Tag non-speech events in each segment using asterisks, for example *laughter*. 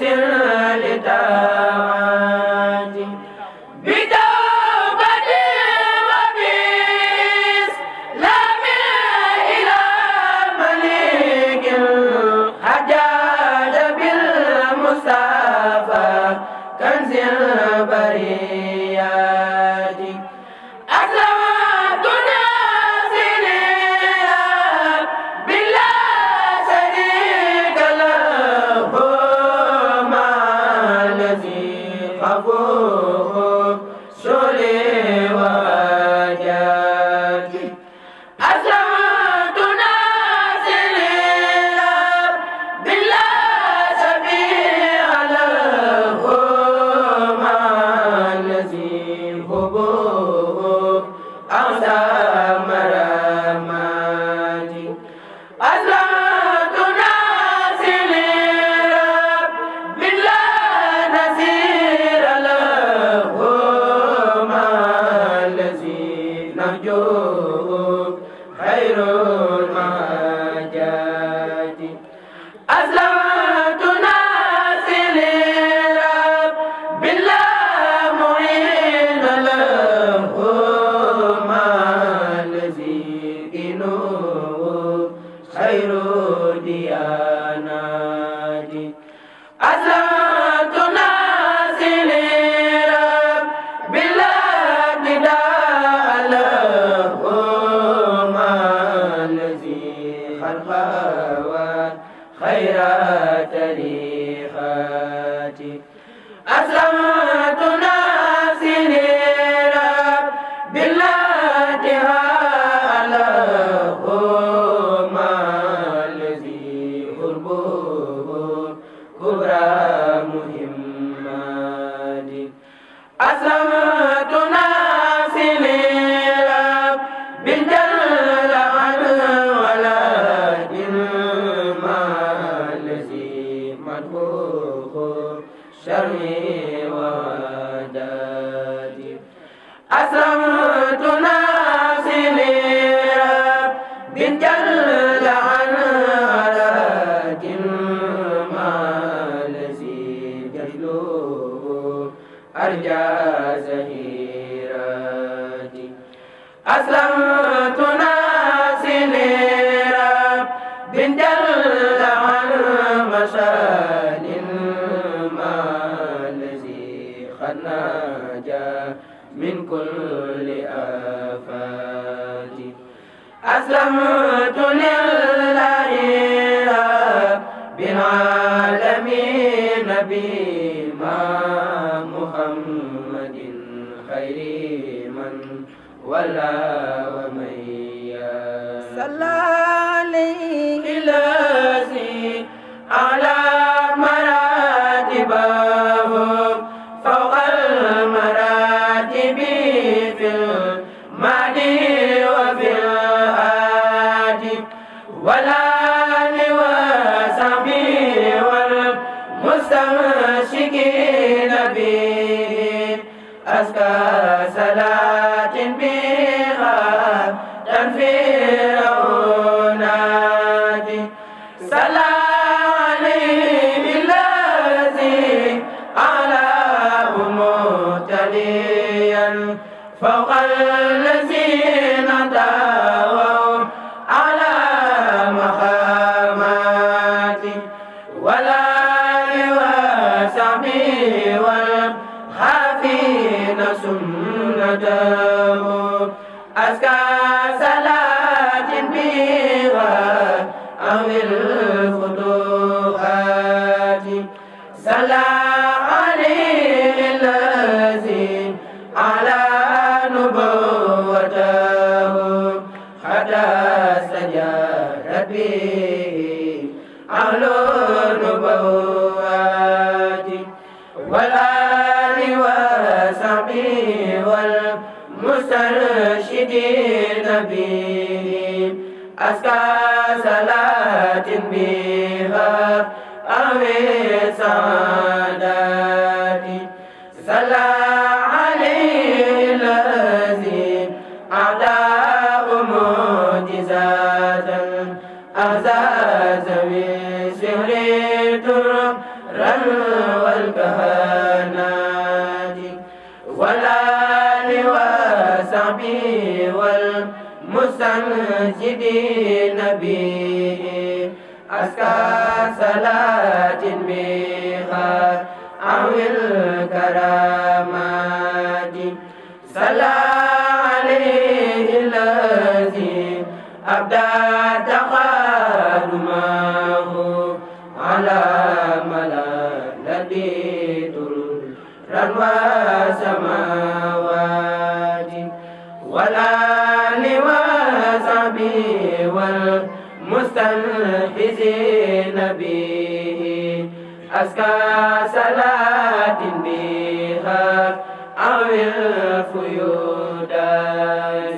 وسر لدواء وصحبه والمستنجد نبي أزكى صلاة بها أو الكرامات صلى عليه الذي أبدى مستنفذين به أزكى صلاة بها أو الفيودا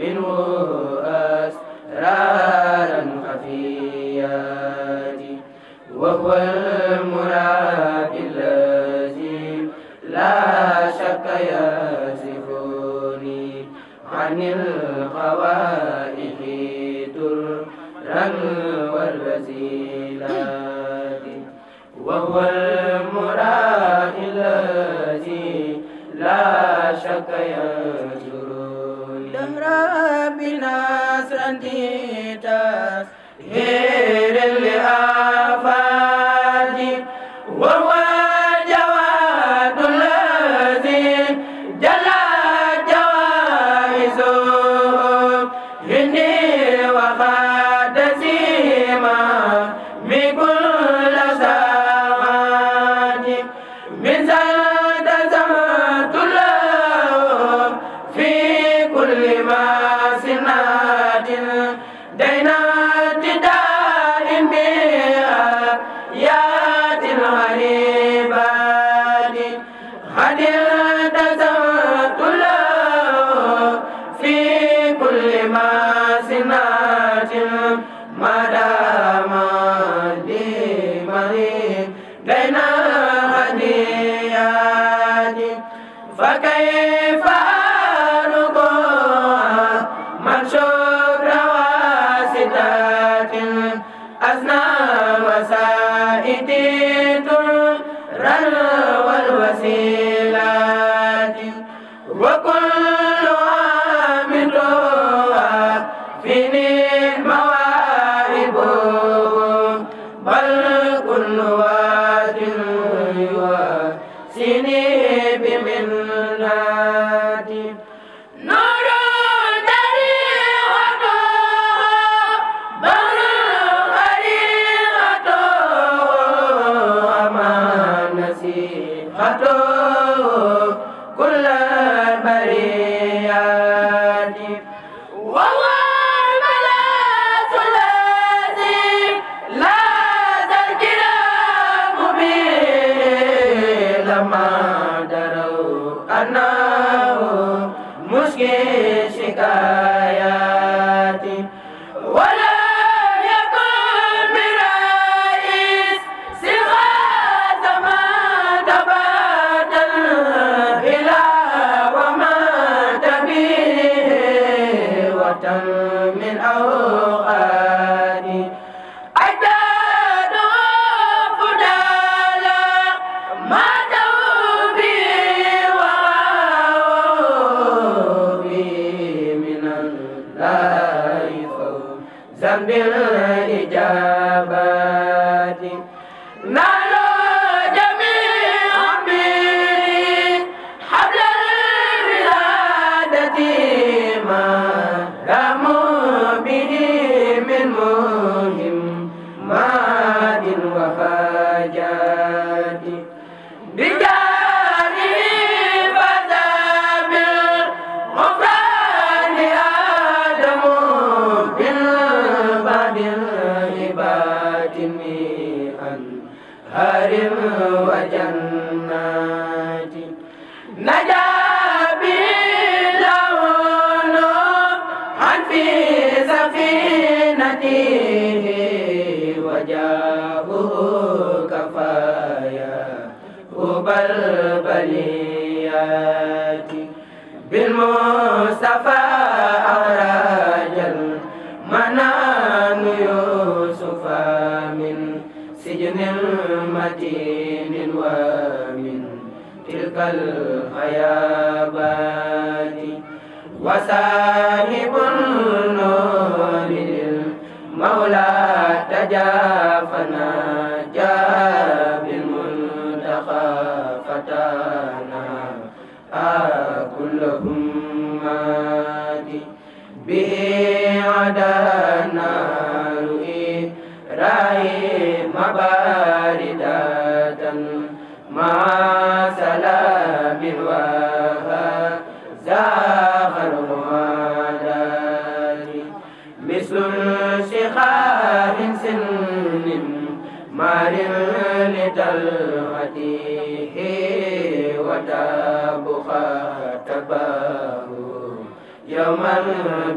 منه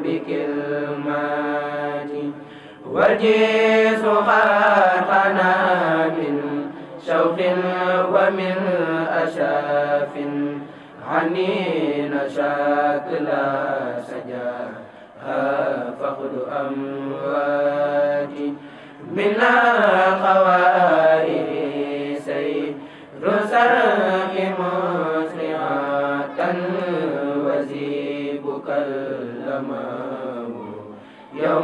بكلمات والجيس خلقنا من شوق ومن أشاف عنين شكل سجاها فخذ أمواتي من الخواتي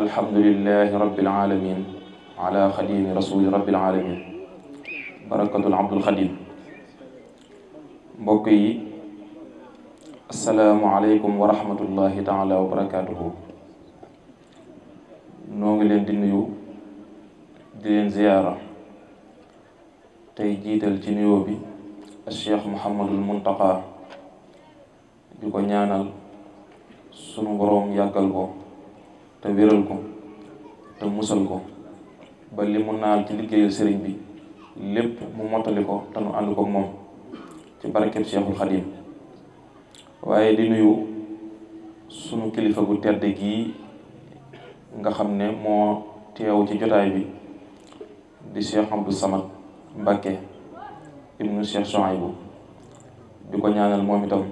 alhamdulilahi rabbil alamin ala xadimi rasuli rabbil alamin barakatul abdul xadim mbokk yi asalaamualeykum wa rahmatullahi taala wa barakatuhu noo ngi leen di nuyu di leen ziyaara tey jiital ci nuyoo bi cheikh muhammadul muntaqa di ko ñaanal sunu boroom yàggal ko te wéral ko te musal ko ba li mu naal ci liggéeyal sëriñ bi lépp mu mottali ko te nu ànd ko moom ci barkeb Seexul Xadiim waaye di nuyu sunu kilifa gu tedd gii nga xam ne moo teew ci jotaay bi di Cheikh Abdou Samad Mbacké ibnu Cheikh Souhaïbou di ko ñaanal moom itam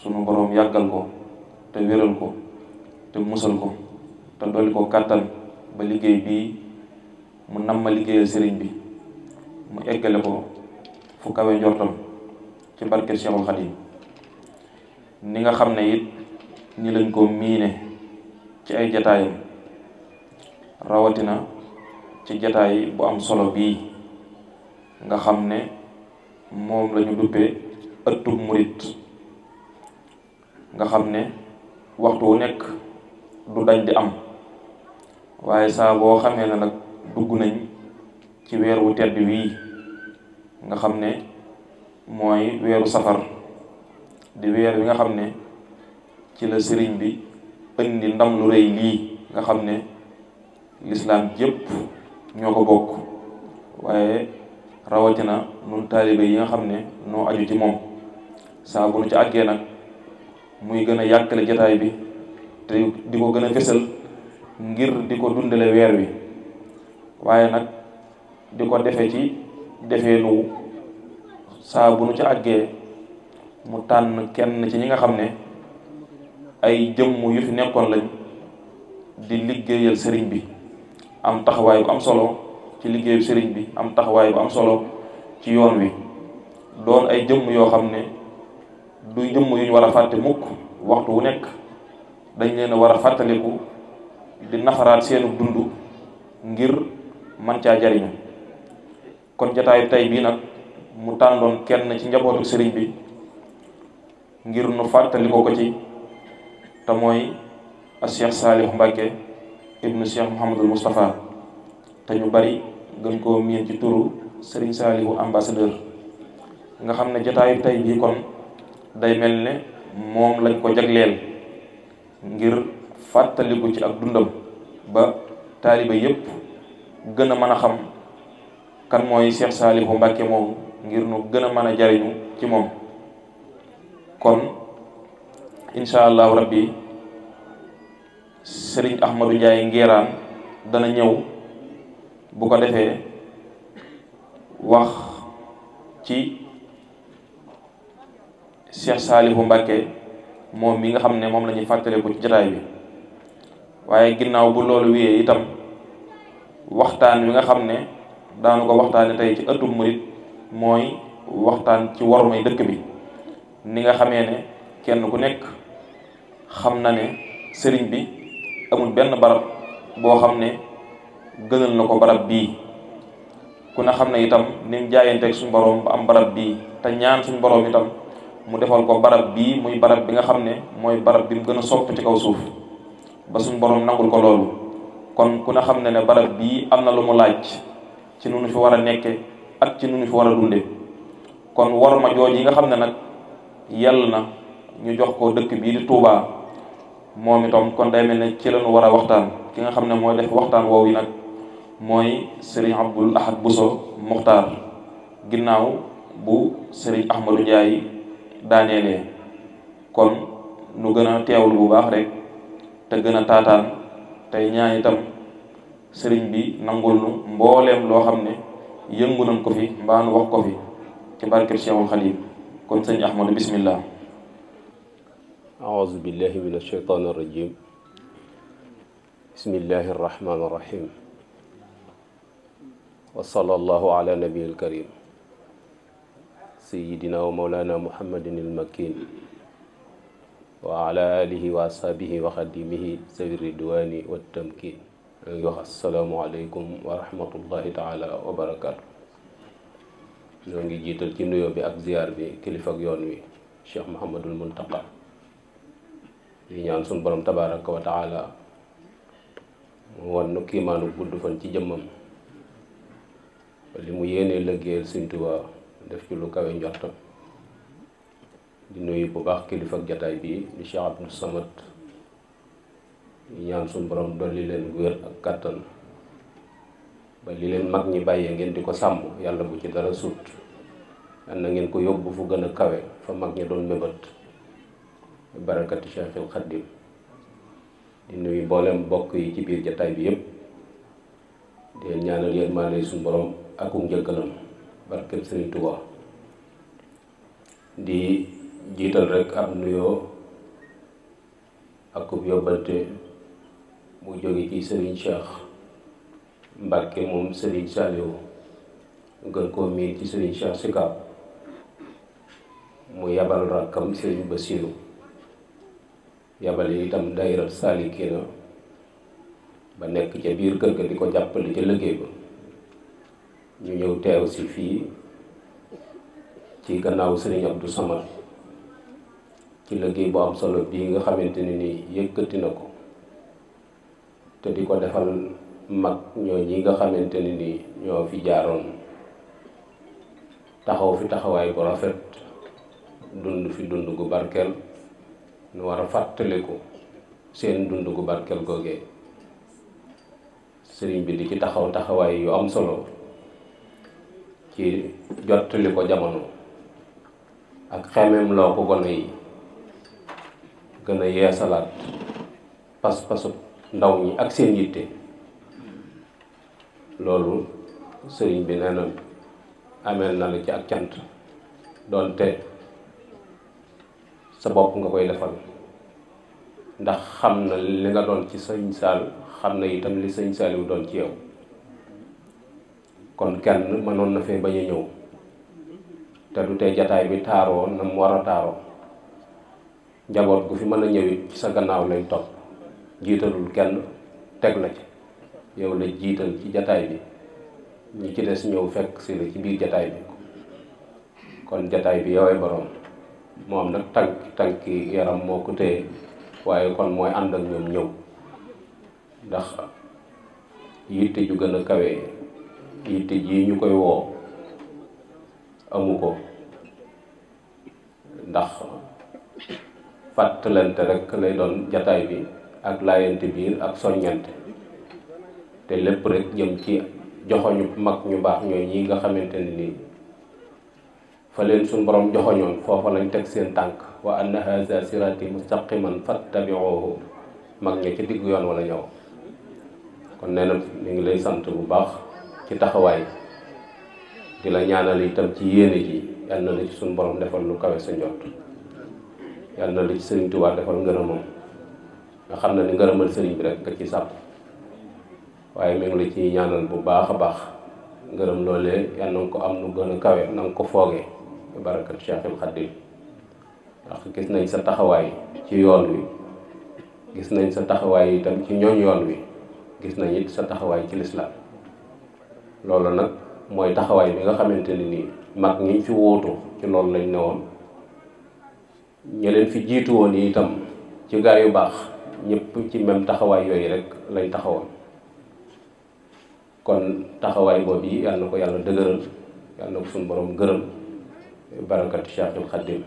sunu boroom yàggal ko te wéral ko te musal ko te dolli ko kàttan ba liggéey bii mu nam ma liggéeyal sëriñ bi mu eggale ko fu kawe njortam ci barke Cheikhul yi ni nga xam ne it ñi lañ koo miine ci ay jataayam rawatina ci jataay bu am solo bii nga xam ne moom lañu duppee ëttub murit nga xam ne waxtu wu nekk du dañ di am waaye saa boo xamee ne nag dugg nañ ci weer wu bi wii nga xam ne mooy weeru safar di weer bi nga xam ne ci la sëriñ bi indi ndam lu rëy lii nga xam ne lislaam yépp ñoo ko bokk waaye rawatina nun taalibe yi nga xam ne noo aju ci moom saa nu ci àggee nag muy gën a yàkkale jataay bi te di ko gën a fësal ngir di ko dundale weer wi waaye nag di ko defe ci defee nu saa bu nu ci àggee mu tànn kenn ci ñi nga xam ne ay jëmm yu fi nekkoon lañ di liggéeyal sëriñ bi am taxawaay bu am solo ci liggéeyu sëriñ bi am taxawaay bu am solo ci yoon wi doon ay jëmm yoo xam ne du jëmm yu ñu fàtte mukk waxtu wu nekk dañ leen a war a fàttaliku di nafaraat seenu dund ngir man caa jariñu kon jataayu tay bii nag mu tàndoon kenn ci njabootu sëriñ bi ngir nu fàttaliko ko ci te mooy a Cheikh Saalih Mbàkke ibnu Cheikh Mouhamadul Moustapha te ñu bari gën koo miin ci turu sëriñ Saalihu ambassadeur nga xam ne jataayu tay bii kon day mel ne moom lañ ko jagleel ngir fàttaliku ci ak dundam ba taaliba yépp gën a mën a xam kan mooy Cheikh Saalihu Mbàkke moom ngir nu gën a mën a jariñu ci moom kon incha allahu rabbi sëriñ Ahmadou Ndiaye Nguérane dana ñëw bu ko defee wax ci Cheikh Saalihu Mbàkke moom mi nga xam ne moom la ñuy fàttaliku ci jataay bi waaye ginnaaw bu loolu wiyee itam waxtaan wi nga xam ne daanu ko waxtaane tey ci ëttu murit mooy waxtaan ci war may dëkk bi ni nga xamee ne kenn ku nekk xam na ne sëriñ bi amul benn barab boo xam ne gënal na ko barab bii ku ne xam ne itam ni jaayante jaayanteeg suñu boroom ba am barab bii te ñaan suñu boroom itam mu defal ko barab bii muy barab bi nga xam ne mooy barab bi mu gën a sopp ci kaw suuf ba suñ borom nangul ko loolu kon ku ne xam ne ne barab bii am na lu mu laaj ci nu nu fi war a nekke ak ci nu nu fi war a dunde kon war ma jooj yi nga xam ne nag yàll na ñu jox ko dëkk bii di Touba moom itam kon day mel ne ci la lañu war a waxtaan ki nga xam ne mooy def waxtaan woow yi nag mooy Serigne Abdoul Ahad Bousso Muxtaar ginnaaw bu Serigne Ahmadou Ndiaye daaneelee kon nu gën a bu baax rek te gën a taataan tey ñaan itam sëriñ bi nangul nu mbooleem loo xam ne yëngu nañ ko fi mbaa nu wax ko fi ci barkeb Cheikhul Xadim kon sëñ Ahmadu bismillah aouzu billahi min ashaytan arrajim bismillahi arrahman arrahim wa sallallahu ala nabiyil karim sayidina wa mawlana muhammadin ilmakin wa ala wa ashaabihi wa xadimihi sawi ridwani wa tamkin ñu ngi wax asalaamu aleykum wa rahmatullahi taala wa barakaatu ñoo ngi jiital ci nuyoo bi ak ziyaar bi kilifa yoon wi cheikh muhammadul muntaqa di ñaan suñu borom tabaraka wa taala mu nu kiimaanu gudd fan ci jëmmam li mu yéenee lëggéeyal Sëñ Tuubaa def ci lu kawe njortam di nuyu bu baax kilifa ak jataay bii di Cheikh Abdou Samad ñaan suñu borom li leen wér ak kàttan ba li leen mag ñi bàyyee ngeen di ko sàmm yàlla bu ci dara suut yal na ngeen ko yóbbu fu gën a kawe fa mag ñi doon mébét barakati Cheikhul Khadim di nuyu mboolem bokk yi ci biir jataay bi yépp di leen ñaanal yéen maa lay suñu borom ak njëggalam barkeb Sëriñ Tuubaa di jiital rek ab nuyoo ak ub yóbbante mu jóge ci Sëriñ Cheikh Mbàkke moom Sëriñ Saliou gën koo miin ci Sëriñ Cheikh Sicap mu yabal rakkam Sëriñ Basiru yabal itam dayra saalikiina ba nekk ca biir kër ga di ko jàppale ca liggéey ba ñu ñëw teew si fii ci gannaaw Serigne du Samad ci liggéey bu am solo bii nga xamante ne nii yëkkati na ko te di ko defal mag ñoo ñi nga xamante ne nii ñoo fi jaaroon taxaw fi taxawaay bu rafet dund fi dund gu barkeel nu war a fàttaliku seen dund gu barkeel googee sëriñ bi di ci taxaw taxawaay yu am solo ci jottali ko jamono ak xemeem loo ko gone yi gën a yeesalaat pas-pasu ndaw ñi ak seen yitte loolu sëriñ bi nee na ameel na la ci ak cant doonte sa bopp nga koy defal ndax xam na li nga doon ci sëñ Saal xam na itam li sëñ Saaliw doon ci yow kon kenn mënoon na fee bañ a ñëw te du tey jataay bi taaroo na mu war a taaroo njaboot gu fi mën a ñëwit sa gannaaw lay topp jiitalul kenn teg la ci yow la jiital ci jataay bi ñu ci des ñëw fekk si la ci biir jataay bi kon jataay bi yowee boroom moom nag tànk tànki yaram moo ko téye waaye kon mooy ànd ak ñoom ñëw ndax yitte ju gën a kawe yitte ji ñu koy woo amuko ndax fàttalante rek lay doon jataay bi ak laayante biir ak soññante te lépp rek jëm ci joxoñu mag ñu baax ñooy ñi nga xamante ne nii fa leen suñ borom joxoñoon foofa lañ teg seen tànk wa anna haza sirati mustaqiman fattabiuhu mag ña ci diggu yoon wala ñëw kon nee na ngi lay sant bu baax ci taxawaay di la ñaanal itam ci yéene ji yal na la ci suñu borom defal lu kawe sa njot yal na la ci sëriñ Tuubaa defal ngërëmam nga xam na ni ngërëmal sëriñ bi rek nga ci sàpp waaye mi ngi la ci ñaanal bu baax a baax ngërëm loole yal na nga ko am nu gën a kawe na nga ko foogee bi barakat Cheikhul Khadim ndax gis nañ sa taxawaay ci yoon wi gis nañ sa taxawaay itam ci ñooñ yoon wi gis nañ it sa taxawaay ci lislaam loolu nag mooy taxawaay bi nga xamante ne nii mag ngi fi wóotu ci loolu lañ newoon ñi leen fi jiitu woon yi itam ci gaa yu baax ñépp ci même taxawaay yooyu rek lañ taxawoon kon taxawaay boobu yi yàlla na ko yàlla dëgëral yàlla na ko suñ borom gërëm barakatu Cheikhul Khadim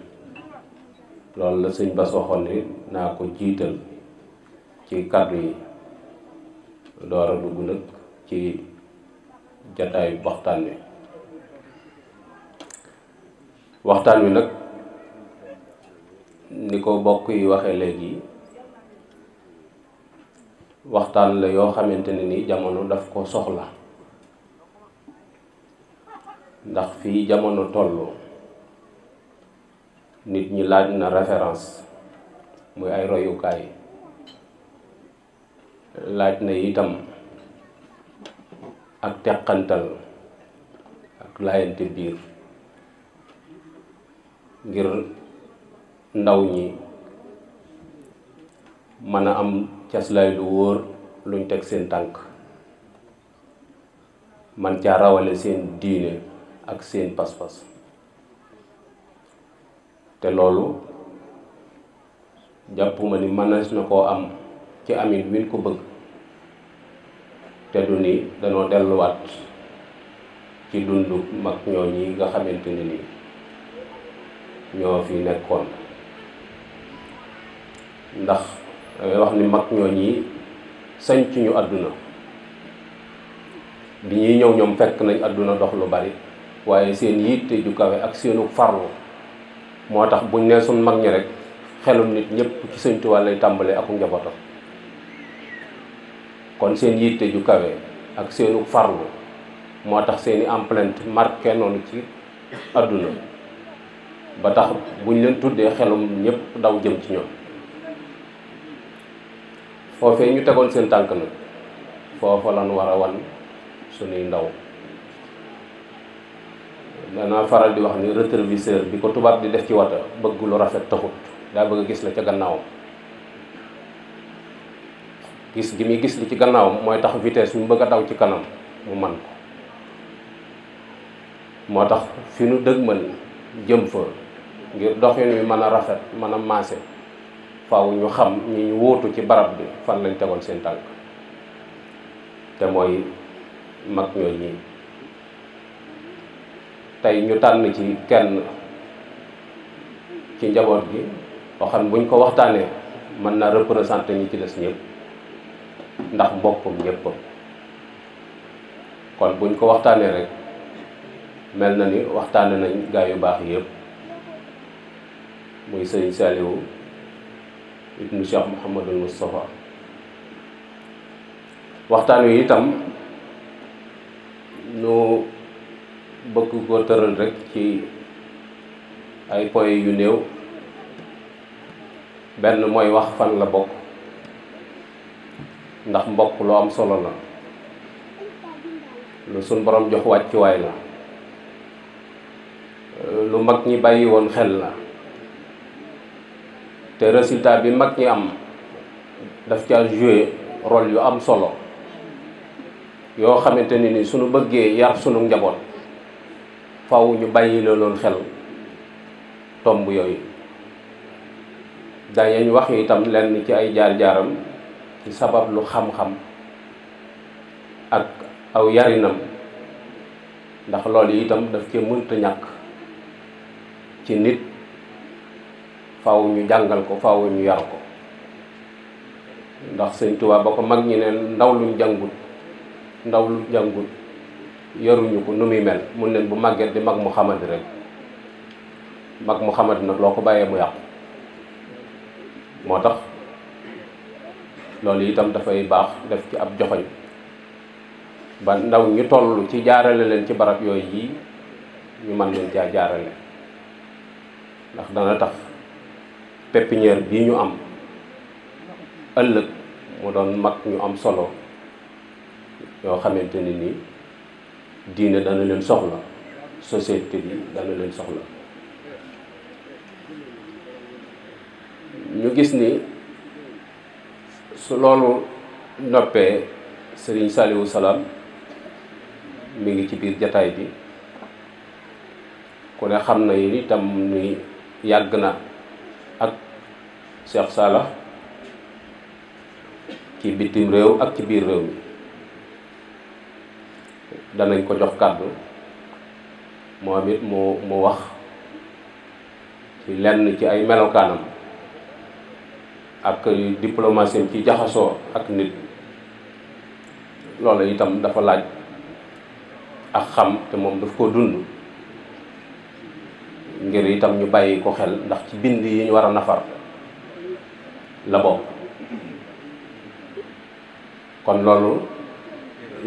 loolu la sëñ Bass waxoon ni naa ko jiital ci kàddu yi door a dugg nag ci jataayu waxtaan wi waxtaan wi nag ni ko bokk yi waxe léegi waxtaan la yoo xamante ne ni jamono daf ko soxla ndax fii jamono tolloo nit ñi laaj na référence muy ay royukaay laaj na itam ak teqantal ak laayante biir ngir ndaw ñi mën a am caslaay lu wóor luñ teg seen tànk man caa rawale seen diine ak seen pas-pas te loolu jàppuma ni mënees na koo am ci amin win ko bëgg te du nii danoo delluwaat ci dundu mag ñoo ñi nga xamante ne ni ñoo fi nekkoon ndax damay wax ni mag ñoo ñi sañc ñu àdduna bi ñuy ñëw ñoom fekk nañ àdduna dox lu bari waaye seen yitte ju kawe ak seenu farlu moo tax buñ ne suñ mag ñi rek xelum nit ñëpp ci sëñ Tuubaa lay tàmbalee aku njabootam kon seen yitte ju kawe ak seenu farlu moo tax seeni empreinte marke noonu ci àdduna ba tax buñ leen tuddee xelum ñëpp daw jëm ci ñoom foofee ñu tegoon seen tànk nag foofa lan war a wan suñuy ndaw danaa faral di wax ni rétroviseur bi ko tubaab di def ci wata bëgg lu rafet taxut daa bëgg a gis la ca gannaaw gis gi muy gis li ci gannaawam mooy tax vitesse mu bëgg a daw ci kanam mu man ko moo tax fi nu mën jëm fa ngir doxin wi mën a rafet mën a maase faw ñu xam ñi ñu wóotu ci barab bi fan lañ tegoon seen tànk te mooy mag ñooy ñii tey ñu tànn ci kenn ci njaboot gi boo xam buñ ko waxtaanee mën na représenter ñi ci des ñëpp ndax boppam ñéppam kon buñ ko waxtaanee rek mel na ni waxtaane nañ gaa yu baax yëpp muy sëriñ Saliou ibnu Cheikh Mouhamadul Moustapha waxtaan wi itam nu bëgg ko tëral rek ci ay points yu néew benn mooy wax fan la bokk ndax mbokk lu am solo la lu suñ borom jox wàccuwaay la lu mag ñi bàyyi woon xel la te résultat bi mag ñi am daf caa joué role yu am solo yoo xamante ne ni suñu bëggee yar sunu njaboot faw ñu bàyyi la loolu xel tomb yooyu daañu wax itam lenn ci ay jaar-jaaram ci sabab lu xam-xam ak aw yarinam ndax loolu itam daf cee mënta ñàkk ci nit faaw ñu jàngal ko faw ñu yar ko ndax sëñ Tuubaa ba ko mag ñi ne ndaw luñ jàngut ndaw lu jàngut yaruñu ko nu muy mel mun neen bu màgget di mag mu xamante rek mag mu xamante nag loo ko bàyyee mu yàqu moo tax loolu itam dafay baax def ci ab joxoñ ba ndaw ñu tollu ci jaarale leen ci barab yooyu yi ñu mën leen caa jaarale ndax dana tax pépinière bii ñu am ëllëg mu doon mag ñu am solo yoo xamante ne nii diine dana leen soxla société bi dana leen soxla ñu gis ni su loolu noppee sëriñ Saliou salaam mu ngi ci biir jataay bi ku ne xam na yi itam ni yàgg na ak Cheikh Salah ki bitim réew ak ci biir réew mi danañ ko jox kàddu moom it mu mu wax ci lenn ci ay melokaanam ak diplomatie ci jaxasoo ak nit loolu itam dafa laaj ak xam te moom daf koo dund ngir itam ñu bàyyi ko xel ndax ci bind yi ñu war a nafar la bokk kon loolu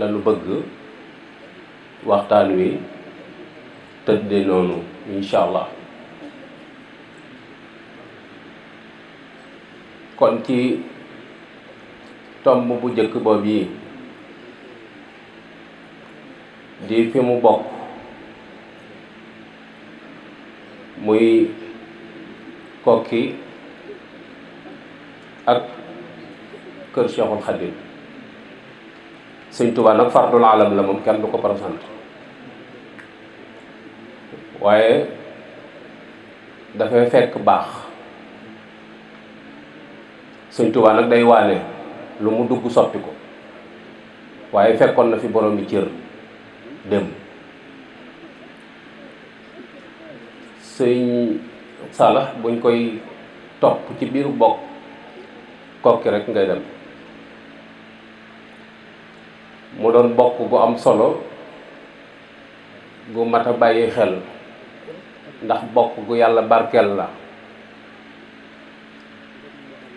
lañu bëgg waxtaan wi tëdde noonu incha allah kon ci tomb bu njëkk boobu yi di fi mu bokk muy kokki ak kër Cheikhul Khadim sëñ Tuubaa nag fardul alam la moom kenn du ko présent waaye dafay fekk baax sëñ Tuubaa nag day waane lu mu dugg soppi ko waaye fekkoon na fi borom yi cër dem sëñ Sala buñ koy topp ci biiru bokk kokki rekk ngay dem mu doon bokk gu am solo gu mat a bàyyi xel ndax bokk gu yàlla barkeel la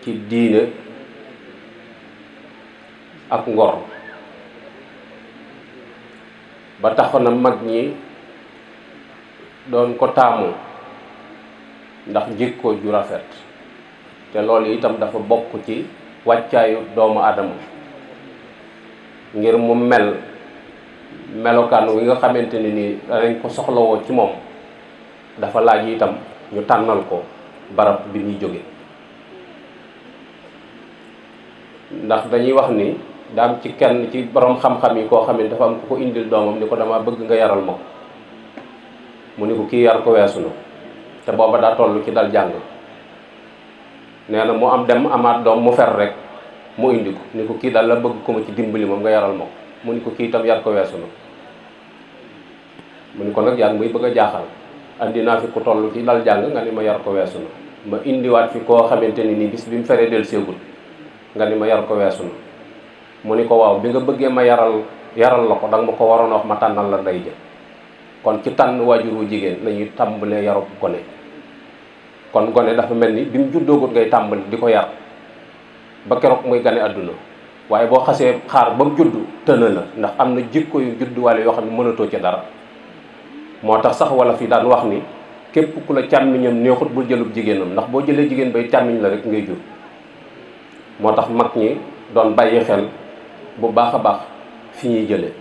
ci diine ak ngor ba taxoon na mag ñi doon ko taamu ndax jikko ju rafet te loolu itam dafa bokk ci wàccaayu doomu aadama ngir mu mel melokaan wi nga xamante ne nii danañ ko soxlawoo ci moom dafa laaj itam ñu tànnal ko barab bi ñuy jóge ndax dañuy wax ni daam ci kenn ci boroom xam-xam yi koo xam ne dafa am ko ko indil doomam ni ko dama bëgg nga yaral ma mu ni ko kii yar ko weesu na te booba daa toll ci dal jàng nee na mu am dem amaat doom mu fer rek mu indi ko ni ko kii daal la bëgg ko ma ci dimbali moom nga yaral ma ko mu ni ko kii itam yar ko weesu na mu ni ko nag yaa muy bëgg a jaaxal andi naa fi ku toll ci dal jàng nga ni ma yar ko weesu na ma indiwaat fi koo xamante ni nii bis bi mu feree del seegul nga ni ma yar ko weesu na mu ni ko waaw bi nga bëggee ma yaral yaral la ko danga ma ko waroon a wax ma tànnal la ndey ja kon ci tànn waajur wu jigéen lañuy ñuy tàmbalee yarub gone kon gone dafa mel ni bi mu juddoogut ngay tàmbali di ko yar ba keroog muy gane àdduna waaye boo xasee xaar ba mu judd tëna la ndax am na jikko yu judduwaale yoo xam ne mënatoo ci dara moo tax sax wala fii daan wax ni képp ku la càmmiñam neexut bul jëlub jigéenam ndax boo jëlee jigéen bay càmmiñ la rek ngay jur moo tax mag ñi doon bàyyi xel bu baax a baax fi ñuy jëlee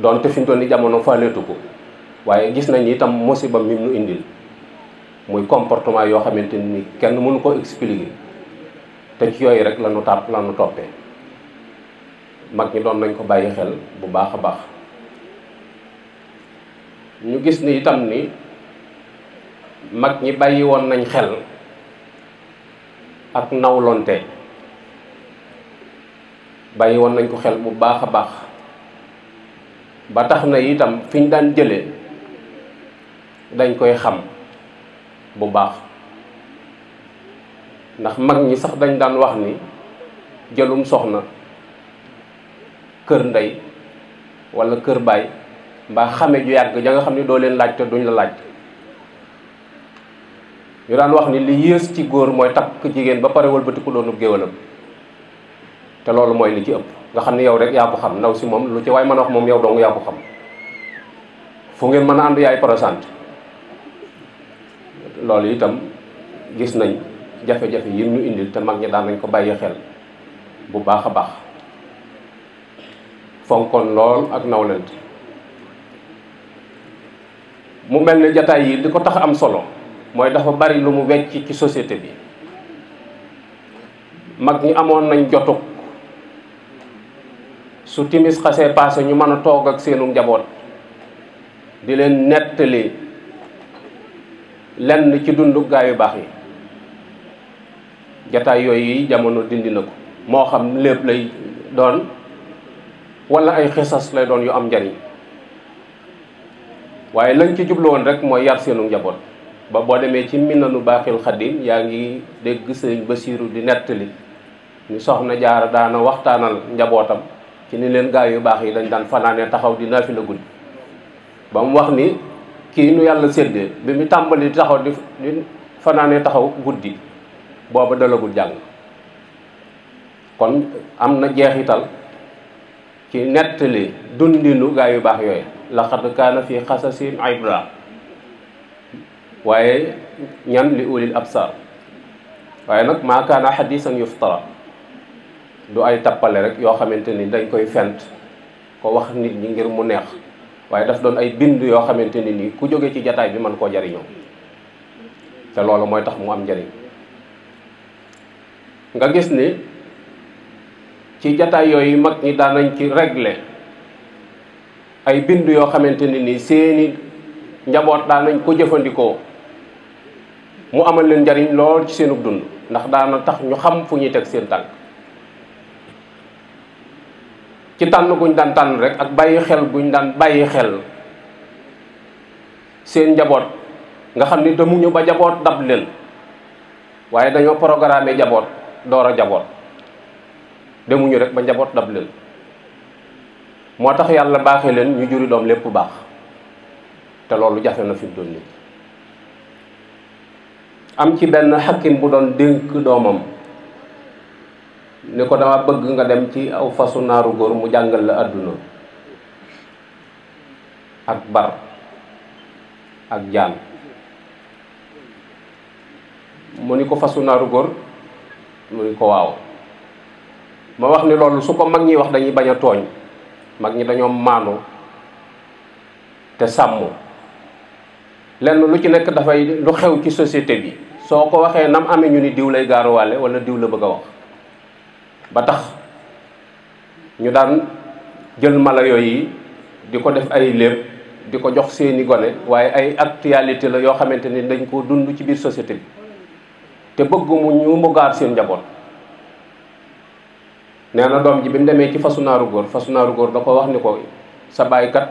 doonte fi toll ni jamono faaleetu ko waaye gis nañ itam musiba mi mu indil muy comportement yoo xamante nii kenn mënu ko expliquer te ci yooyu rek lañu tàpp lanu toppee mag ñi doon nañ ko bàyyi xel bu baax a baax ñu gis ni itam ni mag ñi bàyyi woon nañ xel ak nawlonte bàyyi woon nañ ko xel bu baax a baax ba tax na itam fi ñu daan jëlee dañ koy xam bu baax ndax mag ñi sax dañ daan wax ni jëlum soxna kër ndey walla kër baay mbaa xame ju yàgg ja nga xam ne doo leen laaj te duñ la laaj ñu daan wax ni li yées ci góor mooy takk jigéen ba pare wëlbatiku doonu géwalam te loolu mooy li ci ëpp nga xam ni yow rek yaa ko xam ndaw si moom lu ci waay mën a wax moom yow dong yaa ko xam fu ngeen mën a ànd yaay prosante loolu itam gis nañ jafe-jafe yim ñu indil te mag ñi daan nañ ko bàyyi xel bu baax a baax fonkoon lool ak nawlent mu mel ne jataay yi di ko tax am solo mooy dafa bari lu mu wecc ci société bi mag ñi amoon nañ jotuk su timis xasee passé ñu mën a toog ak seenu njaboot di leen nettali lenn ci dundu gaa yu baax yi jataay yooyu yi jamono dindi na ko moo xam lépp lay doon wala ay xisas lay doon yu am njariñ waaye lañ ci jublu woon rek mooy yar seenu njaboot ba boo demee ci minanu baaxil xadim yaa ngi dégg sëriñ Basiiru di nettali ñu soxna jaara daana waxtaanal njabootam ci ni leen gaay yu baax yi dañ daan fanaane taxaw di naafila guddi ba mu wax ni kii yàlla séddee bi mu tàmbali taxaw fanaane taxaw guddi booba dalagul jàng kon am na jeexital ci nettali dundinu gaay yu baax yooyu laqad kaana fii xasasim ibra waaye ñan li ulil absar waaye nag maakaana xadisan yuftara du ay tappale rek yoo xamante ni dañ koy fent ko wax nit ñi ngir mu neex waaye daf doon ay bind yoo xamante ni nii ku jóge ci jataay bi mën koo jariñoo te loolu mooy tax mu am njariñ nga gis ni ci jataay yooyu mag ñi daan nañ ci régler ay bind yoo xamante ni nii seeni njaboot daan nañ ko jëfandikoo mu amal leen njariñ lool ci seenug dund ndax daana tax ñu xam fu ñuy teg seen tànk ci tànn guñ daan tànn rek ak bàyyi xel guñ daan bàyyi xel seen njaboot nga xam ni demuñu ba jaboot dab leen waaye dañoo programme jaboot door a jaboot demuñu rek ba njaboot dab leen moo tax yàlla baaxe leen ñu juri doom lépp baax te loolu jafe na fi mu doon nii am ci benn xakkim bu doon dénk doomam ni ko dama bëgg nga dem ci aw fasu naaru góor mu jàngal la àdduna ak bar ak jaan mu ni ko fasu naaru góor mu ni ko waaw ma wax ni loolu su ko mag ñi wax dañuy bañ a tooñ mag ñi dañoo maanu te sàmm lenn lu ci nekk dafay lu xew ci société bi soo ko waxee nam amee ñu ni diw lay gaaruwaale wala diw la bëgg a wax ba tax ñu daan jël mala yi di ko def ay léeb di ko jox seeni gone waaye ay actualité la yoo xamante ni dañ koo dund ci biir société bi te bëgg mu ñu mu gaar seen njaboot nee na doom ji bi mu demee ci fasu naaru góor fasu naaru góor da ko wax ni ko sa baaykat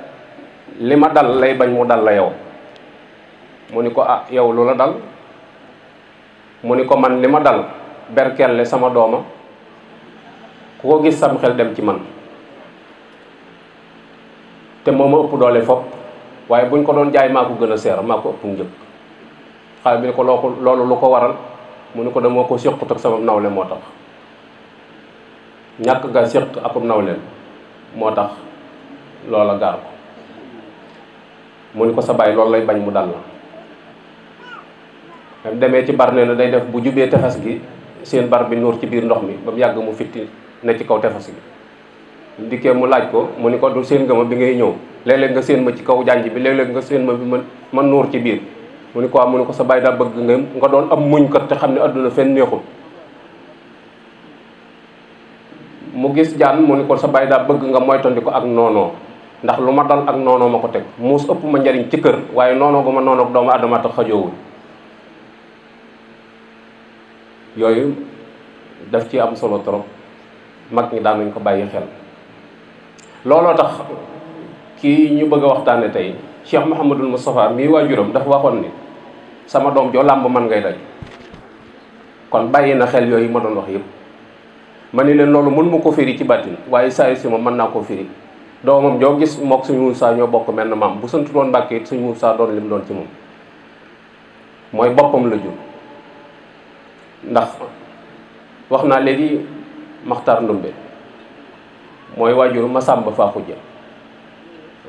li ma dal lay bañ mu dal la yow mu ni ko ah yow lu la dal mu ni ko man li ma dal berkelle sama dooma ku ko gis sam xel dem ci man te moo ma ëpp doole fopp waaye buñ ko doon jaay maa ko gën a seer maa ko ëpp njëkk xale bi ne ko loolu lu ko waral mu ne ko dama ko séqut ak sama nawle moo tax ñàkk nga séq ak nawleem moo tax loola gaar ko mu ni ko sa bàyyi loolu lay bañ mu dal la demee ci bar nee na day def bu jubee tefes gi seen bar bi nuur ci biir ndox mi ba mu yàgg mu fitti na ci kaw tefes gi dikkee mu laaj ko mu ni ko du seen gëma bi ngay ñëw léeg-léeg nga seen ma ci kaw jànj bi léeg-léeg nga seen ma bi man man nuur ci biir mu ni ko mu ni ko sa bàyyi daa bëgg nga nga doon am muñkat te xam ne adduna fenn neexul mu gis jaan mu ni ko sa bàyyi bëgg nga moytandi ko ak noonoo ndax lu ma dal ak noonoo ma ko teg muus ëpp ma njariñ ci kër waaye noonoo gu ma noonoo doomu adama tax yooyu daf ci am solo trop mag ñi daan nañ ko bàyyi xel looloo tax kii ñu bëgg a waxtaane tey Cheikh Mouhamadul Moustapha mii waajuram dafa waxoon ni sama doom joo làmb man ngay daj kon bàyyi na xel yooyu ma doon wax yëpp man ni leen loolu mën ma ko firi ci bàttin waaye saa yu si ma mën naa ko firi doomam joo gis mook suñu Moussa ñoo bokk mel na maam bu santu doon Mbàkke it suñu Moussa doon lim doon ci moom mooy boppam la jur ndax wax naa léegi Maxtaar Ndumbe mooy ma Masamba Faa Xujja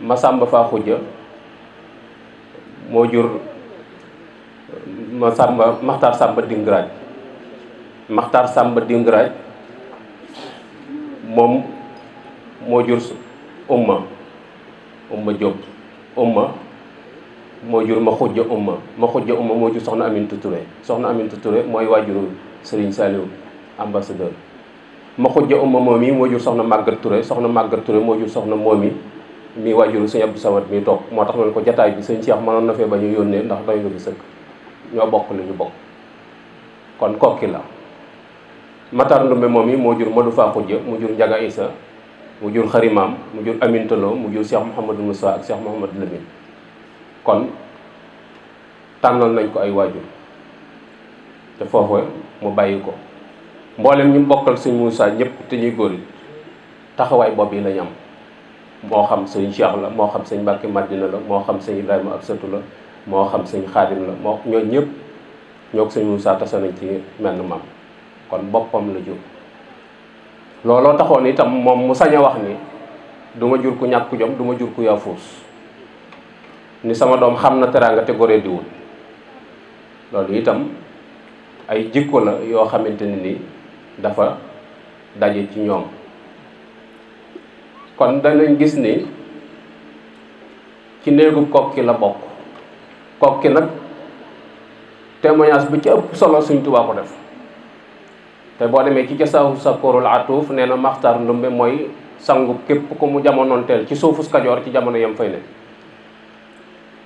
Masamba Faa Xujja moo jur Masamba Maxtaar Samba Dingaraaj maxtar Samba Dingaraaj moom moo jur umma umma Jóob umma moo jur ma xujja umma ma xujja umma moo jur soxna Aminta ture soxna amintu Touré mooy waajuru Serigne Saliou ambassadeur ma xujja umma moom yi moo jur soxna Maguette ture soxna Maguette Touré moo jur soxna moom yi mi waajuru sëñ Abdou Samad mi toog moo tax man ko jataay bi sëñ Cheikh mënoon na ba ñu yónnee ndax doy nga fi ñoo bokk li ñu bokk kon kokki la Matar Ndumbe moom yi moo jur Modou Fa xujja mu jur Njaga Isa mu jur xarimaam mu jur Amintaloo mu jur Cheikh Mouhamadou Moussa ak Cheikh Mouhamadou Lamine kon tànnal nañ ko ay waajur te foofu mu bàyyi ko mboolem ñu mbokkal sëñ Moussa ñëpp te ñuy góor yi taxawaay bopp yi lañ am moo xam sëñ Cheikh la moo xam sëñ Mbacke Madina la moo xam sëñ Ibrahima ab sëtu la moo xam sëñ Xaadim la moo ñoo ñëpp ñoo ko sëñ Moussa tase nañ ci menn maam kon boppam la jur looloo taxoon itam moom mu sañ a wax ni duma jur ku ñàkk jom duma ma jur ku yaafuus ni sama doom xam na teraanga te goree diwul loolu itam ay jikko la yoo xamante ne ni dafa daje ci ñoom kon danañ gis ni ci néegu kokki la bokk kokki nag témoignage bi ci ëpp solo suñ tubaa ko def te boo demee ci jasaahu sakoorul atuuf nee na maxtar ndumbe mooy sangu képp ku mu jamonoonteel ci suufu kajoor ci jamono yam fay ne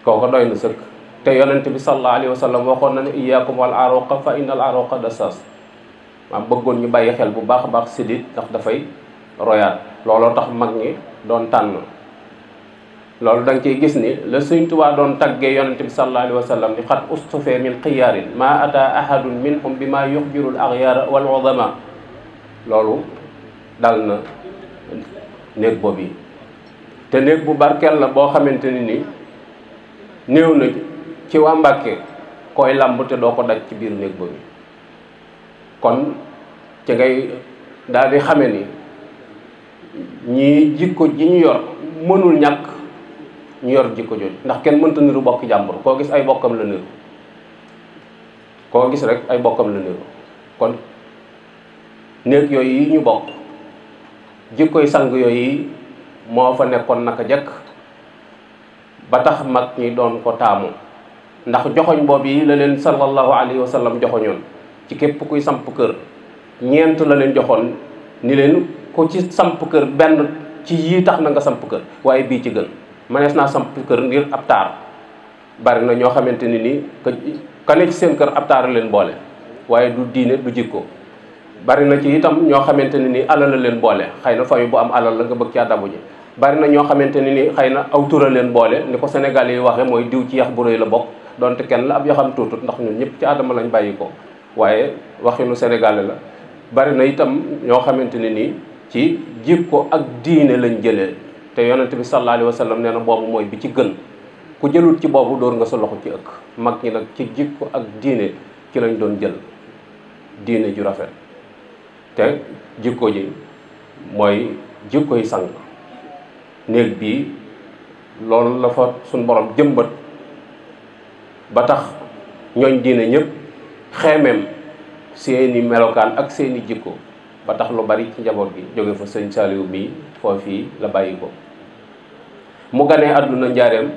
kooku doy na sëkk te yonent bi sallallahu alayhi wa sallam waxoon na ne iyaakum wal aroqa fa innal aroqa dasas maam bëggoon ñu bàyyi xel bu baax a baax sidit ndax dafay royaat looloo tax mag ñi doon tànn loolu danga nga gis ni la Sëñ Tuubaa doon taggee yonent bi sallallahu alayhi wa sallam ni xat ustufe min xiyaarin maa ata ahadun minhum bi maa yuxbirul axyaara wal udama loolu dal na néeg boobu yi te néeg bu barkeel la boo xamante ni néew na ci waa Mbàkke koy làmb te doo ko daj ci biir néeg boobu kon ci ngay daal di xame ni ñii jikko ji ñu yor mënul ñàkk ñu yor jikko jooju ndax kenn mënta niru bokk jàmbur koo gis ay bokkam la koo gis rek ay bokkam la niru kon néeg yooyu ñu bokk jikkoy sang yooyu moo fa nekkoon naka jekk ba tax mag ñi doon ko taamu ndax joxoñ boobu yi la leen sallallahu alayhi wa sallam joxoñoon ci képp kuy samp kër ñeent la leen joxoon ni leen ku ci samp kër benn ci yi tax na nga samp kër waaye bii ci gën mënees naa samp kër ngir ab taar bari na ñoo xamante ni nii ka ne ci seen kër ab taar leen boole waaye du diine du jikko bari na ci itam ñoo xamante ne nii alal la leen boole xëy na famille bu am alal la nga bëgg ci àddabu ji bari na ñoo xamante ne ni xëy na aw tura leen boole ni ko Sénégal yi waxe mooy diw ci yax bu rëy la bokk donte kenn la ab yaxam tuutut ndax ñun ñëpp ci aadama lañ bàyyi ko waaye waxinu Sénégal la bari na itam ñoo xamante ne nii ci jikko ak diine lañ jëlee te yonent bi sallallahu alayhi wa sallam na boobu mooy bi ci gën ku jëlul ci boobu dóor nga sa loxo ci ëkk mag ñi nag ci jikko ak diine ci lañ doon jël diine ju rafet te jikko ji mooy jikko yi sang néeg bi loolu la fa suñ borom jëmbët ba tax ñooñ diine ñépp xeemeem seeni melokaan ak seeni jikko ba tax lu bari ci njaboot bi jóge fa sëñ Saliou mii foofii la bàyyi ko mu ganee àdduna njaareem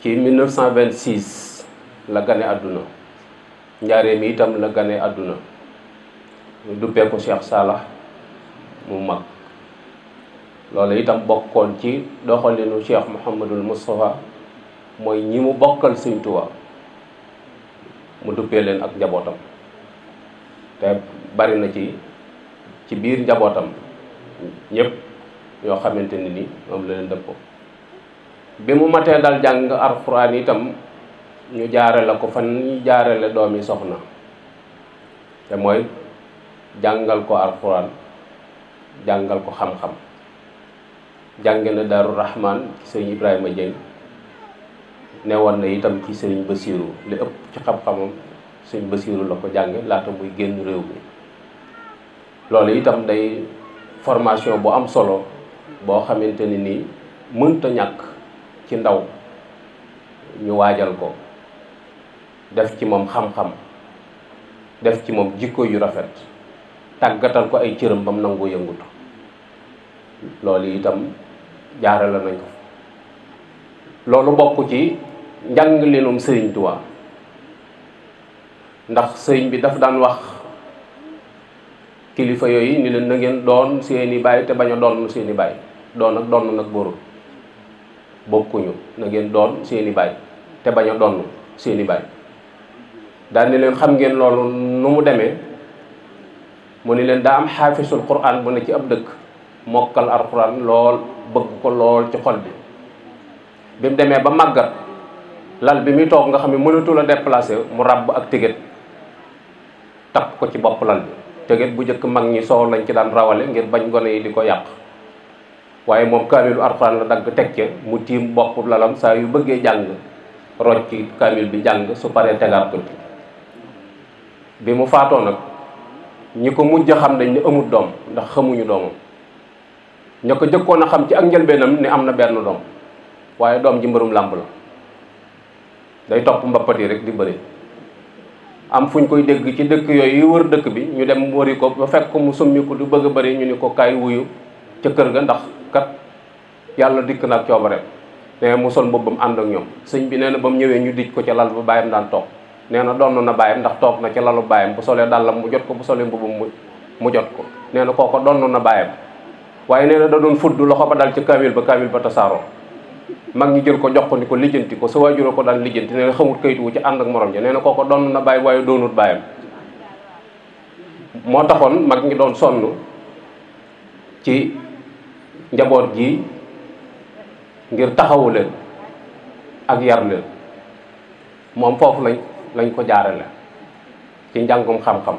ci 1926 la gane àdduna njaareem itam la gane àdduna duppee ko Cheikh Salah mu mag loolu itam bokkoon ci doxalinu Cheikh Mouhamadul Moustapha mooy ñi mu bokkal Sëñ mu duppee leen ak njabootam te bari na ci ci biir njabootam ñépp yoo xamante ni ni moom la leen dëppoo bi mu matee dal jàng alxuraan yitam ñu jaare la ko fan jaarale jaare la doomi soxna te mooy jàngal ko alxuraan jàngal ko xam-xam jànge na daaru rahman ci sëriñ ibrahima Dieng newoon na itam ci seen basiiru li ëpp ci xam-xamam sëriñ basiiru la ko jànge laata muy génn réew mi loolu itam day formation bu am solo boo xamante ne nii mënta ñàkk ci ndaw ñu waajal ko def ci moom xam-xam def ci moom jikko yu rafet tàggatal ko ay cëram ba mu nangoo yëngutu loolu itam jaarale nañ ko loolu bokk ci njàng leenum sëriñ ndax sëriñ bi dafa daan wax kilifa yooyu ni leen na doon seeni baay te bañ a doon seeni baay doon doon nag boorul bokkuñu na ngeen seeni baay te bañ a doon seeni ni leen xam ngeen loolu nu mu demee mu ni leen daa am xaafisul quran bu ne ci ab dëkk mokkal alxuraan lool bëgg ko lool ci xol bi bi mu demee ba màggat lal bi muy toog nga xam ne mënatu la déplacé mu ràbb ak tëgët tapp ko ci bopp lal bi tëgët bu njëkk mag ñi soow lañ ci daan rawale ngir bañ gone yi di ko yàq waaye moom kaamilu alxuraan la dagg teg ca mu tiim bopp lalam saa yu bëggee jàng rocc kaamil bi jàng su paree tegaat ko bi mu faatoo nag ñi ko mujj xam nañ ne amut doom ndax xamuñu doomam ña ko jëkkoon a xam ci ak njëlbeenam ne am na benn doom waaye doom ji mbërum làmb la day topp mbappat yi rek di bëri am fu ñu koy dégg ci dëkk yooyu yu wër dëkk bi ñu dem wëri ko ba fekk mu summi ko du bëgg a bëri ñu ni ko kaay wuyu ca kër ga ndax kat yàlla dikk na ak coobareem nee mu sol mbubbam ànd ak ñoom sëñ bi nee na ba mu ñëwee ñu dij ko ca lal bu bàyyam daan toog nee na doon na bàyyam ndax toog na ca lalu baayam bu solee dàllam mu jot ko bu solee mbubbam mu mu jot ko nee na kooko doon na bàyyam waaye nee na da doon fudd loxo ba dal ci kaamil ba kaamil ba tasaaroo mag ñi jël ko jox ko ni ko lijjanti ko sa waajuroo ko daan lijjanti nee na xamut kayit wu ci ànd ak morom ja nee na kooko doon na bàyyi waaye doonut bàyyam moo taxoon mag ñi doon sonn ci njaboot gi ngir taxawu leen ak yar leen moom foofu lañ lañ ko jaarale ci njàngum xam-xam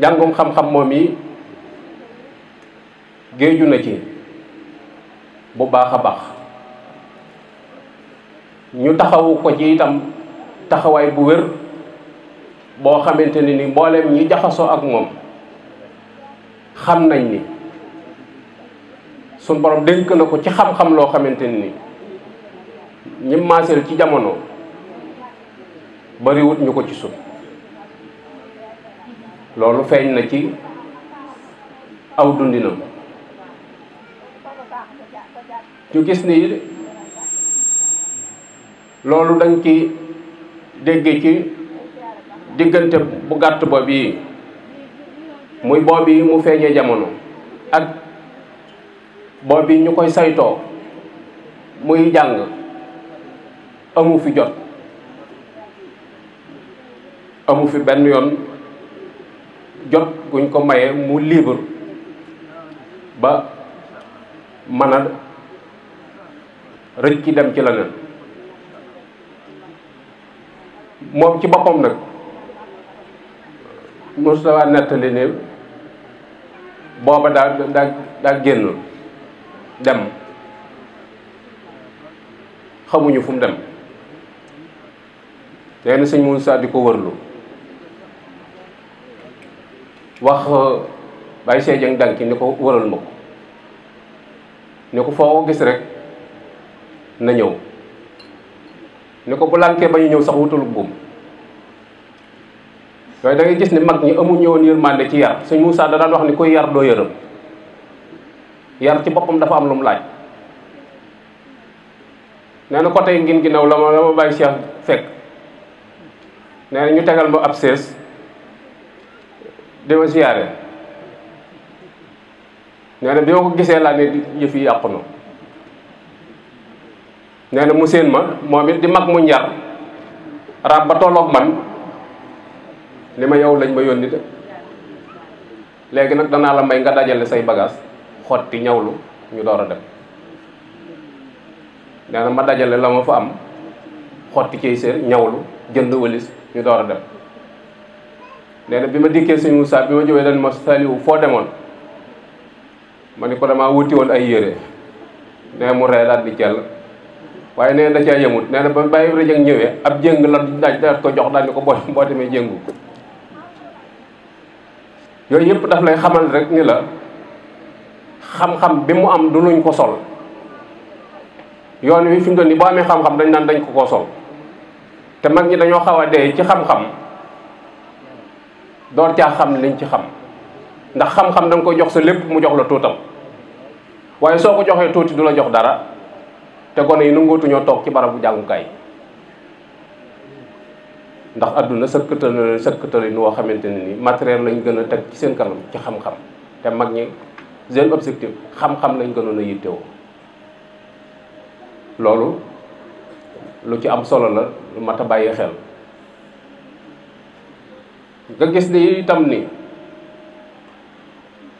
njàngum xam-xam moom yi géeju na ci bu baax a baax ñu taxawu ko ci itam taxawaay bu wér boo xamante ne ni mboolem ñi jaxasoo ak moom xam nañ ni suñ borom dénk na ko ci xam-xam loo xamante ni ñi maaseel ci jamono bariwut ñu ko ci sun loolu feeñ na ci aw dundinam ñu gis nii loolu dañ ci dégg ci diggante bu gàtt boob yi muy boob yi mu feeñee jamono ak boob yi ñu koy saytoo muy jàng amu fi jot amu fi benn yoon jot guñ ko maye mu libre ba mën rëcc dem ci leneen moom ci boppam nag Moustapha nettali ne booba daa daa génn dem xamuñu fu dem nee na sëñ Moussa di ko wërlu wax euh, Baye Seydieng dang ci ni ko wëral ma ko ne ko gis rek na ñëw ni ko bu lànkee ba ñu ñëw sax wutalu buum yooyu da ngay gis ni mag ñi amuñu woon yërmande ci yar suñ Moussa da daan wax ni koy yar doo yërëm yar ci boppam dafa am lu mu laaj nee na ko tey ngin ginaaw la ma la ma bàyyi Cheikh fekk nee na ñu tegal ma ab sees dama siyaare nee na bi ma ko gisee laa ne yëf yi yàqu nee na mu séen ma moom it di mag mu njar rab ba tolloog man li ma yow lañ ma yónni de léegi nag danaa la may nga dajale say bagage xotti ñawlu ñu door a dem nee na ma dajale la ma fa am xotti ciy séer ñawlu jënd walis ñu door a dem nee bi ma dikkee sëñ Moussa bi ma jógee dañ ma saliwu foo demoon ma ni ko damaa wuti woon ay yére nee mu ree daal di jell waaye nee na da caa yemut nee na ba Baye Ibra Jëng ñëwee ab jëng la daaj daat ko jox daal ni ko boo *laughs* boo demee jëngu yooyu yëpp daf lay xamal rek ni la xam-xam bi mu am du luñ ko sol yoon wi fi mu doon ni boo amee xam-xam dañ naan dañ ko koo sol te mag ñi dañoo xaw a dee ci xam-xam door caa xam liñ ci xam ndax xam-xam da jox sa lépp mu jox la tuutam waaye soo ko joxee tuuti du la jox dara te gone yi nangootuñoo toog ci barabu jàngukaay ndax àdduna sëkkatal sëkkatal woo xamante ne ni matériel lañ gën a teg ci seen kanam ci xam-xam te mag ñi seen objectif xam-xam lañ gënoon a yittewoo loolu lu ci am solo la lu mat a bàyyi xel nga gis ni itam ni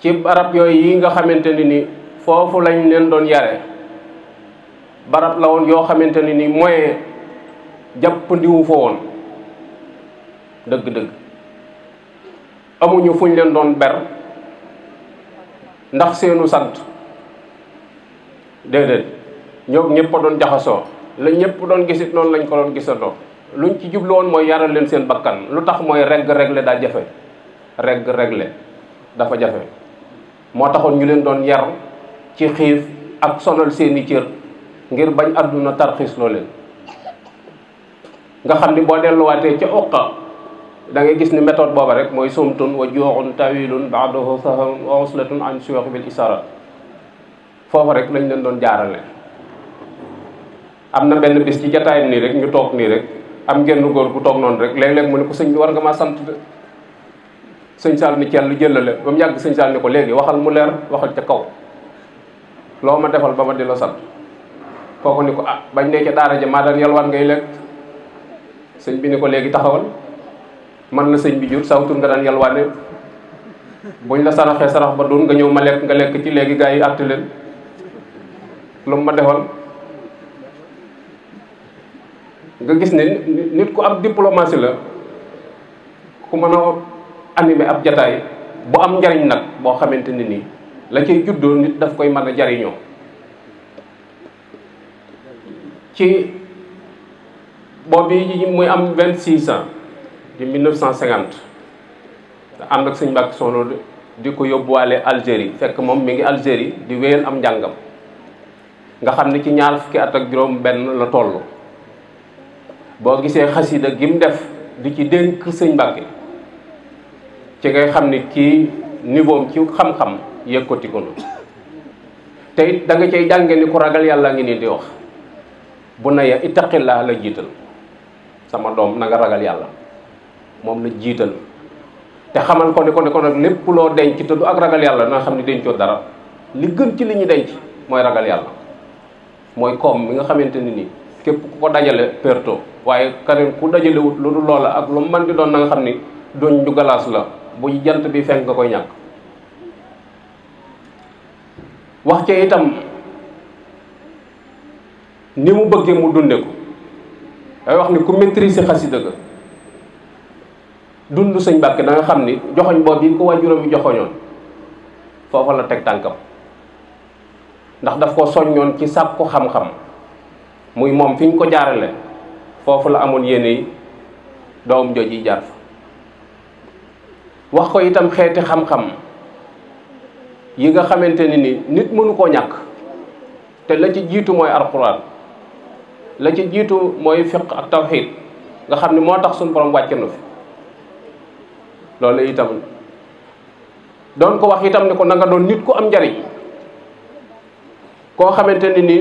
ci barab yooyu yi nga xamante ni ni foofu lañ leen doon yare barab la woon yoo xamante ne ni moyen jàppandiwu fa woon dëgg-dëgg amuñu fuñ leen doon ber ndax seenu sant déedéet ñoom ñëpp a doon jaxasoo la ñëpp doon gisit noonu lañ ko doon gisatoo luñ ci jublu woon mooy yaral leen seen bakkan lu tax mooy regg regle daa jafe regg regle dafa jafe moo taxoon ñu leen doon yar ci xiif ak sonal seeni cër ngir bañ àdduna tarxiis loo leen nga xam ni boo delluwaatee ca uqa dangay gis ni méthode booba rek mooy sumtun wa jooxun tawilun baadohu saharun wa uslatun an siyoxi bil isarat foofu rek lañ leen doon jaarale am na benn bis ci jataayam nii rek ñu toog nii rek am genn góor bu toog noonu rek léeg-léeg mu ne ko sëñ bi war nga maa sant de sëñ Saal ni lu jëlale ba mu yàgg sëñ Saal ni ko léegi waxal mu leer waxal ca kaw loo ma defal ba ma di la sant kooku ni ko ah bañ ca daara ja maa daan yalwaan ngay lekk sëñ bi ni ko léegi taxawal man la sëñ bi jur saw tur nga daan yalwaane buñ la saraxee sarax ba doon nga ñëw ma lekk nga lekk ci léegi gaa yi àtte leen lu ma defoon nga gis ne nit ku am diplomatie la ku mën a animer ab jataay bu am njariñ nag boo xamante ne nii la cay juddoo nit daf koy mën a jariñoo ci boobu yi muy am vingt six ans di mille neuf cent cinquante ànd ak sëñ Mbàkke Soxna di ko yóbbuwaale Algérie fekk moom mi ngi Algérie di wéyal am njàngam nga xam ni ci ñaar fukki at ak juróom benn la toll boo gisee xasida gi mu def di ci dénk sëñ Mbàkke ci ngay xam ni kii niveau ci xam-xam yëkkati ko na te danga da nga cay jànge ni ku ragal yàlla ngi nii di wax bu naya ittaqillaa la jiital sama doom na nga ragal yàlla moom la jiital te xamal ko ni ko ni ko nag lépp loo denc te du ak ragal yàlla na xam ni dencoo dara li gën ci li ñu denc mooy ragal yàlla mooy koom mi nga xamante ni nii képp ku ko dajale perto waaye keneen ku dajalewut lu dul loola ak lu man di doon nanga xam ni doñ ju galaas la bu jant bi fenk nga koy ñàkk wax ca itam ni mu bëggee mu dunde ko day wax ni ku maîtriser xasida ga dund sëñ Mbàkke da xam ni joxoñ boobu yi ko waajuram yi joxoñoon foofa la teg tànkam ndax daf ko soññoon ci sàkku xam-xam muy moom fi ñu ko jaarale foofu la amoon yéene yi doom joj yi jaar fa wax ko itam xeeti xam-xam yi nga xamante ni ni nit mënu koo ñàkk te la ci jiitu mooy alxuraan la ci jiitu mooy fiq ak tawxiid nga xam ne moo tax suñu borom wàcce na loolu itam doon ko wax itam ne ko nanga doon nit ku am njariñ koo xamante ne ni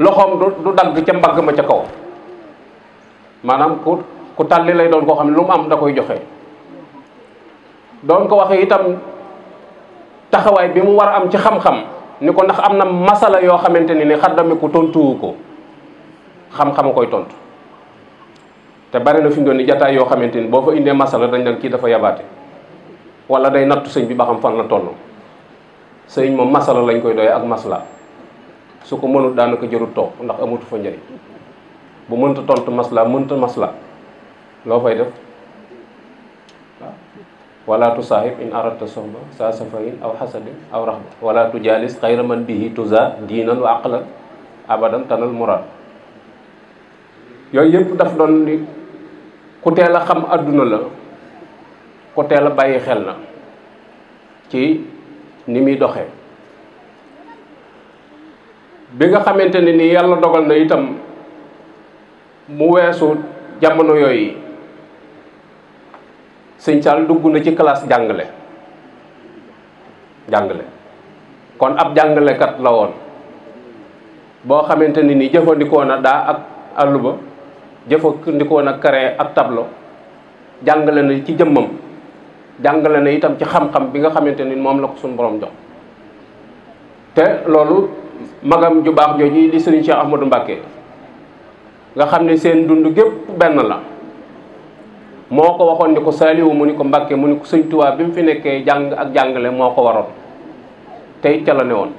loxoom du dagg ca mbagg ma ca kaw maanaam ku ku tàlli lay doon koo xam ne lu am da koy joxe doon ko waxee itam taxawaay bi mu war a am ci xam-xam ni ko ndax am na masala yoo xamante ni ni xaddamiku tontuwu ko xam-xama koy tontu te bari na fi mu doon ni jataay yoo xamante ni boo fa indee masala dañ naan kii dafa yabaate wala day nattu sëñ bi ba xam fan la toll sëñ moom masala lañ koy doyee ak masla su ko mënul daanaka jërul toog ndax amatu fa njëriñ bu mënta tontu masla mënta masla loo fay def wala tusahib in aradta sohba saa safahin aw xasadin aw raxba wala tujaalis xayra man bihi tuza diinan wa aqlan abadan tanal muraad yooyu yëpp daf doon ni ku teel a xam àdduna la ku teel a bàyyi xel na ci ni muy doxe bi nga xamante ne ni yàlla dogal na itam mu weesu jamono yooyu sëñ Saal dugg na ci classe jàngale jàngale kon ab jàngalekat la woon boo xamante ni nii jëfandikoo na daa ak àlluba jëfandikoo na crayon ak tableau jàngale na ci jëmmam jàngale na itam ci xam-xam bi nga xamante ni moom la ko suñu borom jox te loolu magam ju baax jooju di sëriñ Cheikh Ahmadou Mbacké nga xam ne seen dund gépp benn la moo ko waxoon ni ko saaliwu mu ni ko Mbàkke mu ni ko sëñ Tuubaa bi mu fi nekkee jàng ak jàngale moo ko waroon tey ca ne woon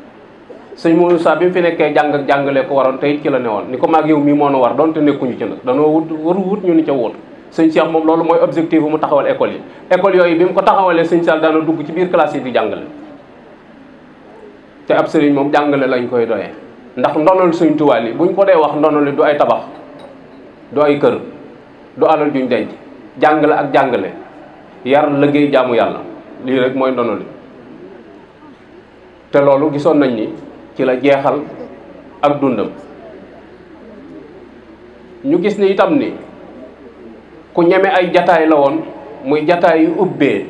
sëñ Muusaa bi mu fi nekkee jàng ak jàngale ko waroon tey ci la ne woon ni ko maag yow mii moo nu war doonte nekkuñu ci nag danoo wut waru wut ñu ni ca wut sëñ Cheikh moom loolu mooy objectif mu taxawal école yi école yooyu bi mu ko taxawalee sëñ Sall daana dugg ci biir classe yi di jàngale te ab sëriñ moom jàngale lañ koy doyee ndax ndonol sëñ Tuubaa li buñ ko dee wax ndonol li du tabax du ay kër alal juñ denc jàng la ak jàngale yar liggéey jaamu yàlla lii rek mooy ndono te loolu gisoon nañ ni ci la jeexal ak dundam ñu gis ni itam ni ku ñeme ay jataay la woon muy jataay yu ubbee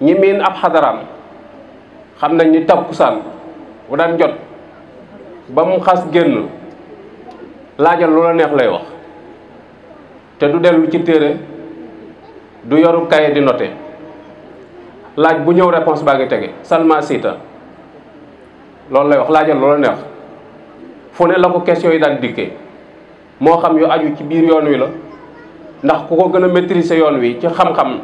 ñi miin ab xadaraam xam nañ ni takkusaan bu daan jot ba mu xas génn laajal lu la neex lay wax te du dellu ci téere du yoru kaye di noté laaj bu ñëw réponse baa ngi tege salma siita loolu lay wax laajal loolu neex fu ne la ko question yi daal dikkee moo xam yu aju ci biir yoon wi la ndax ku ko gën a maîtriser yoon wi ci xam-xam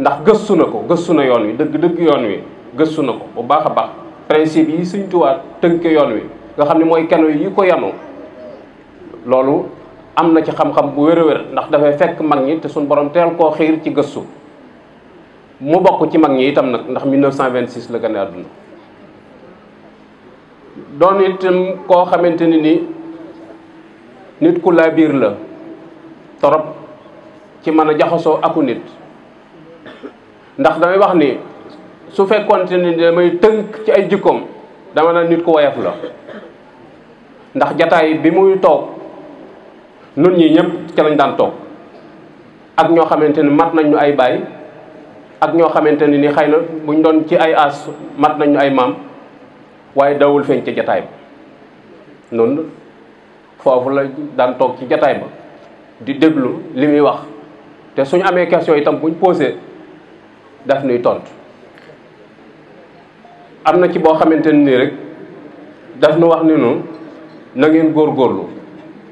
ndax gëstu na ko gëstu na yoon wi dëgg-dëgg yoon wi gëstu na ko bu baax a baax principe yi Sëñ Tuubaa tënke yoon wi nga xam ne mooy kenn yi ko yanu loolu am na ci xam-xam bu wér a wér ndax dafay fekk mag ñi te suñ borom teel koo xiir ci gëstu mu bokk ci mag ñi itam nag ndax 1926 la gane àdduna doon itam koo xamante ni ni nit ku laa biir la torop ci mën a jaxasoo aku nit ndax damay wax ni su fekkoonte ni damay tënk ci ay jikkoom dama naan nit ku woyof la ndax jataay bi muy toog nun ñi ñëpp ca lañ daan toog ak ñoo xamante ni mat nañ ay baay ak ñoo xamante ni ni xëy na buñ doon ci ay as mat nañ ay maam waaye dawul feeñ ci jataay ba noonu foofu la daan toog ci jataay ba di déglu li muy wax te suñu amee question itam buñ posé daf nuy tontu am na ci boo xamante ni rek daf nu wax ni nu na ngeen góorlu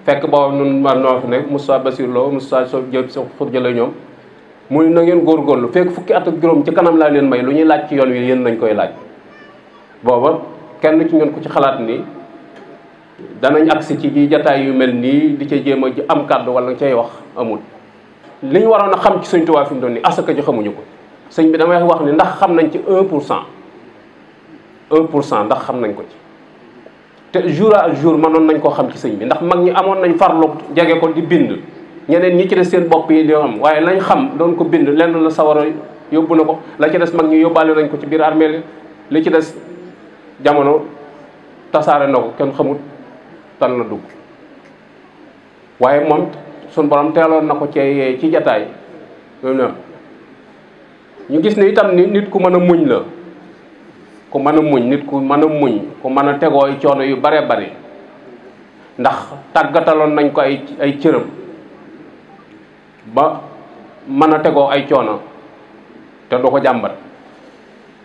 fekk boobu nun man noo fi nekk Moussa Bassir soo Moussa Sow Diop sa xurja la ñoom muy na ngeen góorgóorlu fekk fukki at ak juróom ci kanam laa leen may lu ñuy laaj ci yoon wi yéen nañ koy laaj booba kenn ci ñun ko ci xalaat ni danañ agsi ci ji jataay yu mel nii di ca jéem a am kàddu wala nga cay wax amul li ñu waroon a xam ci sëñ Tuubaa fi mu doon ni asaka ji xamuñu ko sëñ bi damay wax ni ndax xam nañ ci un pour cent un pour cent ndax xam nañ ko ci te jour à jour mënoon nañ koo xam ci sëñ bi ndax mag ñi amoon nañ farlu jege ko di bind ñeneen ñi ci des seen bopp yi di am waaye lañ xam doon ko bind lenn la sawara yóbbu na ko la ci des mag ñi yóbbaale nañ ko ci biir armeel li ci des jamono tasaare na ko kenn xamut tan la dugg waaye moom suñ borom teeloon na ko ci ci jataay ñu gis ne itam nit ku mën a muñ la ku mën a muñ nit ku mën a muñ ku mën a tegooy coono yu bare bari ndax tàggataloon nañ ko ay ay cëram ba mën a tegoo ay coono te du ko jàmbat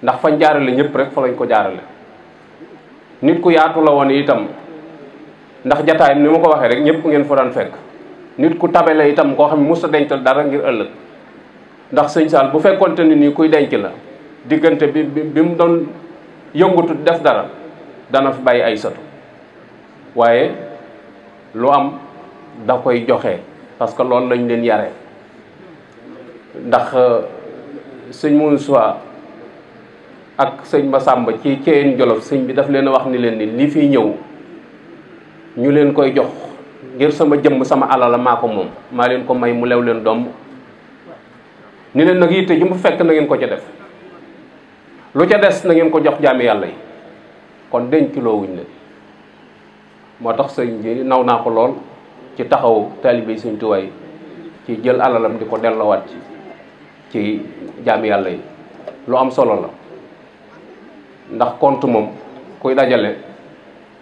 ndax fañ jaarale ñëpp rek fa lañ ko jaarale nit ku yaatu la woon itam ndax jataayam ni ma ko waxee rek ñëpp ngeen fa daan fekk nit ku tabe la itam koo xam ne mos a dencal dara ngir ëllëg ndax sëñ Saal bu fekkoonte ni nii kuy denc la diggante bi bi mu doon yëngatu def dara dana fi bàyyi ay sëtu waaye lu am da koy joxe parce que loolu lañ leen yare ndax euh, sëñ Moussa ak sëñ Massamba ci Ceyeen Jolof sëñ bi daf leen wax ni leen ni li fi ñëw ñu leen koy jox ngir sama jëmm sama alal la maa ko moom maa leen ko may mu lew leen domb ni leen nag yitte ju mu fekk na ngeen ko ca def lu ca des na ngeen ko jox jaami yàlla yi kon denculoo wuñ la moo tax sëñ ji naw naa ko lool ci taxaw taalibe suñ tuwaay ci jël alalam di ko delloowaat ci ci jaami yàlla yi lu am solo la ndax compte moom kuy dajale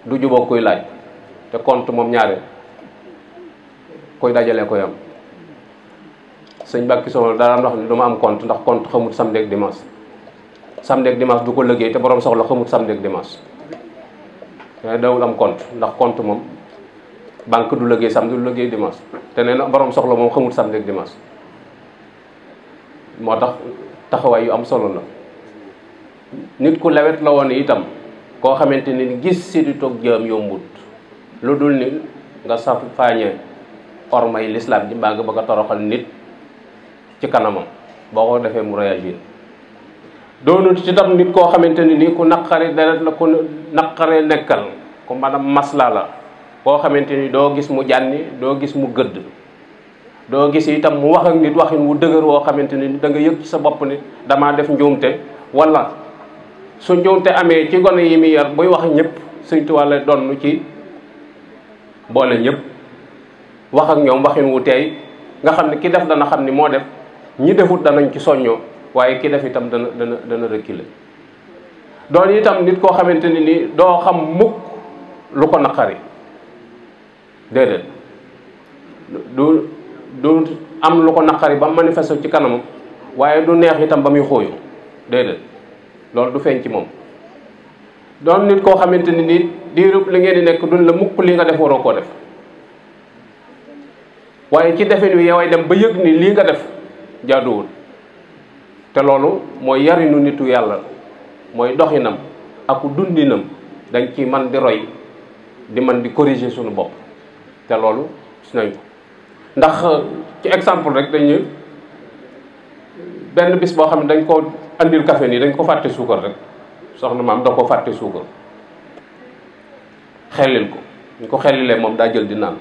du juboo kuy laaj te compte moom ñaare kuy dajale koy am sëñ Bakki Sow daan wax ne du ma am compte ndax compte xamut samedi ak dimanche samedi ak dimanche du ko liggéey te borom soxla xamut samedi ak dimanche nee eh, dawul am compte ndax compte moom banque du liggéey samedi du liggéey dimanche te nee na borom soxla moom xamut samedi ak dimanche moo tax taxawaay yu am solo la nit ku lewet la woon itam koo xamante ni gis si di toog jëm yombut lu dul ni nga sa faañe ormay lislaam ji mbaa nga a toroxal nit ci kanamam boo ko defee mu réagir doonut ci tam nit koo xamante ni nii ku naqari deret na ku naqare nekkal ku mën a maslaa la koo xamante ni doo gis mu jànni doo gis mu gëdd doo gis itam mu wax ak nit waxin wu dëgër woo xamante ni da nga yëg ci sa bopp ni damaa def njuumte wala su njuumte amee ci gone yi muy yar buy wax ñëpp Sëñ Tuubaa la donn ci boole ñépp wax ak ñoom waxin wu teey nga xam ne ki def dana xam ni moo def ñi defut danañ ci soññoo waaye ki def itam dana dana dana reculer doon itam nit koo xamante ni nii doo xam mukk lu ko naqari déedéet du du am lu ko naqari ba manifesté ci kanamam waaye du neex itam ba muy xóoyu déedéet loolu du feeñ ci moom doon nit koo xamante ni nii diirub li ngeen di nekk duñ la mukk lii nga def waroo koo def waaye ci defin wi yoway dem ba yëg nii lii nga def jaaduwul te loolu mooy yarinu nitu yàlla mooy doxinam aku dundinam dañ ci man di roy di man di corriger sunu bopp te loolu gis nañ ndax euh, ci exemple rek dañu benn bis boo xam ne dañ ko andil café nii dañ ko fàtte suukar rek soxna maam da koo fàtte suukar xellil ko ñu ko xellilee moom daa jël di naan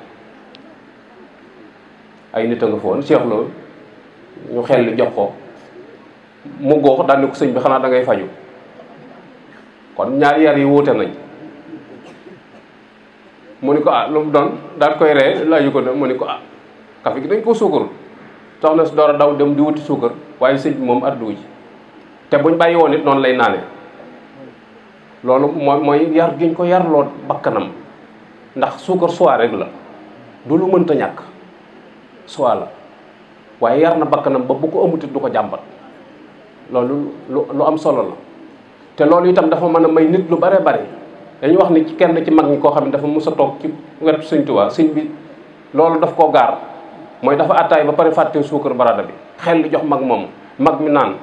ay nit a nga foon seexloo ñu xelli jox ko mu góox daal ne ko sëñ bi xanaa da ngay faju kon ñaari yar yi wuute nañ mu ni ko ah lu mu doon daan koy ree laaju ko mu ni ko ah kafe gi dañ koo suukarul na si door a daw dem di wuti suukar waaye sëñ moom at du ji te buñ bàyyi woon it noonu lay naane loolu mooy mooy yar giñ ko yarloo bakkanam ndax suukar soie rek la du lu mënta ñàkk soie la waaye yar na bakkanam ba bu ko amutit du ko jàmbat loolu lu lu am solo la te loolu itam dafa mën a may nit lu bare bari dañuy wax ni ci kenn ci mag ñi koo xam ne dafa mus a toog ci wetu sëñ Tuubaa sëñ bi loolu daf koo gaar mooy dafa attaay ba pare fàtte suukar barada bi xel li jox mag moom mag mi naan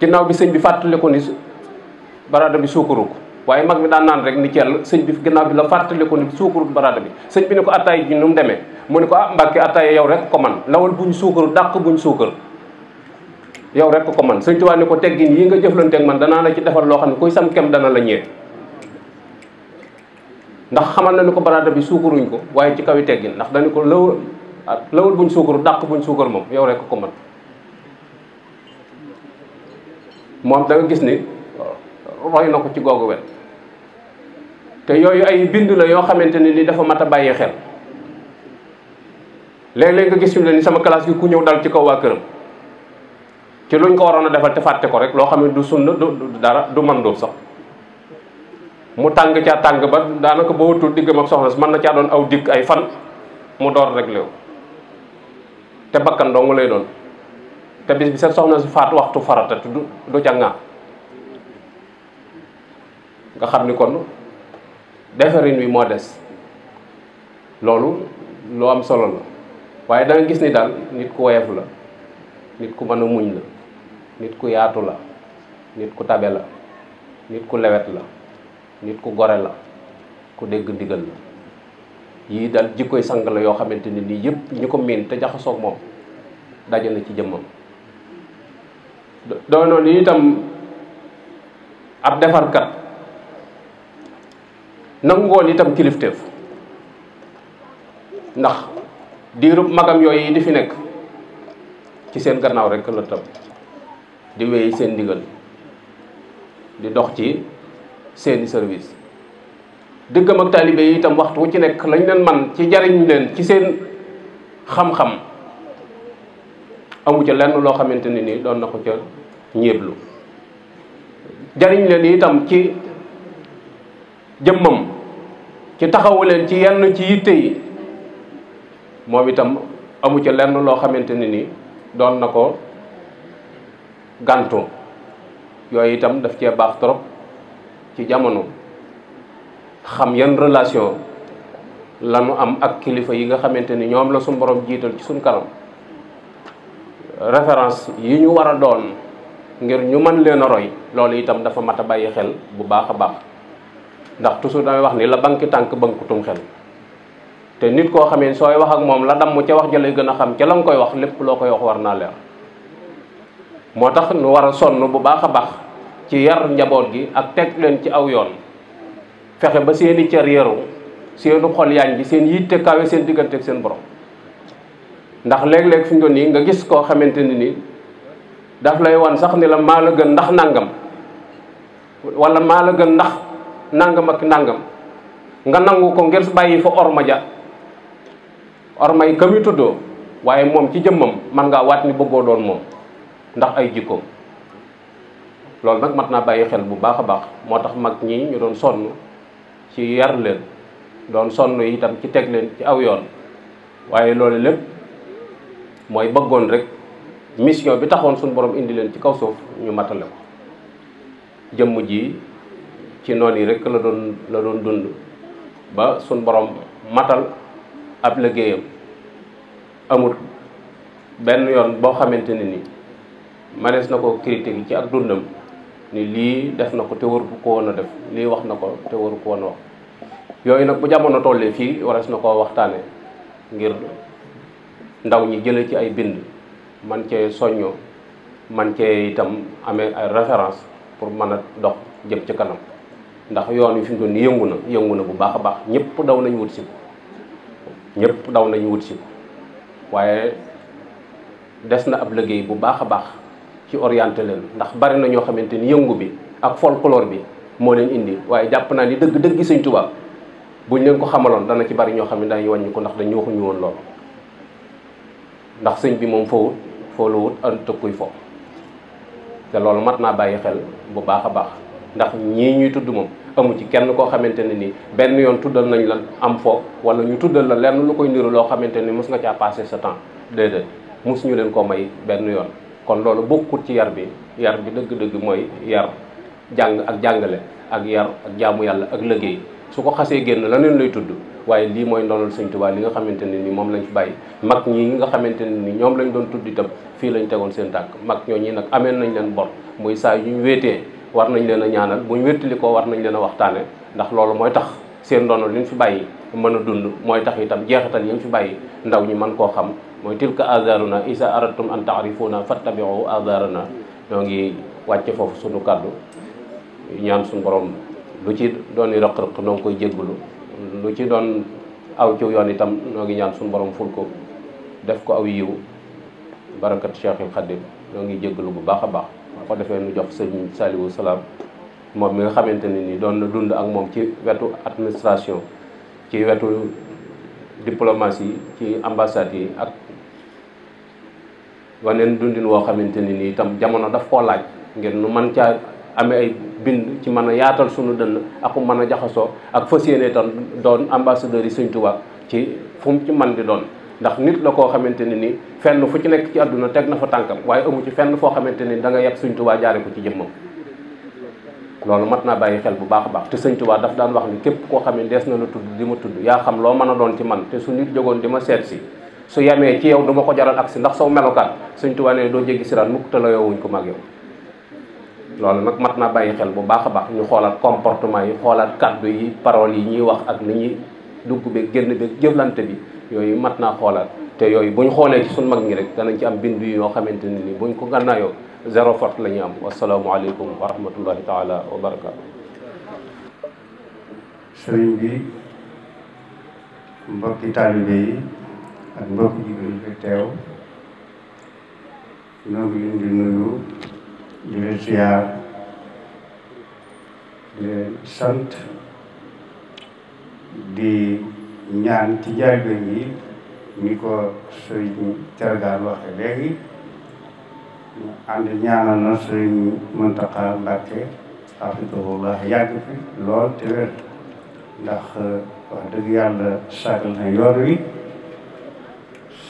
ginnaaw bi sëñ bi fàttaliku ni barada bi suukaru ko waaye mag mi daan naan rek ni cell sëñ bi ginnaaw bi la fàttaliku ni suukarut barada bi sëñ bi ni ko attaay ji nu mu demee mu ne ko ah mbàkke yow rek ko man lawal buñ suukar dàq buñ suukar yow rek ko man sëñ Tuubaa ko teggin yi nga jëflanteeg man danaa la ci defal loo xam ne kuy sam kem dana la ñee ndax xamal na ko baraada bi suukaruñ ko waaye ci kaw yi teggin ndax dañu ko lëw ah, lëwul buñ suukaru dàq buñ suukar moom yow rek ko man moom da gis ni uh, roy na ko ci googu wet te yooyu ay bind la yoo xamante ni ni dafa mat a bàyyi xel lee léeg nga gis ñu ne ni sama classe gi ku ñëw dal ci kaw waa këram ci luñ ko waroon a defal te fàtte ko rek loo xam ne du sunna du dara du mandóob sax mu tàng ca tàng ba daanaka ba wutul diggam ak soxna si mën na caa doon aw dikk ay fan mu door rek léew te bakkan dong lay doon te bis bi sa soxna si faat waxtu farata du du ca nga xam ni kon defarin wi moo des loolu loo am solo la waaye da gis ni daal nit ku woyof la nit ku mën a muñ la nit ku yaatu la nit ku tabe la nit ku lewet la nit ku gore la ku dégg ndigal la yii daal jikkoy sang la yoo xamante ne nii yëpp ñu ko miin te jaxasoog moom daje na ci jëmmam doonoon itam ab defarkat yi tam kilifteef ndax diirub magam yooyu yi di fi nekk ci seen gannaaw rek la tëb di wéy seen ndigal di dox ci seeni service dëggam ak taalibe yi itam waxtu wu ci nekk lañ leen man ci jariñ leen ci seen xam-xam amu ca lenn loo xamante ne nii doon na ko ca ñéeblu jariñ leen itam ci jëmmam ci taxawu leen ci yenn ci yitte yi moom itam amu ca lenn loo xamante ne nii doon na ko gantu yooyu itam daf cee baax trop ci jamono xam yan relation la lanu am ak kilifa yi nga xamante ni ñoom la suñu borom jiital ci suñ kanam référence yi ñu war a doon ngir ñu man leen a roy loolu itam dafa mat a bàyyi xel bu baax a baax ndax toujours damay wax ni la banki tànk bankutum xel te nit koo xamee sooy wax ak moom la damm ca wax ja lay gën a xam ca la nga koy wax lépp loo koy wax war naa leer moo tax nu war a sonn bu baax a baax ci yar njaboot gi ak teg leen ci aw yoon fexe ba seeni cër yaru seenu xol yaañ bi seen yitte kawe seen diggante ak seen borom ndax léeg-léeg fu ñu doon nii nga gis koo xamante ni nii daf lay wan sax ni la maa la gën ndax nangam wala maa la gën ndax nangam ak nangam nga nangu ko ngir bàyyi fa orma ja orma yi këm muy tuddoo waaye moom ci jëmmam mën ngaa waat ni bëggoo doon moom ndax ay jikkoom loolu nag mat naa bàyyi xel bu baax a baax moo tax mag ñi ñu doon sonn ci yar leen doon sonn itam ci teg leen ci aw yoon waaye loolu lépp mooy bëggoon rek mission bi taxoon suñu boroom indi leen ci kaw suuf ñu matale ko jëmm ji ci noon yi rek la doon la doon dund ba suñu boroom matal ab liggéeyam amut benn yoon boo xamante ne ni manees na ko critique ci ak dundam ni lii des na ko te waru ko woon a def lii wax na ko waru ko woon yooyu nag bu jamono tollee fii warees na koo waxtaanee ngir ndaw ñi jële ci ay bind man cee soññoo man cee itam amee ay référence pour mën a dox jëm ci kanam ndax yoon wi fi mu toll nii yëngu na yëngu na bu baax a baax ñëpp daw nañu wut si ko ñëpp daw nañu wut si ko waaye des na ab liggéey bu baax a baax ci orienté leen ndax bari na ñoo xamante ni yëngu bi ak folklore bi moo leen indi waaye jàpp naa ni dëgg dëgg sëñ Tuubaa buñ leen ko xamaloon dana ci bari ñoo xam ne dañuy wàññi ko ndax dañu waxuñu woon loolu ndax sëñ bi moom fowut fooluwut anta kuy fo te loolu mat naa bàyyi xel bu baax a baax ndax ñii ñuy tudd moom amu ci kenn koo xamante ne ni benn yoon tuddal nañu la am foo wala ñu tuddal la lenn lu koy niru loo xamante ni mos nga caa passé sa temps déedéet mos ñu leen koo may benn yoon kon loolu bokkul ci yar bi yar bi dëgg-dëgg mooy yar jàng ak jàngale ak yar ak jaamu yàlla ak liggéey su ko xasee génn leneen lay tudd waaye lii mooy ndonal Sëñ Tuubaa li nga xamante ne ni moom lañ fi bàyyi mag ñi nga xamante ne ni ñoom lañ doon tudd itam fii lañ tegoon seen tànk mag ñooñu nag ameen nañ leen bor muy saa yu ñu wéetee war nañ leen a ñaanal bu ñu wéttali ko war nañ leen a waxtaane ndax loolu mooy tax seen ndono li ñu fi bàyyi mën a dund mooy tax itam jeexital yi ñu fi bàyyi ndaw ñi mën koo xam mooy tilka azaruna isa aradtum an taarifuna fattabiu na ñoo ngi wàcce foofu sunu kàddu ñaan suñ borom lu ci doon rëq-rëq noo koy jéggulu lu ci doon aw ciw yoon itam noo ngi ñaan suñu borom ful ko def ko aw yiw barakat Cheikhul Khadim noo ngi jéggulu bu baax a baax ko defee nu jox sëñ Saliou Salaam moom mi nga xamante ne ni doon na dund ak moom ci wetu administration ci wetu diplomatie ci ambassade yi ak waneen dundin woo xamante ne ni itam jamono daf koo laaj ngir nu mën caa amee ay bind ci mën a yaatal sunu dënn ak mën a jaxasoo ak fas yéene tam doon ambassadeurs yi Sëñ Tuubaa ci fu mu ci man di doon ndax nit la koo xamante ne ni fenn fu ci nekk ci àdduna teg na fa tànkam waaye amu ci fenn foo xamante ni da nga yegg Sëñ jaare ko ci jëmmam loolu mat naa bàyyi xel bu baax a baax te sëñ Tuubaa daf daan wax ni képp koo xam ne des na la tudd di ma tudd yaa xam loo mën a doon ci man te su nit jógoon di ma seet si su yamee ci yow du ko jaral ak si ndax soo melokaat sëñ Tuubaa ne doo jéggi siraat mukk te la yoowuñ ko mag yow loolu nag mat naa bàyyi xel bu baax a baax ñu xoolaat comportement yi xoolaat kàddu yi paroles yi ñuy wax ak ni ñuy dugg beeg génn beeg jëflante bi yooyu mat naa xoolaat te yooyu buñ xoolee ci mag ñi rek danañ ci am bindu yoo xamante ne ni buñ ko gànnaayoo zéro faute la ñu am wasalaamualeykum wa rahmatullahi taala wa barakaatu mbokki taalibe ak mbokki jigéen yi fi teew ñoo di nuyu di di leen di ñaan ci jaay yi ni ko sëriñ Thiergane waxe léegi ànd ñaanal na sëriñ Muntaxa Mbàkke xafidahullah yàgg fi lool te wér ndax wax dëgg yàlla sagal na yoon wi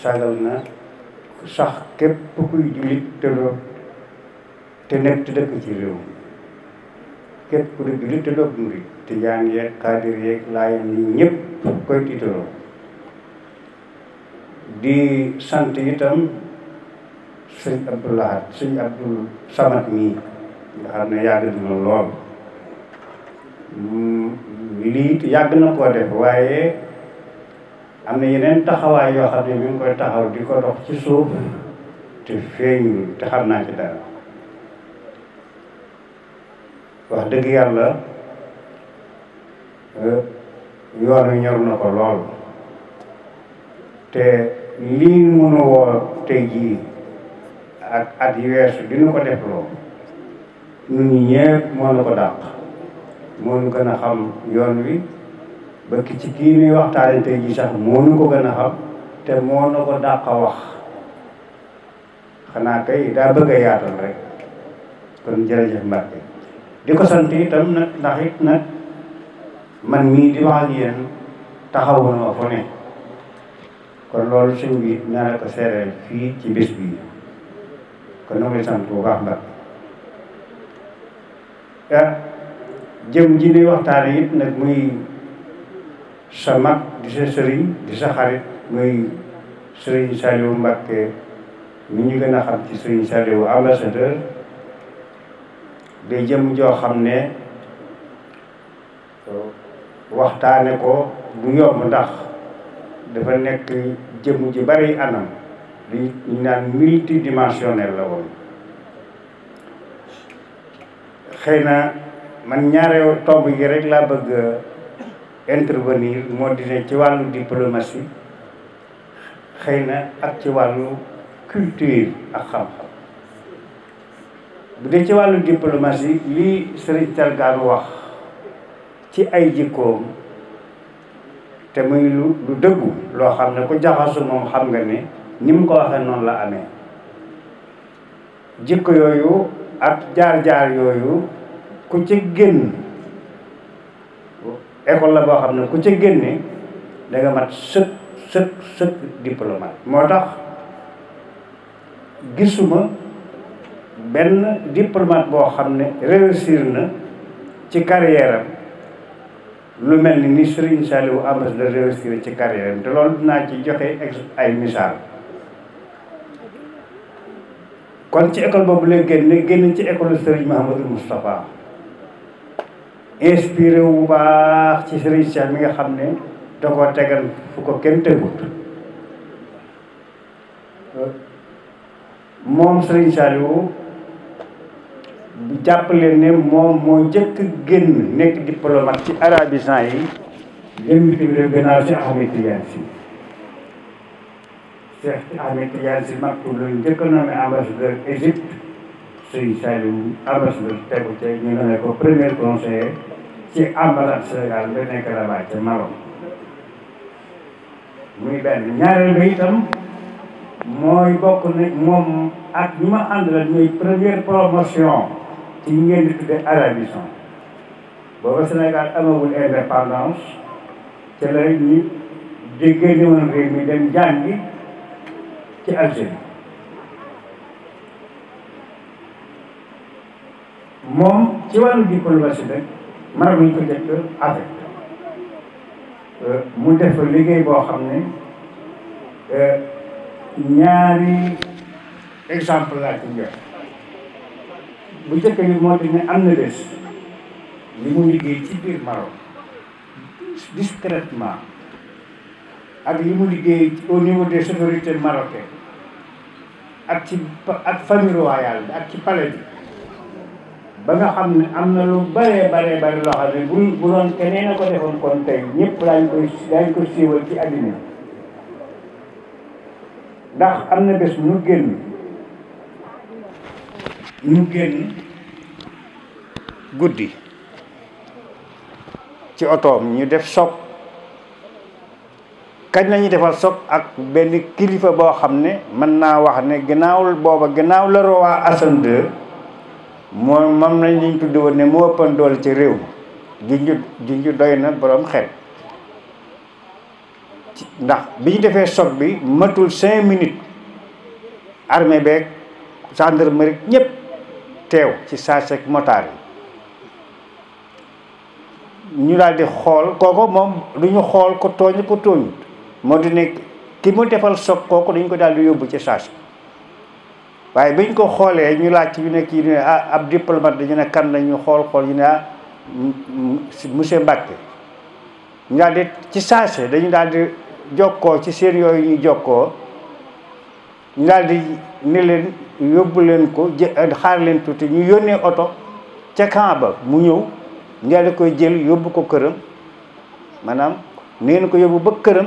sagal na sax képp kuy jullit te doo te nekk te dëkk ci réew képp ku di jullit te doo murit tijaan yeeg xaadir yeeg laayam yi ñëpp koy tiitaroo di sant itam sëñ Abdou Lahad sëñ Abdou Samad mii nga xam ne yàgg na lool mm, lii yàgg na koo def waaye am na yeneen taxawaay yoo xam ne mi koy taxaw di ko dox ci suuf te feeñul te xam naa ci dara wax dëgg yàlla eh, yoon wi ñor na ko lool te lii mënu woo tey jii ak yu yi weesu li nu ko def loo ñun ñëpp moo nu ko dàq moo nu gën a xam yoon wi ba ki ci kii nuy waxtaane tey ji sax moo nu ko gën a xam te moo nu ko dàq a wax xanaa kay daa bëgg a yaatal rek kon jërëjëf Mbacke di ko sant itam nag ndax it nag man mii di wax ak taxawu na ma ne kon loolu suñ bi naa la ko seereel fii ci bés bii kon noo ngi sant bu baax a baax jëm ji nuy waxtaane it nag muy sa mag di sa sëriñ di sa xarit muy sëriñ Saliou Mbacké mi ñu gën a xam ci sëriñ Saliou ambassadeur day jëm joo xam ne waxtaane ko du yomb ndax dafa nekk jëm ji bari anam li ñu naan multidimensionnel la woon xëy na man ñaareewu tomb yi rek laa bëgg intervenir moo di ne ci wàllu diplomatie xëy na ak ci wàllu culture ak xam-xam bu dee ci wàllu diplomatie lii Serigne Thiergane wax ci ay jikkoom te muy lu lu dëggu loo xam ne ku jaxasu moom xam nga ne ni mu ko waxee noonu la amee jikko yooyu ak jaar-jaar yooyu ku ci génn école la boo xam ne ku ci génne da nga mat sëkk sëkk sëkk diplomate moo tax gisuma benn diplomate boo xam ne réussir na ci carrière lu mel ni ni Serigne Saliou Amas la réussir ci carrière am te loolu dinaa ci joxe ay misaal kon ci école boobu lañ génn léegi génn ci école Serigne Mahamadou Moustapha inspiré wu bu baax ci Serigne Cheikh mi nga xam ne da koo tegal fu ko kenn tegut moom Serigne Saliou jàpp leen ne moom moo njëkk génn nekk diplomate ci arabisant yi dem bi gannaaw si axamitiyan si Cheikh Ahmed Tidiane Sy Maktoum la njëkk a nommé ambassadeur Égypte suñu Saliou ambassadeur tegu te ñu ne ko premier conseiller ci ambassade Sénégal nga nekk là-bas ca muy benn ñaareel ba itam mooy bokk na moom ak ñi ma ànd la ñooy première ci ngeen di tudde arabisant booba Sénégal amagul indépendance ca la ñu déggee ni woon réew dem jàngi ci Algérie moom ci wàllu diplomatie rek mara buñ ko njëkk avec euh, mu def liggéey boo xam ne euh, ñaari exemple laa ci jox bu njëkk bi moo di ne am na bés li mu liggéey ci biir Maroc discrètement ak yi mu liggéey au niveau des sonorités marocaines ak ci ak famille royale bi ak ci palais bi ba nga xam ne am na lu bëree bëree bëri loo xam ne bu bu doon keneen a ko defoon kon tey ñëpp daañ koy ko siiwal ci àddina ndax am na bés nu génn nu génn guddi ci otoom ñu def sopp kañ la defal sob ak benn kilifa boo xam ne mën naa wax ne gannaaw booba gannaaw la roi Hassan II moom moom lañ tudd woon ne moo ëppan doole ci réew ma junju junju doy na boroom xet ndax bi ñu defee sob bi matul cinq minutes armée beeg gendarmerie ñëpp teew ci saas ak motaar yi ñu daal di xool kooku moom du xool ko tooñ ko tooñut moo di ne ki mu defal sob kooku dañ ko daal di yóbbu ci saasi waaye biñ ko xoolee ñu laaj yu nekk yi ne ah ab diplomate dañu ne kan la ñu xool xool yi ne ah monsieur Mbacke ñu daal ci saasi dañu daal di jokkoo ci seen yooyu ñu jokkoo ñu daal di leen yóbbu leen ko xaar leen tuuti ñu yónnee oto ca camp ba mu ñëw ñu daal koy jël yóbbu ko këram maanaam neen ko yóbbu ba këram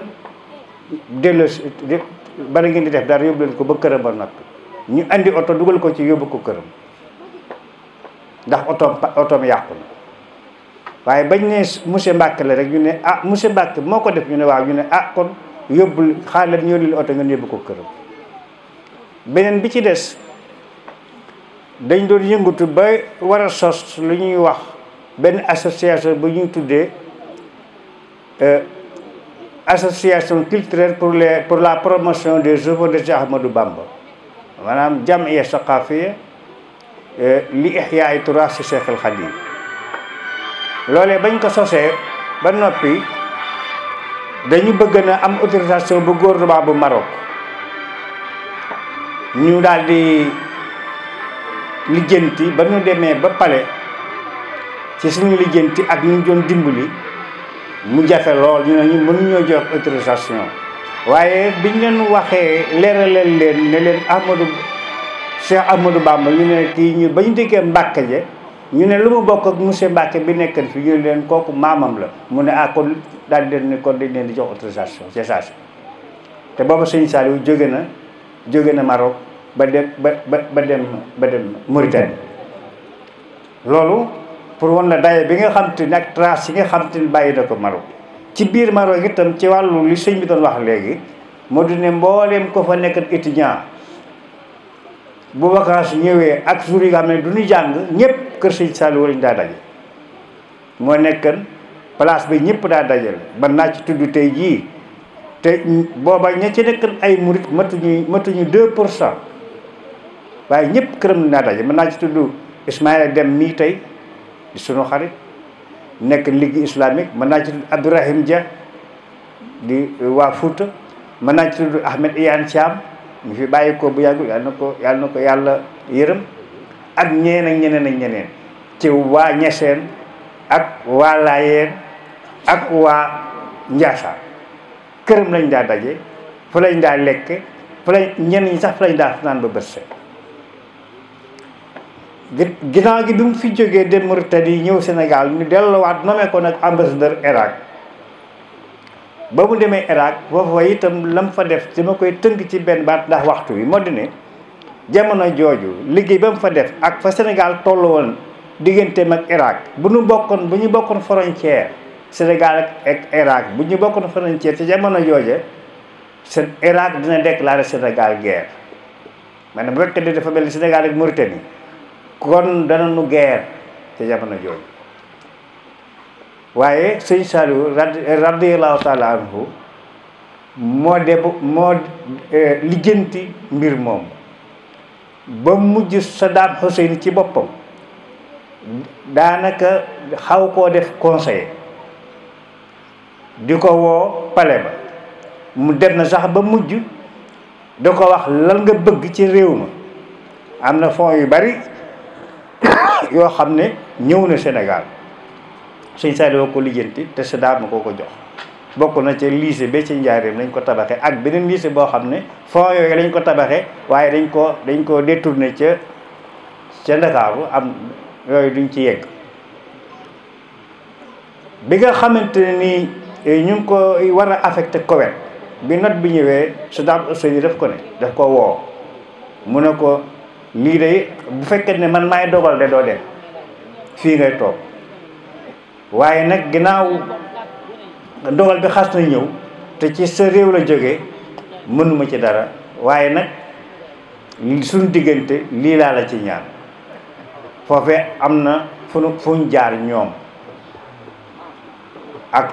delloosi delloo bala ngeen di def dara yóbbu leen ko ba këram ba noppi ñu indi oto dugal ko ci yóbbu ko këram ndax otoom otoom yàqu na waaye bañ ne monsieur Mbacke la rek ñu ne ah monsieur Mbacke moo ko def ñu ne waaw ñu ne ah kon yóbbul xaaral ñëw leen oto ngeen yóbbu ko këram beneen bi ci des dañ doon yëngatu ba war a sos lu ñuy wax benn association ba ñu tuddee. Euh, association culturelle pour pour la promotion des œuvres de Cheikh Ahmadou Bamba maanaam jamiya saqafiya eh, li ixyaay turaas si Cheikh al Khadim loolee bañ ko sosee ba noppi dañu bëgg na am autorisation bu gouvernement bu Maroc ñu daal di lijjanti ba ñu demee ba pale ci suñu lijjanti ak ñu doon dimbali mu jafe lool ñu ne ñu jox autorisation waaye biñ leen waxee leeralal leen ne leen Ahmadou Cheikh Ahmadou Bamba ñu ne kii ñu ba ñu déggee Mbàkke je ñu ne lu mu bokk ak monsieur Mbàkke bi nekkan fi ñu leen kooku maamam la mu ne ah kon daal di leen ne kon dañ leen di jox autorisation c'est ça te booba sëñ Saliou jóge na jóge na Maroc ba dem ba ba dem ba dem Mauritanie loolu pour wan la daye bi nga xam te ni ak trace yi nga xam te ni bàyyi na ko Maroc ci biir Maroc tam ci wàllu li sëñ bi doon wax léegi moo di ne mbooleem ko fa nekk étudiant bu vacances ñëwee ak jour yi nga xam ne du ñu jàng ñëpp kër sëñ Saliou lañ daa daje moo nekkan place bi ñëpp daa dajale mën naa ci tudd tey jii te booba ña ci nekkan ay murit matuñu matuñu deux pour cent waaye ñëpp këram naa daje mën naa ci tudd Ismaïla Dem mii tey di sunu xarit nekk ligue islamique mën naa ci tudd Abdourahim Dia di euh, waa Fouta mën naa ci tudd Ahmed Iyane Thiam ñu fi bàyyi ko bu yàggul yàlla na ko yàlla na ko yàlla yërëm ak ñeneen ak ñeneen ak ñeneen ci waa Ñaseen ak waa Laayeen ak waa Njaasaan këram lañ daa daje fa lañ daa lekk fa lañ ñenn sax fa lañ daa fanaan ba bët set ginnaaw gi bi mu fi jógee dem Mauritanie ñëw Sénégal ñu delluwaat nommé ko nag ambassadeur Irak ba mu demee Irak foofu itam lam fa def ci ma koy tënk ci benn baat ndax waxtu wi moo di ne jamono jooju liggéey ba mu fa def ak fa Sénégal tollu woon digganteem ak Irak bu nu bokkoon bu ñu bokkoon frontière Sénégal ak Irak bu ñu bokkoon frontière ci jamono jooja seen Irak dina déclarer Sénégal guerre maanaam bu fekkee dafa mel ni Sénégal ak Mauritanie. kon dana nu geer ca jamono jooju waaye sëñ Saliou radiyallahu taala anhu moo de moo e, lijjanti mbir moom ba mujj sa Saddam Hussein ci boppam daanaka xaw koo def conseiller di ko woo pale ba mu dem na sax ba mujj da ko wax lan nga bëgg ci réew ma am na fonds yu bari yoo xam ne ñëw na Sénégal sëñ Saliou ko lijjanti te Sédar na koo ko jox bokk na ca lycée ba ci Njaareem lañ ko tabaxee ak beneen lycée boo xam ne fonds yooyu lañ ko tabaxe waaye dañ ko dañ ko détourné ca ca Ndakaaru am yooyu duñ ci yegg bi nga xamante nii eh, ñu ngi ko war a affecté Koweït bi note bi ñëwee Saddam Hussein daf ko ne daf ko woo mu ne ko lii de bu fekkee ne man maay dogal de doo dem fii ngay toog waaye nag ginnaaw dogal bi xas na ñëw te ci sa réew la jóge mënuma ci dara waaye nag suñu diggante lii laa la ci ñaar foofee am na fu nu fu ñu jaar ñoom ak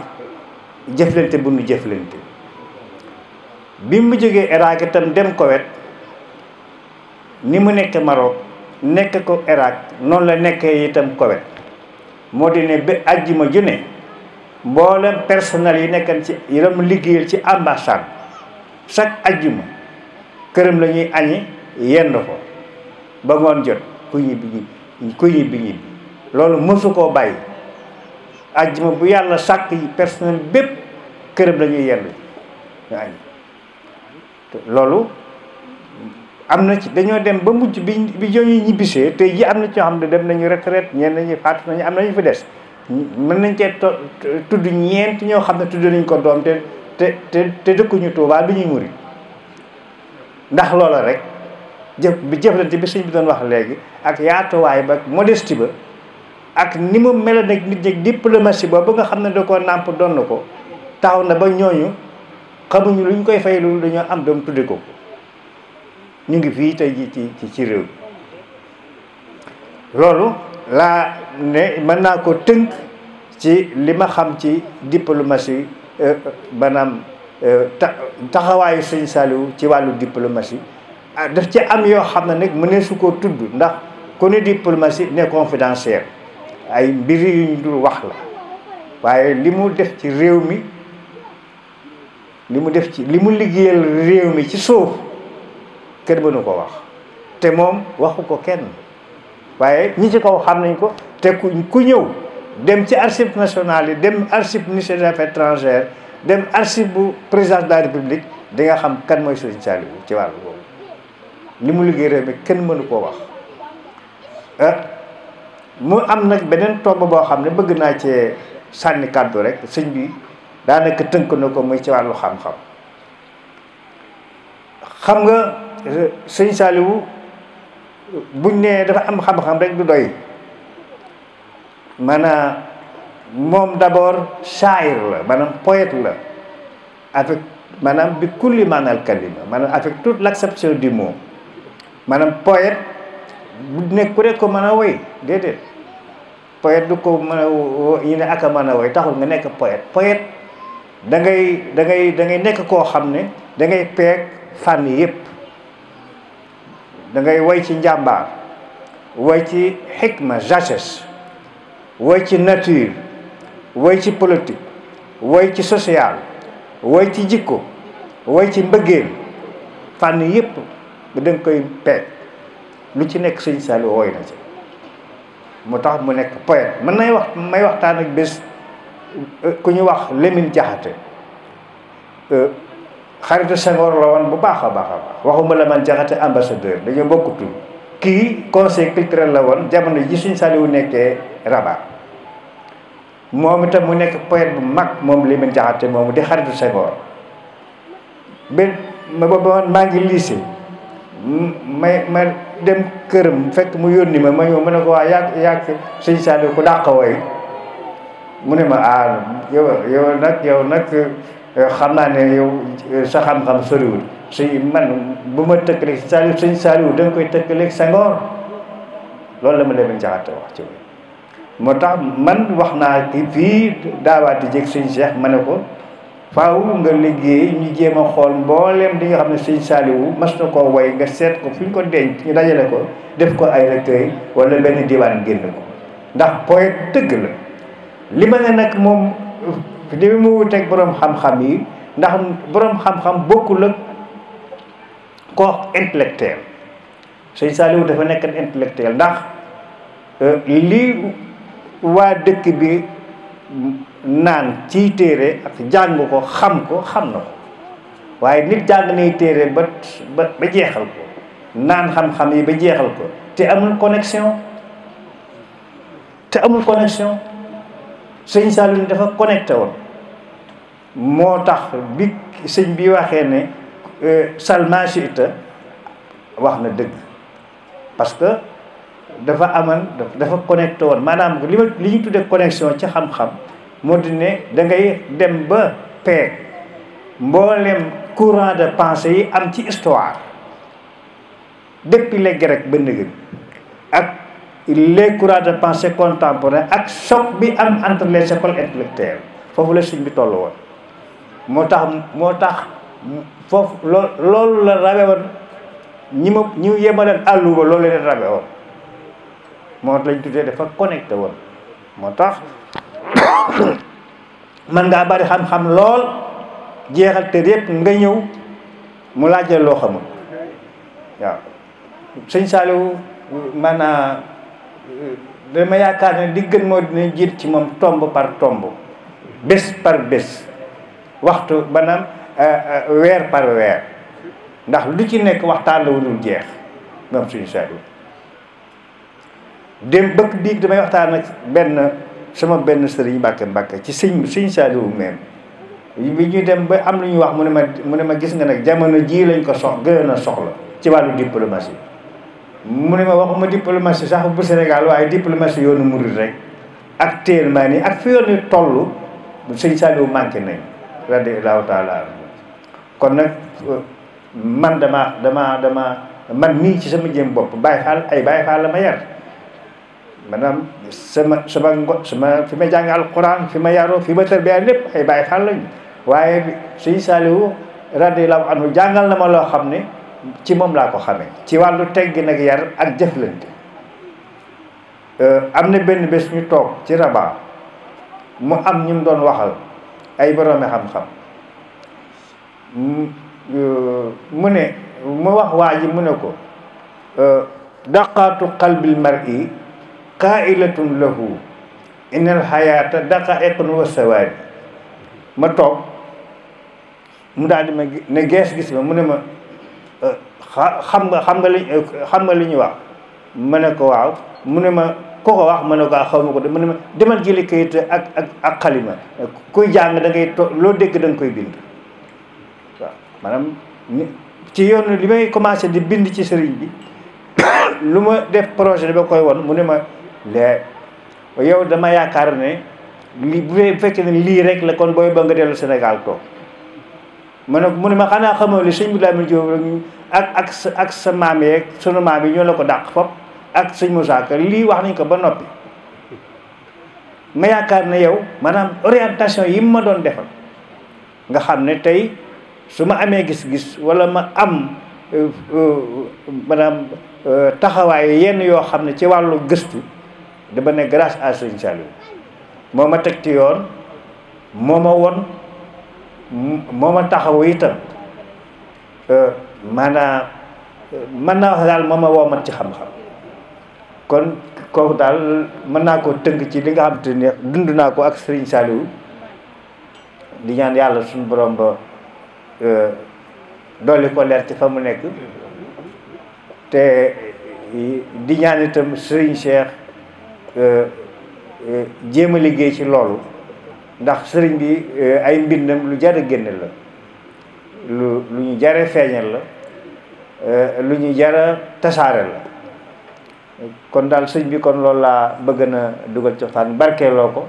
jëflante bu nu jëflante bi mu jógee Irak itam dem Koweït ni mu nekk Maroc nekk ko Irak noonu la nekkee itam Koweït moo di ne ba àjjuma ju ne mboolem personnel yi nekkan ci yaram liggéeyal ci ambassade chaque àjjuma këram la ñuy añi yenn ko ba ngoon jot ku ñibbi ñibbi ku ñibbi ñibbi loolu mësu koo bàyyi àjjuma bu yàlla sàkk yi personnel bépp këram lañuy ñuy yenn loolu am na ci dañoo dem ba mujj bi bi ñooñu ñibbisee tey ji am na ci ñoo xam ne dem nañu retraite ñeen nañu faatu nañu am nañu fi des mën nañ cee tudd ñeent ñoo xam ne tudd nañ ko doom te te te te dëkkuñu Tuubaa du ñuy muri ndax loola rek jëf bi jëflante bi sëñ bi doon wax léegi ak yaatuwaay ba modestie ba ak ni mu meloon ak nit ñi diplomatie boobu nga xam ne da koo nàmp doon na ko taxaw na ba ñooñu xamuñu luñ koy fay loolu dañoo am doom tudde ko ñu ngi fii tey ji ci ci réew loolu laa ne mën naa ko tënk ci li ma xam ci diplomatie euh, euh, maanaam euh, taxawaayu sëñ Saliou ci wàllu diplomatie ah, daf ci am yoo xam ne nag mënee su ko tudd ndax ku ne diplomatie ne confidentiel ay mbiri yu ñu dul wax la waaye li mu def ci réew mi li mu def ci li mu liggéeyal réew mi ci suuf kenn mënu ko wax te moom waxu ko kenn waaye ñi ci kaw xam nañ ko te ku ñëw dem ci archive nationale yi dem archive ministère des affaires étrangères dem archive bu présidence de la république di nga xam kan mooy Serigne Saliou ci wàllu boobu li mu liggéey réew kenn mënu koo wax eh, mu am nag beneen tomb boo xam ne bëgg naa cee sànni kàddu rek sëñ bi daanaka tënk na ko muy ci wàllu xam-xam xam nga sëñ Saliou buñ nee dafa am xam-xam rek du doy maanaam moom d'abord shaayir la maanaam poète la avec maanaam bi kulli maanaal kalima maanaam avec toute l'acception du mot maanaam poet bu nekk ku ko mën a woy déedéet poète du ko mën a ñu ne ak a mën a woy taxul nga nekk poète poète da ngay dangay da ngay nekk koo xam ne da ngay peeg fànn yépp da ngay way ci njàmbaar woy ci xikma sagesse woy ci nature woy ci politique woy ci social woy ci jikko woy ci mbëggeel fànn yépp da nga koy peeg lu ci nekk sëñ Saliou wooy na ci mu tax mu nekk poète mën nay wax may waxtaan ak bés ku ñu wax Lamine Diakhaté euh, xaritu Senghor la woon bu baax a baax a baax waxuma la man jaxate ambassadeur dañoo bokkutu kii conseil culturel la woon jamono ji suñ Saliou nekkee Rabat moom itam mu nekk poète bu mag moom li mun jaxate moomu di xaritu Senghor ba ma booba maa ngi lycée may ma dem këram fekk mu yónni ma ma ñëw mu ne ko waa yàgg suñ Saliou ku dàq woy mu ne ma ah yow yow nag yow nag Eh, xam naa ne yow eh, sa xam-xam soriwul suñu man bu ma tëkkaleeg si Saliou sëñ Saliou da nga koy tëkkaleeg Senghor loolu la ma leen jaxate wax ci moo tax man wax naa ki fii daawaati jëkk sëñ Cheikh ma ne ko faaw nga liggéey ñu jéem a xool mbooleem di nga xam ne suñu saaliwu mas ko koo woy nga seet ko fu ñu ko denc ñu dajale ko def ko ay recueil wala benn diwaan génn ko ndax poète dëgg la li ma ne nag moom te ni mu wuuteeg borom xam-xam yi ndax boroom xam-xam bokkul ak koo intellectuel sëñ Saliou dafa nekk intellectuel ndax euh, lii waa dëkk bi naan ciy téere ak jàng ko xam ko xam na ko waaye nit jàng nay téere ba ba jeexal ko naan xam-xam yi ba jeexal ko te amul connexion te amul connexion sëñ Saliou dafa connecté woon moo tax bi sëñ bi waxee ne euh, salma chita wax na dëgg parce que dafa aman dafa connecté woon maanaam li ma li ñu tuddee connexion ci xam-xam moo di ne da ngay dem ba peeg mboolem courant de pensée yi am ci histoire depuis les rek ba nëgën ak le courants de pensée contemporains ak choc bi am entre les écoles intellectuelles foofu la sëñ bi toll woon moo tax moo tax foofu loo loolu la rawe woon ñi ma ñu yemaleen àllu ba loolu leen rawe woon moo lañ tuddee dafa connecté woon moo tax *coughs* man ngaa bari xam-xam lool jeexal te yëpp nga ñëw mu laajee loo xamul waaw sëñ Saliou maanaam dama yaakaar ne di gën moo dina jiit ci moom tomb par tomb bés par bés waxtu banam eh, eh, weer par weer ndax lu ci nekk waxtaan la wu dul jeex moom suñu seetlu dem bëgg biig damay waxtaan ak benn sama benn sëriñ mbàkke mbàkke ci sëñ sëñ Saliou même bi ñuy dem ba am lu ñuy wax mu ne ma ne ma gis nga nag jamono jii lañ ko sox gën a soxla ci wàllu diplomatie mu ne ma waxuma diplomatie sax bu Sénégal waaye diplomatie yoonu murid rek actuellement nii ak fi yoonu toll sëñ Saliou manqué nañ radiallahu taala anhu kon nag euh, man dama dama dama man mii ci sama jëm bopp Baay Faal ay Baay Faal la ma yar maanaam sama sama ngo sama fi ma jàngal alquran fi ma yaroo fi ma tarbiyee lépp ay Baay Faal lañu waaye Sëñ Saaliwu radiallahu anhu jàngal na ma loo xam ne ci moom laa ko xamee ci wàllu teggi nag ak jëflante euh, am na benn bés ñu toog ci Rabat mu am ñu mu doon waxal ay boroomi xam-xam mu ne mu wax waa ji mu ne ko euh, daqaatu qalbil mar'i qaa'ilatun lahu innal hayaata daqaa'iqun wa sawaadi ma toog mu daal di ma ne gees gis ma mu ne ma euh, xam nga xam nga li xam nga li ñu wax ma ne ko waaw mu ne ma kooko ko wax ma ne ko ah, xaw ma ko de mu ne ma demal jëli kayit ak ak ak xalima kuy jàng dangay to loo dégg da koy bind waaw maanaam ci yoon li may commencé di bind ci sëriñ bi *coughs* lu ma def projet da ba koy won mu ne ma lee yow dama yaakaar ne li bu fekkee ne lii rek la kon booy ba nga dellu Sénégal toog ma ne mu ne ma xanaa xamoo li sëñ bi laa mel ak ak ak sa maam yeeg sunu maam yi ñoo la ko dàq fop ak sëñ Moussa Ka lii wax nañ ko ba noppi ma yaakaar na yow maanaam orientation yi ma doon defal nga xam ne tey su ma amee gis-gis wala ma am euh, euh, maanaam euh, taxawaay yenn yoo xam ne ci wàllu gëstu dama ne grace à sëñ Saliou moo ma teg ci yoon moo ma won moo ma taxawu itam maanaam man naa wax daal moo ma woomat ci xam-xam kon kooku daal mën naa koo tënk ci li nga xam te ne dund naa ko ak sëriñ Saliou di ñaan yàlla suñ borom ba euh, dolli ko ci fa mu nekk te di ñaan itam Serigne Cheikh euh, euh, jéem a liggéey ci loolu ndax sëriñ bi ay mbindam lu jar a génne la lu lu ñu jare feeñal la lu ñu jara tasaare la kon daal sëñ bi kon loolu laa bëgg na dugal ci waxtaan barkeeloo ko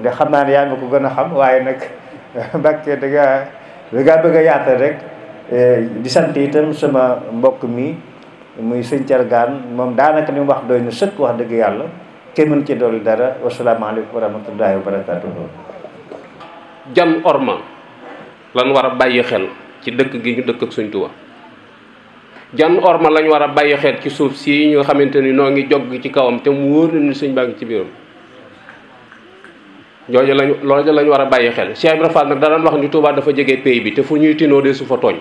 nga xam naa ne yaa ma ko gën a xam waaye nag *laughs* barke da ngaa bëgg a yaatal rek eh, di sant itam sama mbokk mi muy sëñ Cargaan moom daanaka ni mu wax doy na sëkk wax dëgg yàlla kenn mën ci dolli dara wasalaamaaleykum wa rahmatullahi wa barakaatuhu jan orma lan war a bàyyi xel ci dëkk gi ñu dëkk ak suñ Tuubaa jan orma lañ war a bàyyi xel ci suuf si ñu xamante ni noo ngi jog ci kawam te mu wóor nañu sëñ baa ci biiram jooju lañ loolu lañ war a bàyyi xel Cheikh Ibra Fall nag da wax ni tuubaa dafa jege pays bi te fu ñuy tinoo dee su fa tooñ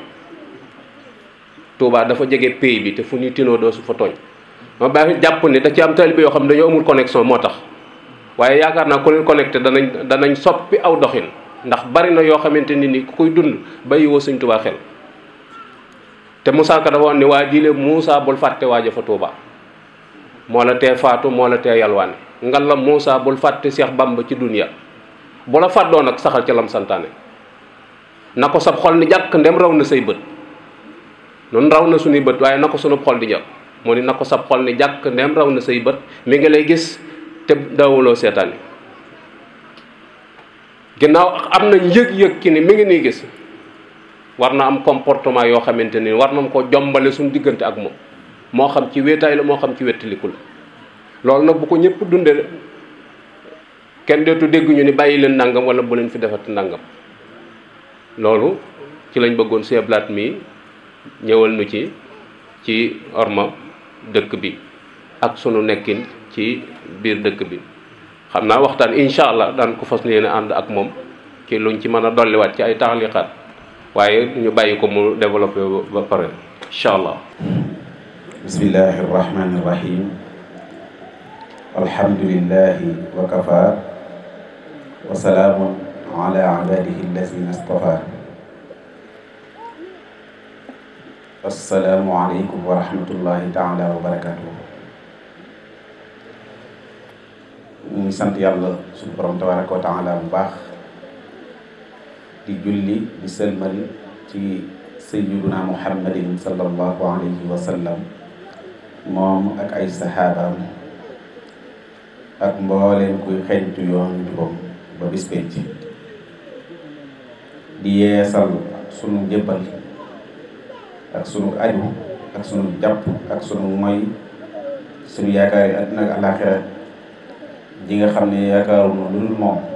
Touba dafa jege pays bi te fu ñuy tinoo dee su fa tooñ ma bàyyi jàpp ni da ci am taalibe yoo xam ne dañoo amul connexion moo tax waaye yaakaar naa ko leen connecté danañ danañ soppi aw doxin ndax bari na yoo xamante ni ni ku koy dund bàyyiwoo sëñ Touba xel te Moussa Ka dafa wax ni waa jiile Moussa bul fàtte waa jëfa Touba moo la tee faatu moo la tee yalwaane ngal la Moussa bul fàtte Cheikh Bamba ci dunya bu la fàddoo nag saxal ca lam santaane na ko sab xol ni jàkk ndem raw na say bët nun raw na suñuy bët waaye na ko sunu xol di jàkk moo ni ko sab xol ni jàkk ndem raw na say bët mi ngi lay gis te daawuloo seetaane ginnaaw am na yëg-yëg ki ni mi ngi nii gis war na am comportement yoo xamante ni war nañ ko jombale suñu diggante ak moom moo xam ci weetaay la moo xam ci wettaliku la loolu nag bu ko ñëpp dundee kenn deetu dégg ñu ni bàyyi leen nangam wala bu leen fi defati nangam loolu ci lañ bëggoon seeblaat mi ñëwal nu ci ci orma dëkk bi ak sunu nekkin ci biir dëkk bi xam naa waxtaan incha allah daan ko fas yéene ànd ak moom ci luñ ci mën a dolliwaat ci ay taxliqaat waaye ñu bàyyi ko mu développé ba pare incha allah bismillahi irrahmani irrahim alhamdulilahi wa kafa wa salaamun ala ibadihi allazina istafa assalaamu aleykum wa rahmatullahi taala wa barakatuhu ñu ngi sant yàlla suñu borom tabaraka wa taala bu baax di julli di sëlmal ci sayyiduna muhammadin sallallahu alayhi wa sallam moom ak ay saxaabaam ak mbooleem kuy xeñtu yoon jubam ba bis penc di yeesal sunu jëbbal ak sunu aju ak sunu jàpp ak sunu moy sunu yaakaar ak alaaxira ji nga xam ne yaakaaru na lu dul moom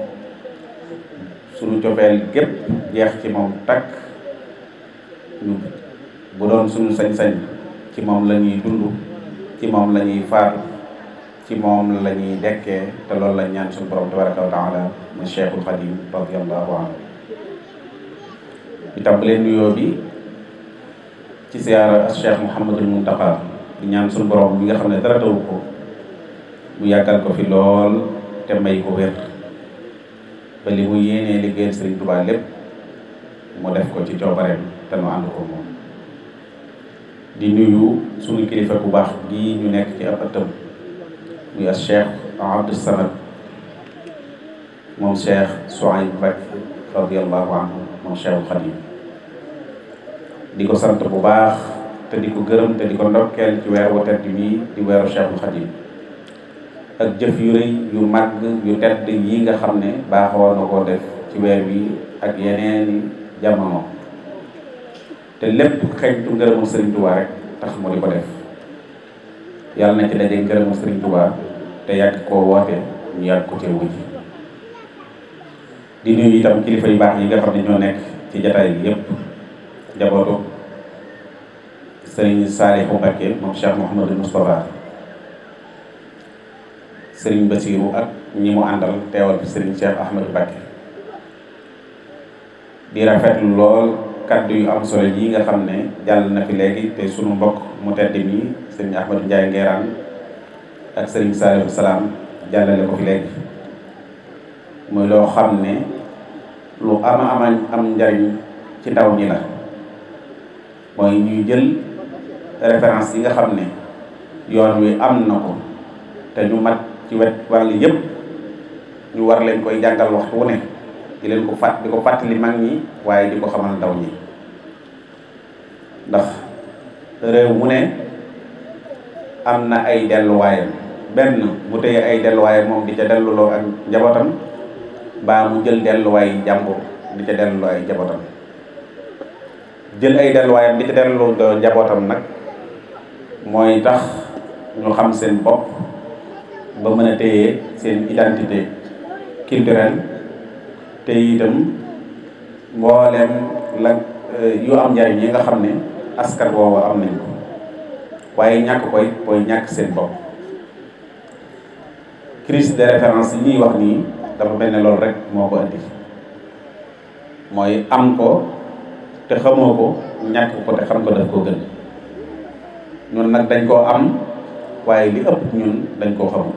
suñu cofeel gépp jeex ci moom takk bu doon suñu sañ-sañ ci moom lañuy ñuy dund ci moom lañuy ñuy ci moom la ñuy dekkee te loolu lañ ñaan suñu borom tabaraka wa taala mu cheikhul xadim radiallahu anhu ñu tàmbalee nuyoo bi ci siyaara ak cheikh mouhamadul muntaqa di ñaan suñu borom bi nga xam ne dara tawu ko mu yàggal ko fi lool te may ko wér ba li mu yéenee liggéeyal Sëriñ Tuubaa lépp mu def ko ci coobareem te nu ànd ko moom di nuyu suñu kilifa bu baax gii ñu nekk ci ab ëttam muy as Cheikh Abdou Samad moom Cheikh Souhaïb Mbacké radiyallahu anhu moom Cheikhul Khadim di ko sant bu baax te di ko gërëm te di ko ndokkeel ci weer wu tedd bii di weeru Cheikhul Khadim ak jëf yu rëy yu màgg yu tedd yi nga xam ne baaxoo na koo def ci weer bi ak yeneeni jamono te lépp xeeñtu ngërëmu Sëriñ Tuubaa rek tax mu di ko def yàlla na ci daje ngërëmu Sëriñ Tuubaa te yàgg koo woote ñu yàgg ko ci wuj di nuyu itam kilifa yu baax yi nga xam ne ñoo nekk ci jataay bi yépp njabootu Sëriñ Saalixu Mbakke moom Cheikh Mouhamadou Moustapha sëriñ Basiiru ak ñi mu àndal teewal fi sëriñ Cheikh Ahmadou Mbacké di rafetlu lool kàddu yu am solo yi nga xam ne jàll na fi léegi te sunu mbokk mu tedd mi sëriñ Ahmadou Ndiaye Nguerane ak sëriñ Saliou Salaam jàllale ko fi léegi muy loo xam ne lu ama ama am njariñ ci ndaw ñi la mooy ñuy jël référence yi nga xam ne yoon wi am na ko te ñu mat ci wet wàll yëpp ñu war leen koy jàngal waxtu wu ne di leen ko fàtt di ko fàttali mag ñi waaye di ko xamal ndaw ñi ndax réew mu ne am na ay delluwaayam benn bu teye ay delluwaayam moom di ca delluloo ak njabootam baa mu jël delluwaay jàmbur di ca delluloo njabootam jël ay delluwaayam di ca delluloo njabootam nag mooy tax ñu xam seen bopp ba mën a téye seen identité culturelle te itam mbooleem la eh, yu am njariñ yi nga xam ne askan woowu am nañ waaye ñàkk koy booy ñàkk seen bopp crise de référence yi ñuy wax nii dafa mel ne loolu rek moo ko indi mooy am ko te xamoo ko ñàkk ko te xam ko daf koo gën ñun nag dañ koo am waaye li ëpp ñun dañ koo xamul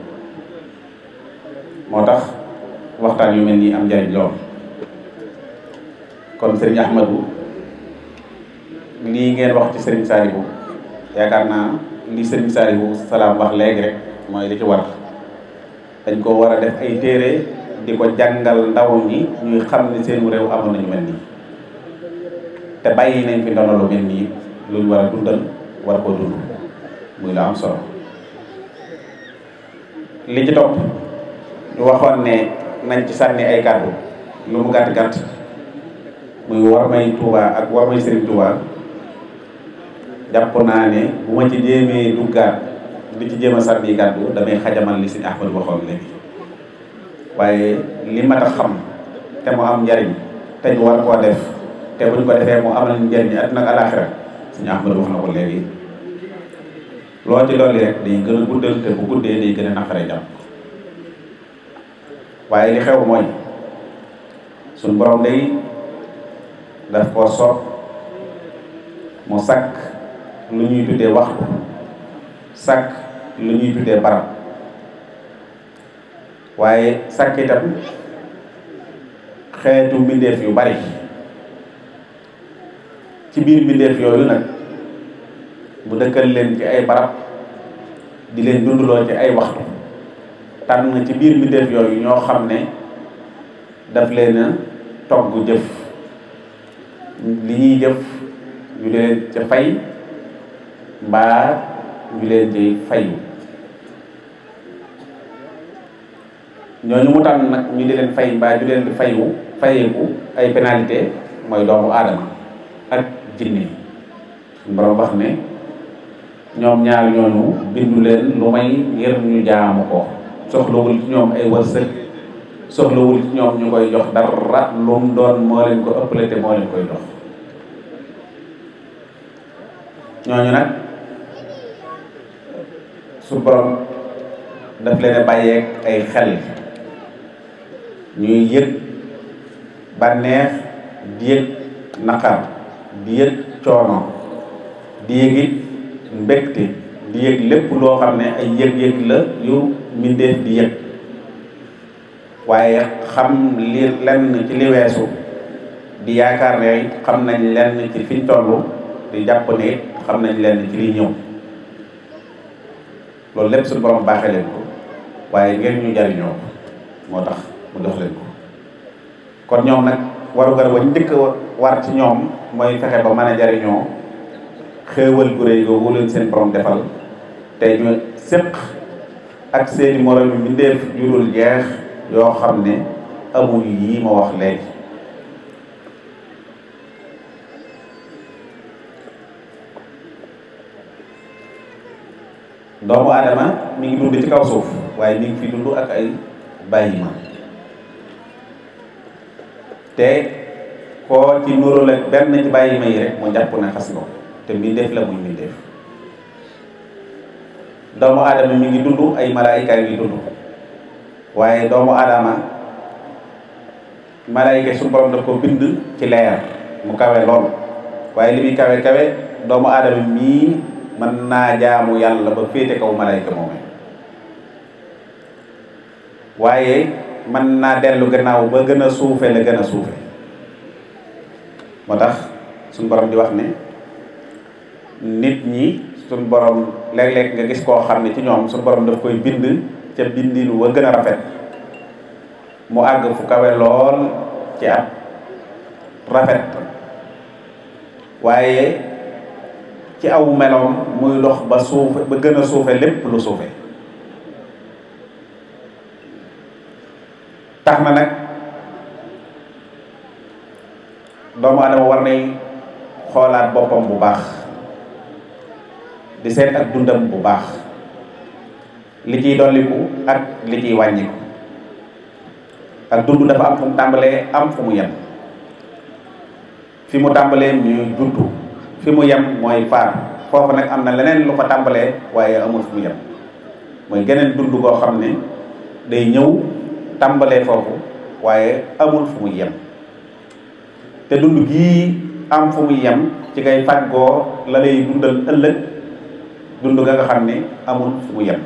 moo tax waxtaan yu mel nii am njariñ lool kon sëriñ Ahmadou lii ngeen wax ci sëriñ Saalihu yaakaar naa li sëriñ Saalihu salaam wax léegi rek mooy li ci war dañ koo war a def ay téere di ko jàngal ndaw ñi ñuy xam ne seenu réew amoon nañu mel nii te bàyyi nañ fi ndono lu mel nii luñ war a dundal war koo dund muy la am solo li ci topp ñu waxoon ne nañ ci sànni ay kàddu lu mu gàtt gàtt muy war may Touba ak war may Serigne Touba jàpp naa ne bu ma ci jéemee duggaat di ci jéem a sànni kàddu damay xajamal li Serigne Ahmadou waxoon léegi waaye li mat a xam te mu am njariñ te ñu war koo def te buñ ko defee mu amal njariñ at ak alaaxira Serigne Ahmadou wax na ko léegi loo ci dolli rek day gën a guddal te bu guddee day gën a jàpp waaye li xew mooy suñ borom day daf koo soob mu sàkk lu ñuy tuddee waxtu sàkk lu ñuy tuddee barab waaye sàkk itam xeetu mbindeef yu bari ci biir mbindeef yooyu nag mu dëkkal leen ci ay barab di leen dunduloo ci ay waxtu tànn na ci biir mbindéef yooyu ñoo xam ne daf leen a togg jëf li ñuy jëf ñu leen ca fay mbaa ñu leen ci fayu ñooñu mu tànn nag ñu di leen fay mbaa ñu leen di fayu fayeeku ay pénalité mooy doomu aadama ak jinne suñu wax ne ñoom ñaar ñooñu bindu leen lu may ngir ñu jaamu ko soxlawul ci ñoom ay wërsëg soxlawul ci ñoom ñu koy jox dara lu mu doon moo leen ko ëppale te moo leen koy jox ñooñu nag su borom daf leen bàyyeek ay xel ñuy yëg bànneex di yëg naqar di yëg coono di yëg it di yëg lépp loo xam ne ay yëg-yëg la yu mbindeef di yëg waaye xam li lenn ci li weesu di yaakaar ne xam nañ lenn ci fiñ tollu di jàpp ne xam nañ lenn ci liy ñëw loolu lépp suñu borom baaxee leen ko waaye ngeen ñu jariñoo moo tax mu jox leen ko kon ñoom nag warugar wañ njëkk war ci ñoom mooy fexe ba mën a jariñoo xéewal gu réy seen borom defal te ñu séq ak seeni moromi mbindeef yu dul jeex yoo xam ne amul yii ma wax léegi doomu adama mi ngi dund ci kaw suuf waaye mi ngi fi dund ak ay bàyyi ma te koo ci nuróole benn ci bàyyi ma yi rek mu jàpp ne xas nga te mbindeef la muy mbindeef doomu aadama mi ngi dund ay malaayika mi ngi dund waaye doomu aadama malaayika suñu borom daf ko bind ci leer mu kawe lool waaye li muy kawe kawe doomu aadama mii mën naa jaamu yàlla ba féete kaw malaayika moome waaye mën naa dellu gannaaw ba gën a suufe la gën a suufe moo tax suñu borom di wax ne nit ñi suñu borom léeg-léeg nga gis koo xam ne ci ñoom su borom daf koy bind ca bindin wa gën a rafet mu àgg fu kawe lool ci ab rafet waaye ci aw meloom muy dox ba suufe ba gën a suufe lépp lu suufe tax na nag doomu adama war nay xoolaat boppam bu baax di seet ak dundam bu baax li ciy dolliku ak li ciy wàññiku ak dund dafa am fu mu tàmbalee am fu mu yem fi mu tàmbalee ñu juddu fi mu yem mooy am na leneen lu ko waaye amul fu geneen dund koo xam ne day ñëw tàmbalee foofu waaye amul fu muy yem te dund gii am fu muy yem ci ngay fàggoo la lay dundal ëllëg dund ga nga xam ne amul fu mu yem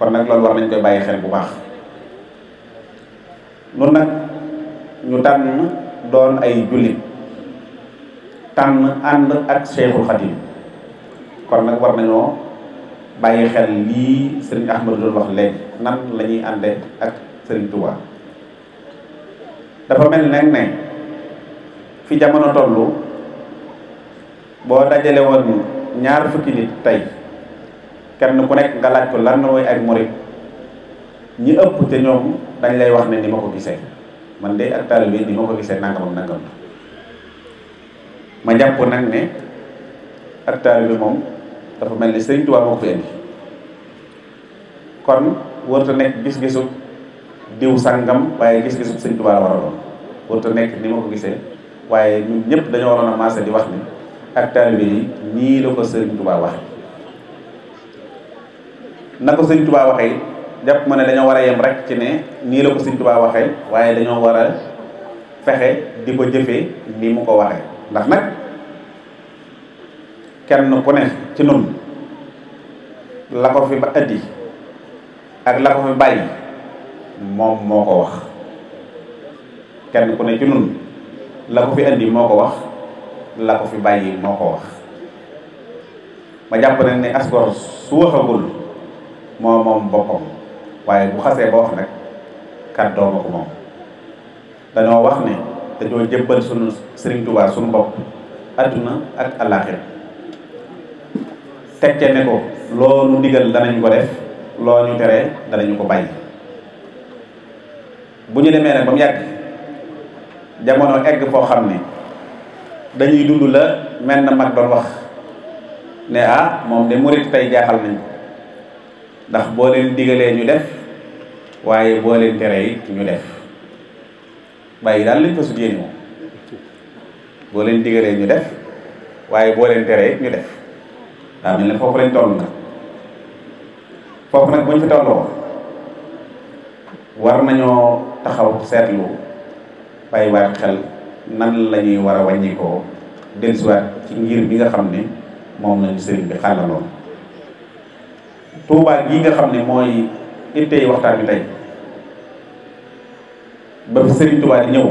kon nag loolu war nañ koy bàyyi xel bu baax nun nag ñu tànn doon ay jullit tànn ànd ak Cheikhul Khadim kon nag war nañoo bàyyi xel lii sëriñ Ahmadu doon wax léegi nan la ñuy ànde ak sëriñ Touba dafa mel nag ne fi jamono toll boo dajale woon ñaar fukki nit tey kenn ku nekk nga laaj ko lan mooy ak murit ñi ëpp te ñoom dañ lay wax ne ni ma ko gisee man de ak taalibe ni ma ko gisee nangam ak nangam ma jàpp nag ne ak moom dafa mel ni Sëriñ Tuubaa moo kon warut a gis-gisu diw sangam waaye gis-gisu Sëriñ Tuubaa la war a doon warut nekk ni ma ko gisee waaye ñun ñëpp dañoo waroon a maase di wax ni. ak taalibe yi nii la ko sëriñ Touba waxe na ko sëriñ Touba waxe jàpp ma ne dañoo war a yem rek ci ne nii la ko sëriñ Touba waxe waaye dañoo war a fexe di ko jëfee ni mu ko waxe ndax nag kenn ku ne ci nun la ko fi ba ëddi ak la ko fi bàyyi moom moo ko wax kenn ku ne ci nun la ko fi indi moo ko wax la ko fi bàyyi moo ko wax ma jàpp nag ne asgor su waxagul moo moom boppam waaye bu xasee ba wax nag kàddoo ko moom dañoo wax ne dañoo jëbbal sunu Sëriñ Tuubaa sunu bopp adduna ak àllaaxira teg ca ne ko loo nu digal danañ ko def loo ñu teree danañu ko bàyyi bu ñu demee nag ba mu yàgg jamono egg foo xam ne dañuy dund la mel na mag doon wax ne ah moom de murit tey jaaxal nañ ndax boo leen digalee ñu def waaye boo leen teree yi ñu def bàyyi daal lañ fa su yéene moom boo leen digalee ñu def waaye boo leen teree it ñu def daa mel ne foofu lañ toll nag foofu nag buñ fi tolloo war nañoo taxaw seetlu bàyyi waat xel nan la ñuy war a wàññikoo dellusiwaat ci ngir bi nga xam ne moom lañu sëriñ bi xàllaloon tuubaa gi nga xam ne mooy ittey waxtaan bi tey ba fi sëriñ Tuubaa di ñëw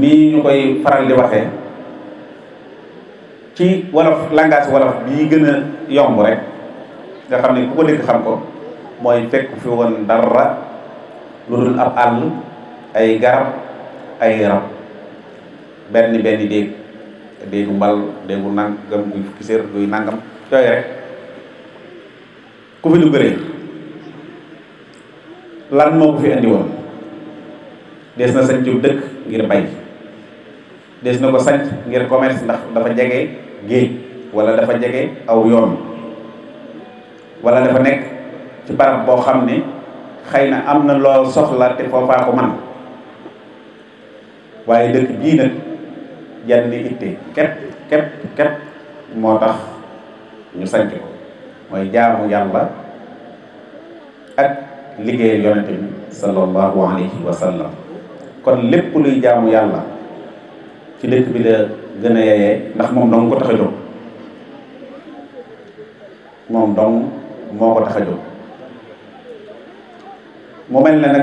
nii ñu koy faral di waxee ci wolof langage wolof bii gën a yomb rek nga xam ne ku ko dégg xam ko mooy fekk fi woon dara lu dul ab àll ay garab ay rab benn benn déeg déegu mbal déegu nangam guy fukki sér guy nangam yooyu rek ku fi dugg rek lan moo ko fi andi woon des na sañcu dëkk ngir bay des na ko sañc ngir commerce ndax dafa jege géej wala dafa jege aw yoon walla dafa nekk ci barab boo xam ne xëy na am na loo soxla te foofaa ko man waaye dëkk bii nag jenn itte képp képp képp moo tax ñu sanc ko mooy jaamu yàlla ak liggéeyal yonent bi sallallahu alayhi wa kon lépp luy jaamu yàlla ci dëkk bi la gën a yeyee ndax moom dong ko tax a jóg moom dong moo ko tax a jóg mu mel ne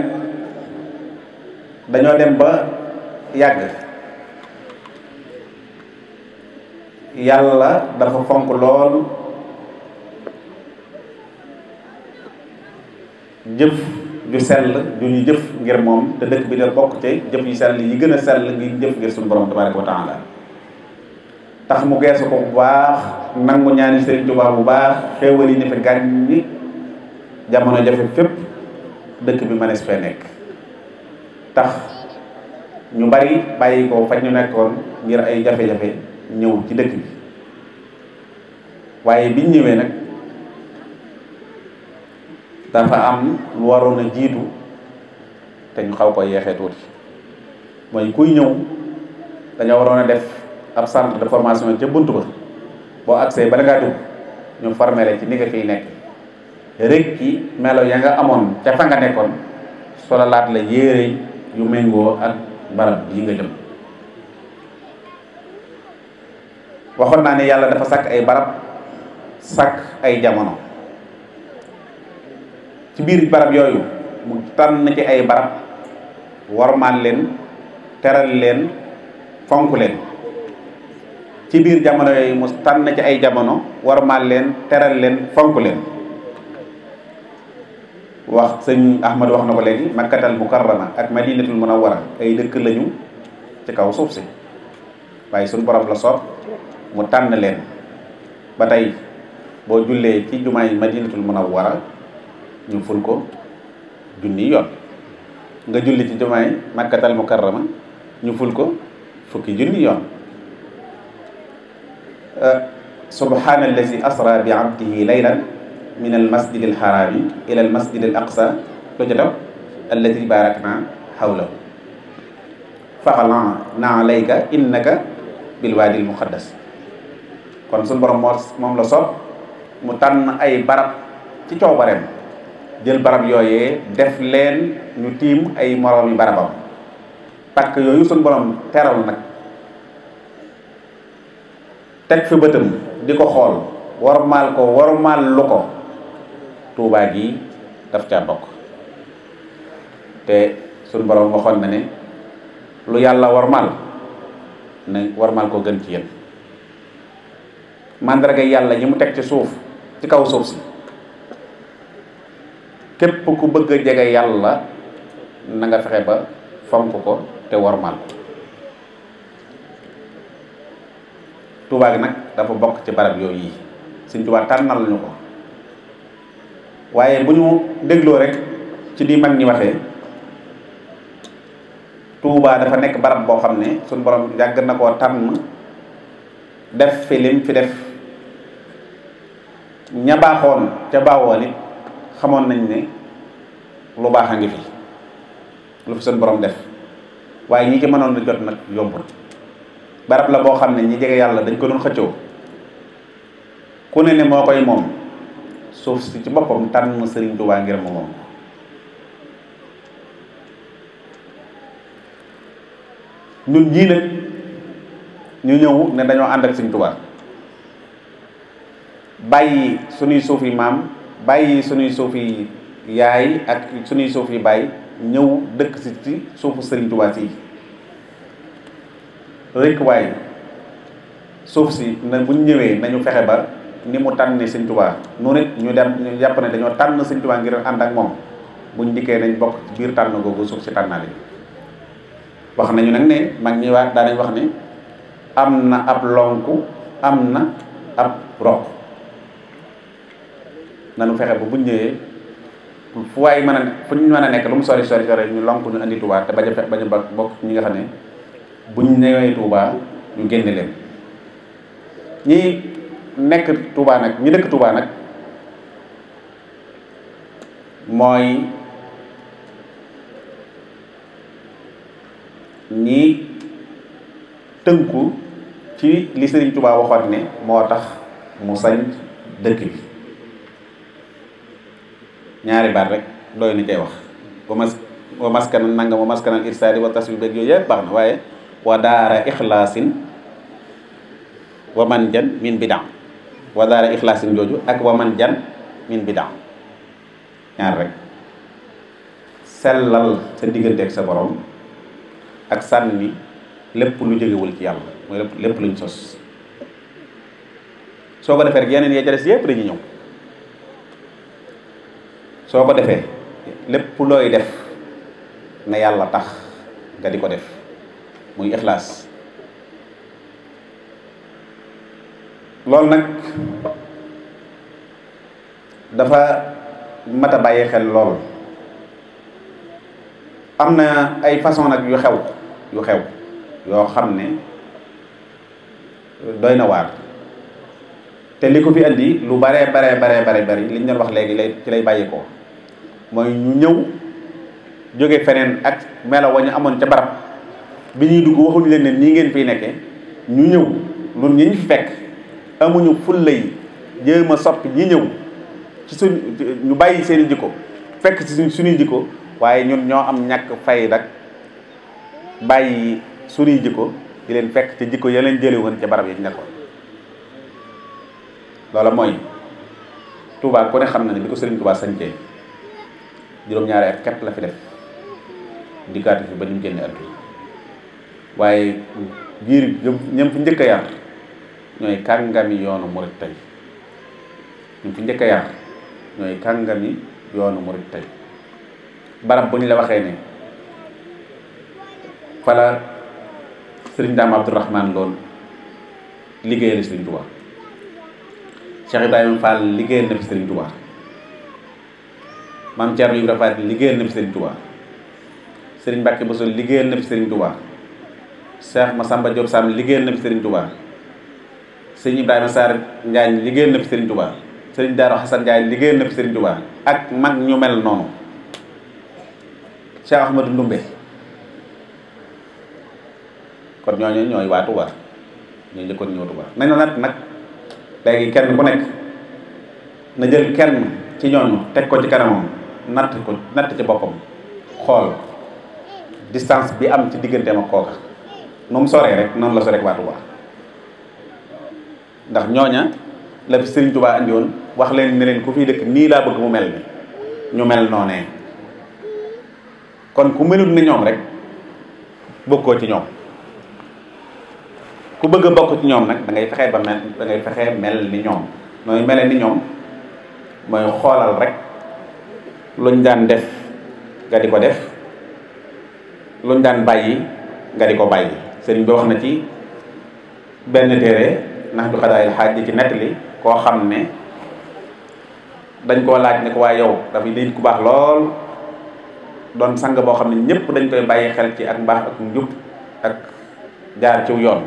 dañoo dem ba yàgg yàlla dafa fonk lool jëf ju sell ju ñu jëf ngir moom te dëkk bi da bokk te jëf yu sell yi gën a sell ngi jëf ngir suñu borom tabaraka wa taala tax mu geesu ko bu baax nangu ñaani Sëriñ Tuubaa bu baax xéewal yi ne fi gàñ jamono jafe fépp dëkk bi mënees fee nekk tax ñu bari bàyyi ko fañ ñu nekkoon ngir ay jafe-jafe ñëw ci dëkk bi waaye biñ ñëwee nag dafa am lu waroon a jiitu te ñu xaw ko yeexee tuuti mooy kuy ñëw dañoo waroon a def ab centre de formation ca bunt ba boo agsee bala ngaa dugg ñu formé la ci ni nga fiy nekk rek ki melo ya nga amoon ca fa nga nekkoon solalaat la yére yu méngoo ak barab yi nga jëm waxoon naa ne yàlla dafa sàkk ay barab sàkk ay jamono ci biir barab yooyu mu tànn ci ay barab warmaal leen teral leen fonk leen ci biir jamono yooyu mu tànn ci ay jamono warmaal leen teral leen fonk leen wax sëñ Ahmad wax na ko léegi makkatal mukarrama ak madinatul munawwara ay dëkk lañu ci kaw suuf si waaye suñ borom la soob mu tànn leen ba tey boo jullee ci jumaay madinatul munawwara ñu ful ko junni yoon nga julli ci jumaay makkatal mukarrama ñu ful ko fukki junni yoon eh, subhaanallazi asra bi abdihi laylan min al masjid al harami ila al masjid al aqsa lu ca topp allati barakna hawlahu faxala na alayka innaka bil waadil muqaddas kon suñu borom moom la sopp mu tànn ay barab ci coobareem jël barab yooyee def leen ñu tiim ay moroom yi barabam pàkk yooyu suñu borom teral nag teg fi bëtam di ko xool warmaal ko warmaal lu ko tuubaa gi daf caa bokk te suñu borom waxoon na ne lu yàlla warmal na warmal koo gën ci yéen màndarga yàlla yi mu teg ci suuf ci kaw suuf si képp ku bëgg a jege yàlla na nga fexe ba fonk ko te warmal ko tuubaa gi nag dafa bokk ci barab yooyu yi Sëñ Tuubaa tànnal ñu ko waaye bu ñu dégloo rek ci di mag ñi waxee Touba dafa nekk barab boo xam ne suñu borom yàgg na koo tànn def fi lim fi def ña baaxoon ca baawoon it xamoon nañ ne lu baax a ngi fi lu fi suñu borom def waaye ñi ci mënoon a jot nag yombul barab la boo xam ne ñi jege yàlla dañ ko doon xëccoo ku ne ne moo koy moom. suuf si ci boppam tànn Serigne Touba ngir mu moom ñun ñii nag ñu ñëw ne dañoo ànd ak Serigne Touba bàyyi sunuy suuf yi maam bàyyi sunuy suuf yi yaay ak sunuy suuf yi bàyyi ñëw dëkk si ci suufu Serigne Touba si rek waaye suuf si na buñ ñu ñëwee nañu fexe ba. ni mu tànni sëñ tubaa noonu it ñu dem ñu jàpp ne dañoo tànn sëñ tubaa ngir ànd ak moom buñ dikkee nañ bokk ci biir tànn googu suuf si tànnaale wax nañu nag ne mag ñi waa daanañ wax ne am na ab lonku am na ab roq nanu fexe bu buñ ñëwee fu waay mën a fu ñu mën a nekk lu mu sori sori sori ñu lonk ñu andi tubaa te bañ a bañ a bokk ñi nga xam ne buñ ñëwee tubaa ñu génne leen ñii nekk Touba nag ñu dëkk Touba nag mooy ñi tënku ci li Serigne Touba waxoon ne moo tax mu sañ dëkk bi ñaari baat rek doy na cay wax ba mas wa maskanal nanga ma maskanal irsaadi wa tasbi beeg yooyu baax na waaye wa daara ixlaasin wa man jan min bidam wa daara jooju ak wa man jan min bidaa ñaar rek sellal sa diggante ak sa borom ak sànni lépp lu jógewul ci yàlla mooy lépp luñ sos soo ko defee rek yeneen yee jares yépp dañuy ñëw soo ko defee lépp looy def na yàlla tax nga di ko def muy ixlaas loolu nag dafa mat a bàyyi xel lool am na ay façon nag yu xew yu xew yoo xam ne doy na waar te li ko fi indi lu baree bare baree bare bari li ñu doon wax léegi lay ci lay bàyyi ko mooy ñu ñëw jóge feneen ak melo ñu amoon ca barab bi ñuy dugg waxuñu leen nii ngeen fii nekke ñu ñëw lu ñu fekk amuñu fulla yi jéem a soppi ñi ñëw ci suñ ñu bàyyi seen i jikko fekk ci suñ suñu jikko waaye ñun ñoo am ñàkk fay ak bàyyi suñuy jikko di leen fekk ci jikko ya leen jële woon ca barab yi ñu nekkoon loola mooy Touba ku ne xam na ne bi ko Serigne Touba sañcee juróom-ñaari at la fi def dikkaati fi ba ñu génne àdduna waaye biir ñëm fi njëkk a ñooy kàngami yoonu murit tey ñu fi njëkk a yar ñooy kàngami yoonu murit tey barab bu ñu la waxee ne fala sëriñ daam abdourahman loolu liggéeyal sëriñ Tuubaa Cheikh Ibrahima Fall liggéeyal na fi sëriñ Tuubaa maam Thierno Ibrahima Fall liggéeyal na fi sëriñ Tuubaa sëriñ Mbàkke Bousso liggéeyal na fi sëriñ Tuubaa Cheikh Massamba Diop liggéeyal na fi sëriñ Tuubaa sëñ Ibrahima Sarr Njaañ liggéey na fi Serigne Touba sëñ Darou Xasan Ndiaye liggéeyal na fi Serigne Touba ak mag ñu mel noonu Cheikh Ahmadou Ndoumbe kon ñooñu ñooy waa Touba ñooy njëkkoon ñu Touba nañu nat nag léegi kenn ku nekk na jël kenn ci ñooñu teg ko ci kanamam natt ko natt ci boppam xool distance bi am ci digganteem ak kooka nu mu soree rek noonu la soree ak ndax ñooña la fi Sëriñ Tuubaa andi woon wax leen ne leen ku fiy dëkk nii laa bëgg mu mel ni ñu mel noonee kon ku melut ni ñoom rek bokkoo ci ñoom ku bëgg a bokk ci ñoom nag da ngay fexe ba da ngay fexe mel ni ñoom nooy mele ni ñoom mooy xoolal rek luñ daan def nga di ko def luñ daan bàyyi nga di ko bàyyi sëriñ bi wax na ci benn téere nax du xadaayil xaaj di ci nettali koo xam ne dañ koo laaj ne ko waaye yow dafay day ku baax lool doon sang boo xam ne ñépp dañ koy bàyyi xel ci ak mbaax ak njub ak jaar ciw yoon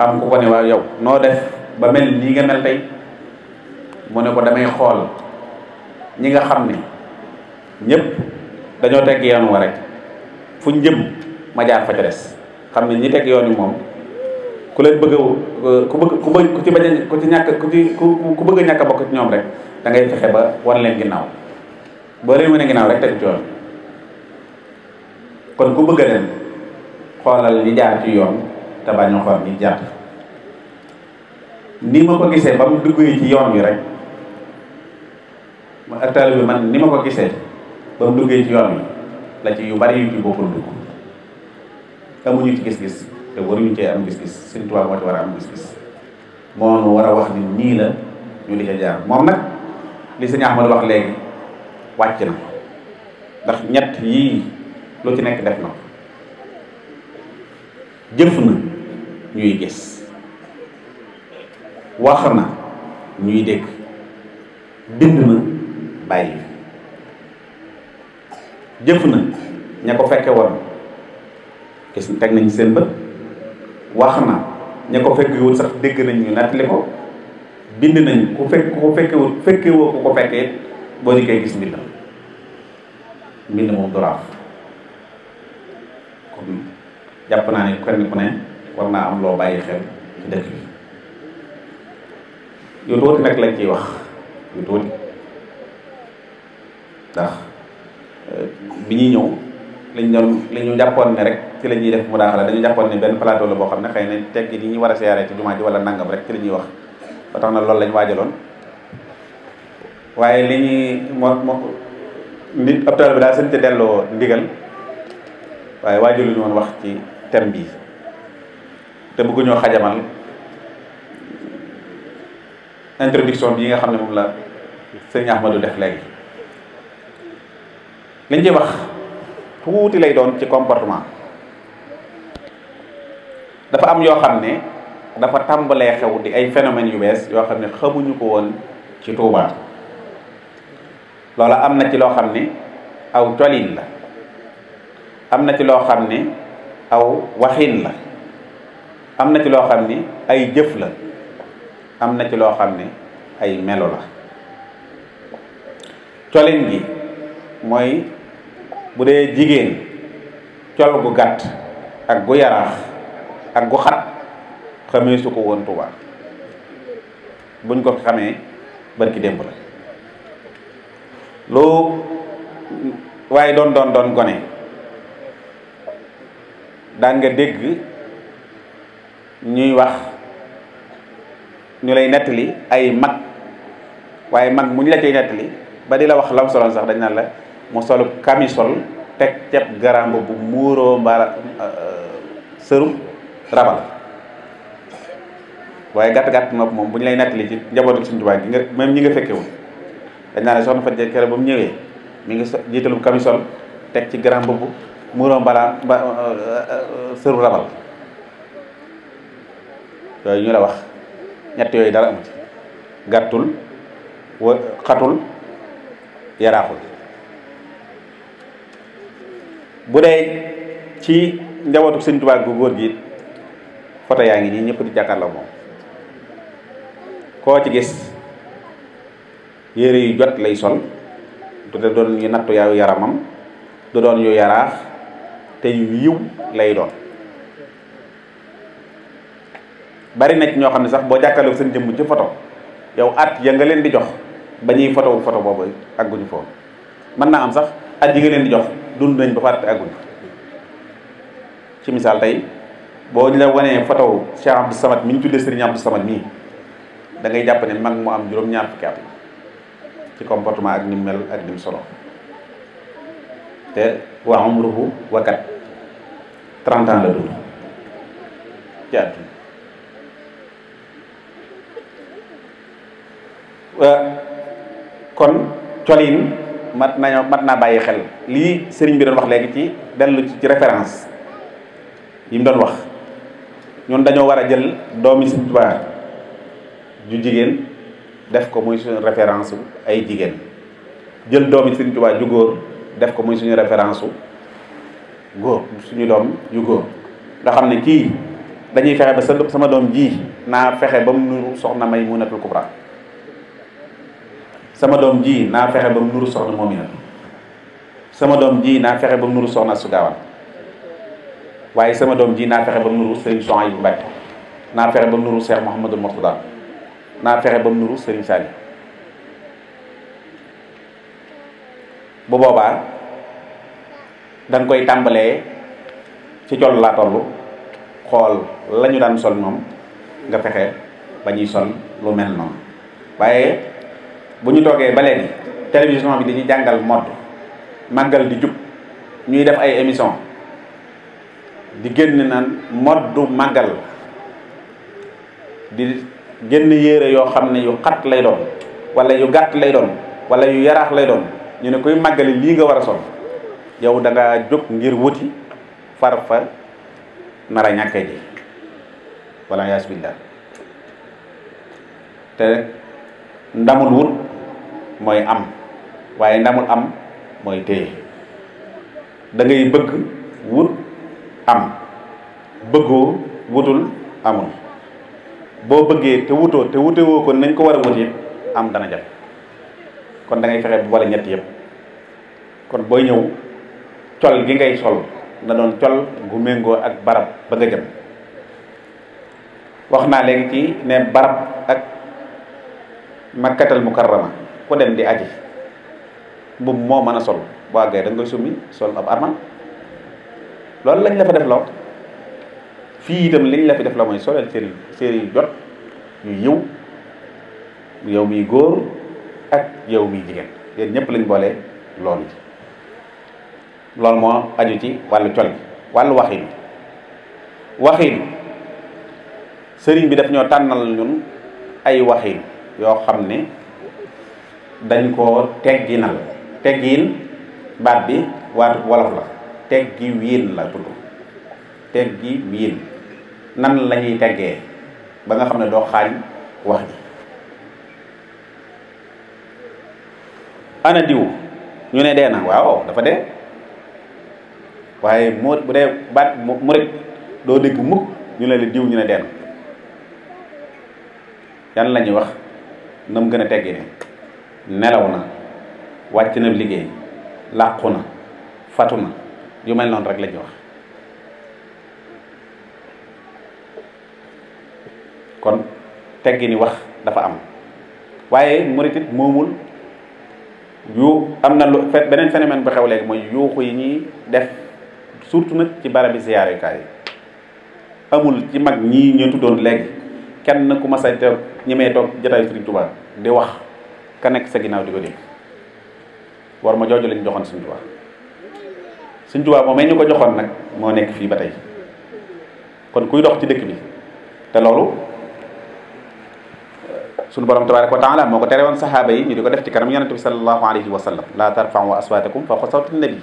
am ku ko ne waaw yow noo def ba mel nii nga mel tey mu ne ko damay xool ñi nga xam ne ñëpp dañoo tegg yoon rek fu ñu jëm ma jaar fa ca des xam ne ñi teg yoon moom ku leen bëgg ku bëgg ku bëgg ku ci bañ a ku ci ñàkk ku ci ku bëgg a ñàkk a bokk ci ñoom rek da ngay fexe ba war leen ginnaaw boo leen wane ginnaaw rek tegu ci yoon kon ku bëgg a dem xoolal ñi jaar ci yoon te bañ a xool ñi jaar ni ma ko gisee ba mu duggee ci yoon wi rek ma ak bi man ni ma ko gisee ba duggee ci yoon la ci yu bari yu ci bokkul dugg amuñu ci gis-gis. te waruñu cee am gis-gis Sëriñ Tuubaa moo ci war a am gis-gis moonu war a wax ni ñii la ñu di ca jaar moom nag li sëñ Ahmad wax léegi wàcc na ndax ñett yii lu ci nekk def na jëf na ñuy gis wax na ñuy dégg bind na bàyyi jëf na ña ko fekke woon gis teg nañ seen bët wax na ña ko fekk yoon sax dégg nañ ñu nettali ko bind nañ ku fekk ku fekkewul fekkewoo ku ko fekkee boo ñu koy gis mbind mbind moom doraaf kon jàpp naa ne kenn ku ne war naa am loo bàyyi xel ci dëkk bi yu tuuti nag lañ ciy wax yu tuuti ndax euh, bi ñuy ñëw lañ doon li ñu jàppoon ne rek ci la ñuy def mudaaxala dañu jàppoon ne benn plateau la boo xam ne xëy na teggi yi ñu war a siyaare ci jumaa ji wala nangam rek ci la ñuy wax ba tax na loolu lañ waajaloon waaye li ñuy moo moo ndi ab bi daal sëñ ca delloo ndigal waaye waajaluñu woon wax ci thème bii te bëgguñoo xajamal introduction bi yi nga xam ne moom la ma du def léegi liñ ci wax tuuti lay doon ci comportement dafa am yoo xam ne dafa tàmbalee xew di ay phénomènes yu bees yoo xam ne xamuñu ko woon ci Touba loola am na ci loo xam ne aw colin la am na ci loo xam ne aw waxin la am na ci loo xam ne ay jëf la am na ci loo xam ne ay melo la colin gi mooy bu dee jigéen col gu gàtt ak gu yaraax ak gu xat xamee su ko woon Tuuba buñ ko xamee barki démb la loo waaye doon doon doon gone daan nga dégg ñuy wax ñu lay nettali ay mag waaye mag mu ñu la cay nettali ba di la wax lam soloon sax dañ naan la mu solub camisole teg ceeb garamb bu muuroo mbaa euh, sëru rabal waaye gàtt gàtt nopp moom bu ñu lay nettali ci njabootu suñu tubaab gi nga même ñu nga fekkewul dañ naa ne soxna Fatou Ndiaye ba mu ñëwee mi ngi jiitalub camisole teg ci garamb bu muuroo mbala mba euh, sërum rabal yooyu ñu la wax ñett yooyu dara amu gàttul xatul yaraaxul bu dee ci njabootu sëñ Tuubaa gu góor gi foto yaa ngi nii ñëpp di jàkkaarloo moom koo ci gis yére yu jot lay sol du doon yu nattu yaayu yaramam du doon yu yaraax te yu yiw lay doon bari nag ñoo xam ne sax boo jàkkaarloo seen jëmm ci photo yow at ya nga leen di jox ba ñuy photo photo boobu àgguñu foofu mën naa am sax at yi nga leen di jox dund nañ ba at àgguñ ci misaal tey boo ñu la wanee photo Cheikh Abdou Samad mi ñu tuddee Serigne Abdou Samad mii da ngay jàpp ne mag mu am juróom-ñaar fukki at ci comportement ak ni mu mel ak ni solo te wa umruhu wakat 30 ans la dund ci euh, kon colin mat nañoo mat naa bàyyi xel lii sëriñ bi doon wax léegi ci dellu ci référence yi mu doon wax ñoom dañoo war a jël doomi Sëriñ Tuubaa ju jigéen def ko muy suñu référence ay jigéen jël doomi Sëriñ Tuubaa ju góor def ko muy suñu référence u góor suñu doom yu góor nga xam ne kii dañuy fexe ba sa sama doom ji naa fexe ba mu nuru soxna Maymunatul Kubra sama doom ji naa fexe ba mu nuru soxna moom itam sama doom ji naa fexe ba mu nuru soxna su waaye sama doom ji naa fexe ba mu nuru Serigne Souhaïbou Mbacké naa fexe ba mu nuru Cheikh Mouhamadou Mourtada naa fexe ba mu nuru Serigne bu boobaa da koy tàmbalee ci col laa toll xool la daan sol moom nga fexe ba ñuy sol lu mel noonu bu ñu toogee ba léegi télévision bi dañuy jàngal modd màggal di jub ñuy def ay émission di génn naan moddu màggal di génn yére yoo xam ne yu xat lay doon walla yu gàtt lay doon wala yu yaraax lay doon ñu ne koy màggali lii nga war a sol yow danga nga jóg ngir wuti far fa nar a ñàkkee ji wala yaas billah te ndamul wut mooy am waaye ndamul am mooy téye da bëgg wut am bëggoo wutul amul boo bëggee te wutoo te wutewoo ko nañ ko war a wut yëpp am dana jafe kon dangay ngay fexe bu wala ñett yëpp kon booy ñëw col gi ngay sol na doon col gu méngoo ak barab ba nga jëm wax naa léegi ci ne barab ak makkatal mukarrama ku dem di aji mbubb moo mën a sol bu àggee da koy summi sol ab armal loolu lañ la fa def law fii itam liñ la fi def la mooy solal séeri séeri yu jot yu yiw yow miy góor ak yow miy jigéen ñëpp lañ boole loolu ji aju ci wàllu col gi wàllu waxin waxin sëriñ bi def ñoo tànnal ñun ay waxin yoo xam ne dañ koo tegginal teggiin baat bi waatu wolof la teggi wiin la tudd teggi wiin nan lañuy ñuy teggee ba nga xam ne doo xaañ wax ji ana diw ñu ne dee na waaw dafa dee waaye moo bu dee baat mu rek doo dégg mukk ñu ne la diw ñu ne dee na yan la ñuy wax na mu gën a teggee nelaw na wàcc na liggéey làqu na fatu na yu mel noonu rek lañuy wax kon teggi ni wax dafa am waaye murit it moomul yu am na lu beneen phénomène bu xew léegi mooy yuuxu yi ñuy def surtout nag ci barabi siyaarukaay yi amul ci mag ñii ñu tuddoon léegi kenn ku ma a toog ñemee toog jotaayu su Tuubaa di wax ka nekk sa ginnaaw di ko dégg war ma jooju lañ joxoon Sëñ Tuubaa Sëñ Tuubaa ñu ko joxoon nag moo nekk fii ba tey kon kuy dox ci dëkk bi te loolu sunu borom tabaaraka wa taala moo ko tere woon saxaaba yi ñu di ko def ci kanam yonente bi sallallahu alayhi wa sallam laa tarfa'u aswaatakum fawqa sawti nabi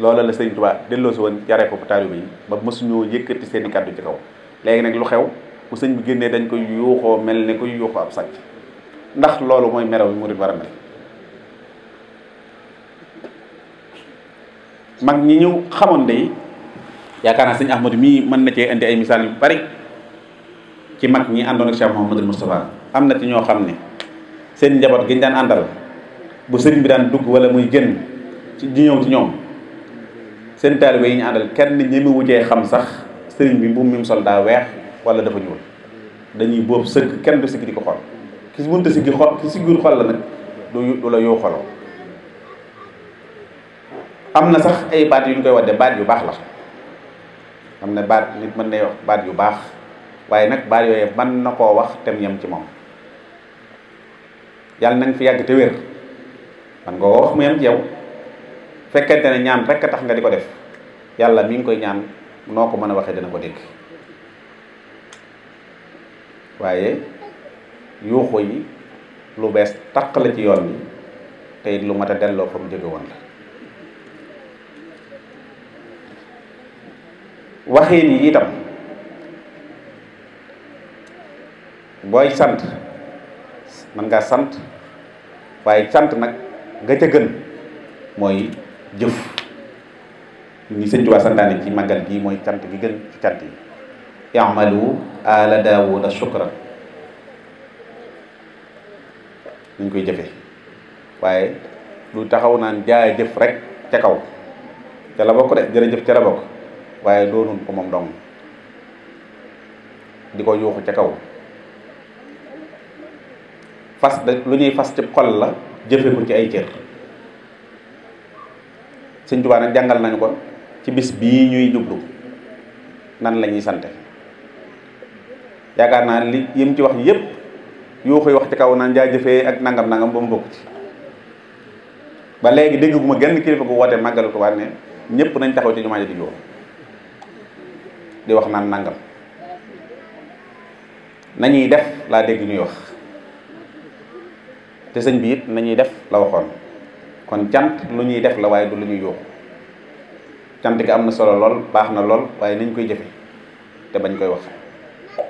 loola la Sëñ Tuubaa delloosi woon yaree ko taalibe yi ba mësuñoo yëkkati seeni kàddu ci kaw léegi nag lu xew bu sëñ bi génnee dañ koy yuuxoo mel ne koy yuuxoo ab sàcc ndax loolu mooy merew yi murid war a mel mag ñi ñëw xamoon day yaakaar naa sëñ Ahmadu mii mën na cee indi ay yu bari ci mag ñi àndoon ak Cheikh Mouhamadul am na ci ñoo xam ni seen njaboot gi daan àndal bu sëriñ bi daan dugg wala muy génn ci di ñëw ci ñoom seen taalibe yi ñu àndal kenn ñeme xam sax sëriñ bi mbubb mi mu daa weex wala dafa ñuul dañuy boobu sëgg kenn du sigg di ko xool ki mënta siggi xool ki si siggul xool la nag du du la yoo xoloo am na sax ay baat yu ñu koy de baat yu baax la am na baat nit mën na wax baat yu baax waaye nag baat yooyu man na koo wax tem yem ci moom yàlla na fi yàgg te wér man nga wax mu yem ci yow fekkente ne ñaan rekk a tax nga di ko def yàlla mi ngi koy ñaan noo ko mën a waxee dana ko dégg waaye yuuxu yi lu bees taq la ci yoon bi te lu mat a delloo fa mu jóge woon la waxin yi itam booy sant man ngaa sant waaye sant nag nga ca gën mooy jëf ni sëñ Tuubaa santaane ci màggal gii mooy sant gi gën ci cant yi imalu ala daawuda shukran ñu koy jëfe waaye lu taxaw naan jaay jëf rek ca kaw ca la bokk de jërëjëf ca la bokk waaye doonul ko moom dong di ko yuuxu ca kaw fas da lu ñuy fas ci xol la jëfe ci ay cër sëñ Tuubaa nag jàngal nañu ko ci bis bii ñuy jublu nan la ñuy sante yaakaar naa li yim ci wax yëpp yoo koy wax ci kaw naan jaajëfee ak nangam nangam ba mu bokk ci ba léegi dégg gu ma genn kilifa gu woote màggalu Tuubaa ne ñëpp nañ taxaw ci jumaa ji di joo di wax naan nangam nañuy def laa dégg ñuy wax te sëñ bi it nañuy def la waxoon kon cant lu ñuy def la waaye du lu ñuy yóoxu cant gi am na solo lool baax na lool waaye nañ koy jëfe te bañ koy wax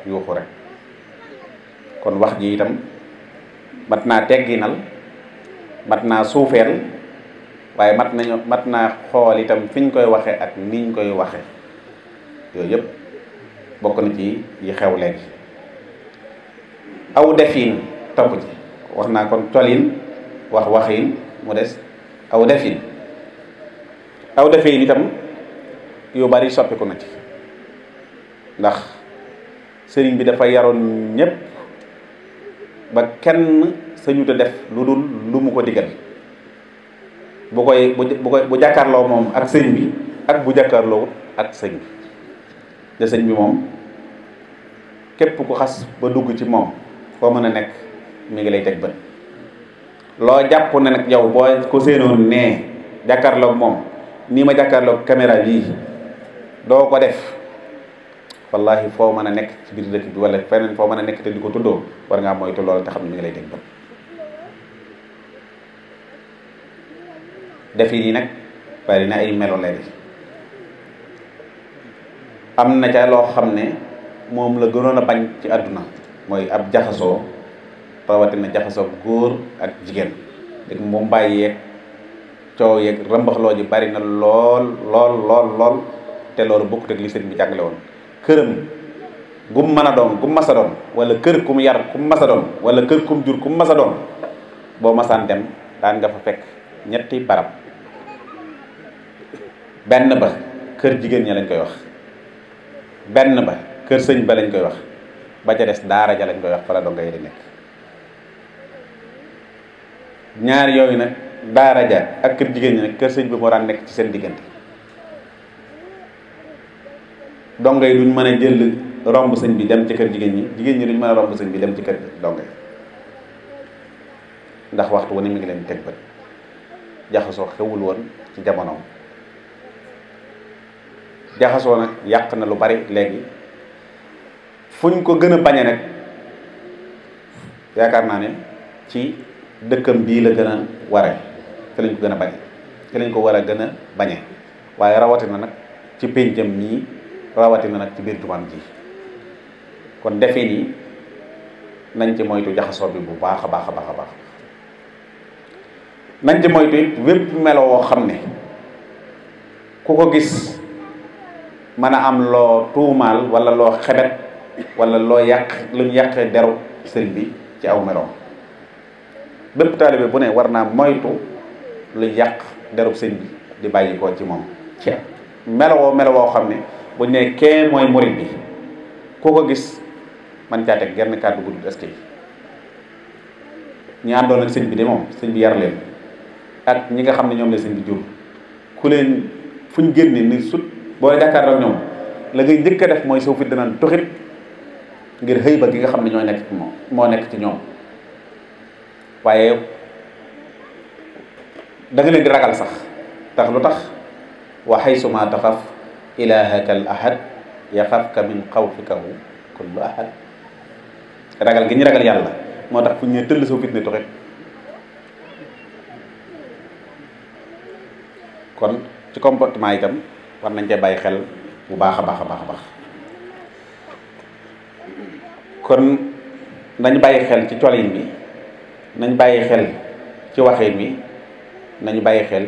yuuxu rek kon wax ji itam mat naa tegginal mat naa suufeel waaye mat nañu mat na xool itam fi ñu koy waxe ak niñ koy waxe yooyu yëpp bokk na ci yi xew léegi aw defin topp ci wax naa kon colin wax waxin mu des aw defin aw defin itam yu bari soppiku na ci ndax sëriñ bi dafa yaroon ñépp ba kenn sañuta def lu dul lu mu ko digal bu koy bu bu jàkkaarloo moom ak sëriñ bi ak bu jàkkaarloo ak sëriñ bi da sëriñ bi moom képp ku xas ba dugg ci moom foo mën a nekk mu ngi lay teg bët loo jàpp na nag yow boo ko séenoon nee jàkkaarloog moom nii ma jàkkaarloog caméra bii doo ko def wallahi foo mën a nekk ci biir dëkk bi wala feneen foo mën a nekk te di ko tuddoo war ngaa moytu loolu te xam ne mi ngi lay teg nag bari na ay melo am na ca loo xam ne moom la gënoon a bañ ci àdduna mooy ab jaxasoo rawatina jaxasoo góor ak jigéen dëgg moom bàyyeeg coow yeeg rëmbaxloo ji bari na lool lool lool lool te loolu bokkut ak li bi jàngale woon këram gum mën a doon gum mas a doon wala kër kum yar kum mas a doon wala kër kum jur kum masa a doon boo masaan dem daan nga fa fekk ñetti barab benn ba kër jigéen ñi lañ koy wax benn ba kër sëñ ba lañ koy wax ba ca des daara ja lañ koy wax fa la donga yi di nekk ñaar yooyu nag daara ja ak kër jigéen ñi nag kër sëñ bi moo daan nekk ci seen diggante donga yi duñ mën a jël romb sëñ bi dem ci kër jigéen ñi jigéen ñi duñ mën a romb sëñ bi dem ci kër donga yi ndax waxtu wu ne mi ngi leen teg bët jaxasoo xewul woon ci jamonoom jaxasoo nag yàq na lu bari léegi fuñ ko gën a bañe nag yaakaar naa ne ci dëkkam bii la gën a ware te lañ ko gën a bañe te lañ ko war a gën a bañe waaye rawatina nag ci péncam mii rawatina nag ci biir jumaan ji kon defi nii nañ ci moytu jaxasoo bi bu baax a baax a baax a baax nañ ci moytu it wépp melo woo xam ne ku ko gis mën a am loo tuumaal wala loo xebet walla loo yàq lu ñu yàqee deru sëriñ bi ci aw meloom bépp taalibe bu ne war naa moytu lu yàq derub sëriñ bi di ci moom ci melowoo melowoo xam ne bu ñu nee kee mooy murit bi koo ko gis man caa teg genn kàddu bu dul eskay ñi àndoon ak sëñ bi de moom sëñ bi yar leen ak ñi nga xam ne ñoom la sëñ bi jur ku leen fu ñu génne ni sut booy Dakar ak ñoom la ngay njëkk a def mooy soo fi danaan toxit ngir xëy ba gi nga xam ne ñoo nekk ci moom moo nekk ci ñoom waaye da leen di ragal sax tax lu tax wa haysu ma ilaahaka al ahad yaxafka min kaw kullu ahad ragal gi ñu ragal yàlla moo tax fu ñu ne tëll soo fitne tuxit kon ci comportement yi itam war nañ cee bàyyi xel bu baax a baax a baax a baax kon nañ bàyyi xel ci colin bi nañ bàyyi xel ci waxin bi nañu bàyyi xel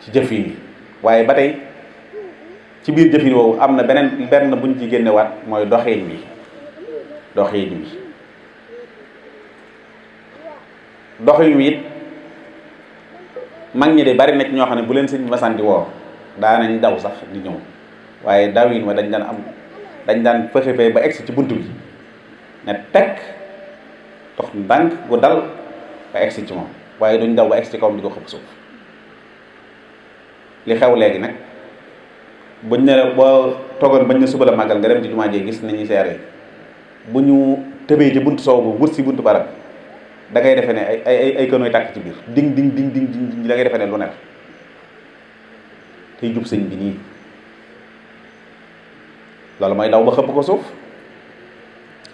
ci jëf yi waaye ba tey ci biir jëfin woowu am na beneen benn buñ ci génnewaat mooy doxin wi doxin wi doxin wi it mag ñi de bari na ñoo xam ne bu leen sëñ bi masaan di woo daanañ daw sax di ñëw waaye dawin wa dañ daan am dañ daan fexe fexe ba egsi ci bunt bi ne teg dox ndànk gu dal ba egsi ci moom waaye duñ daw ba egsi ci kawam di ko xëpp suuf li xew léegi nag buñ ne boo toogoon bañ ne suba la màggal nga dem ci jumaa jee gis nañuy seere bu ñu tëbee ci buntu sow bu wut si buntu barab da ngay defe ne ay ay ay kënooy tàkk ci biir ding ding ding ding ding da ngay defe ne lu nekk tey jub sëñ bi nii loolu mooy daw ba xëpp ko suuf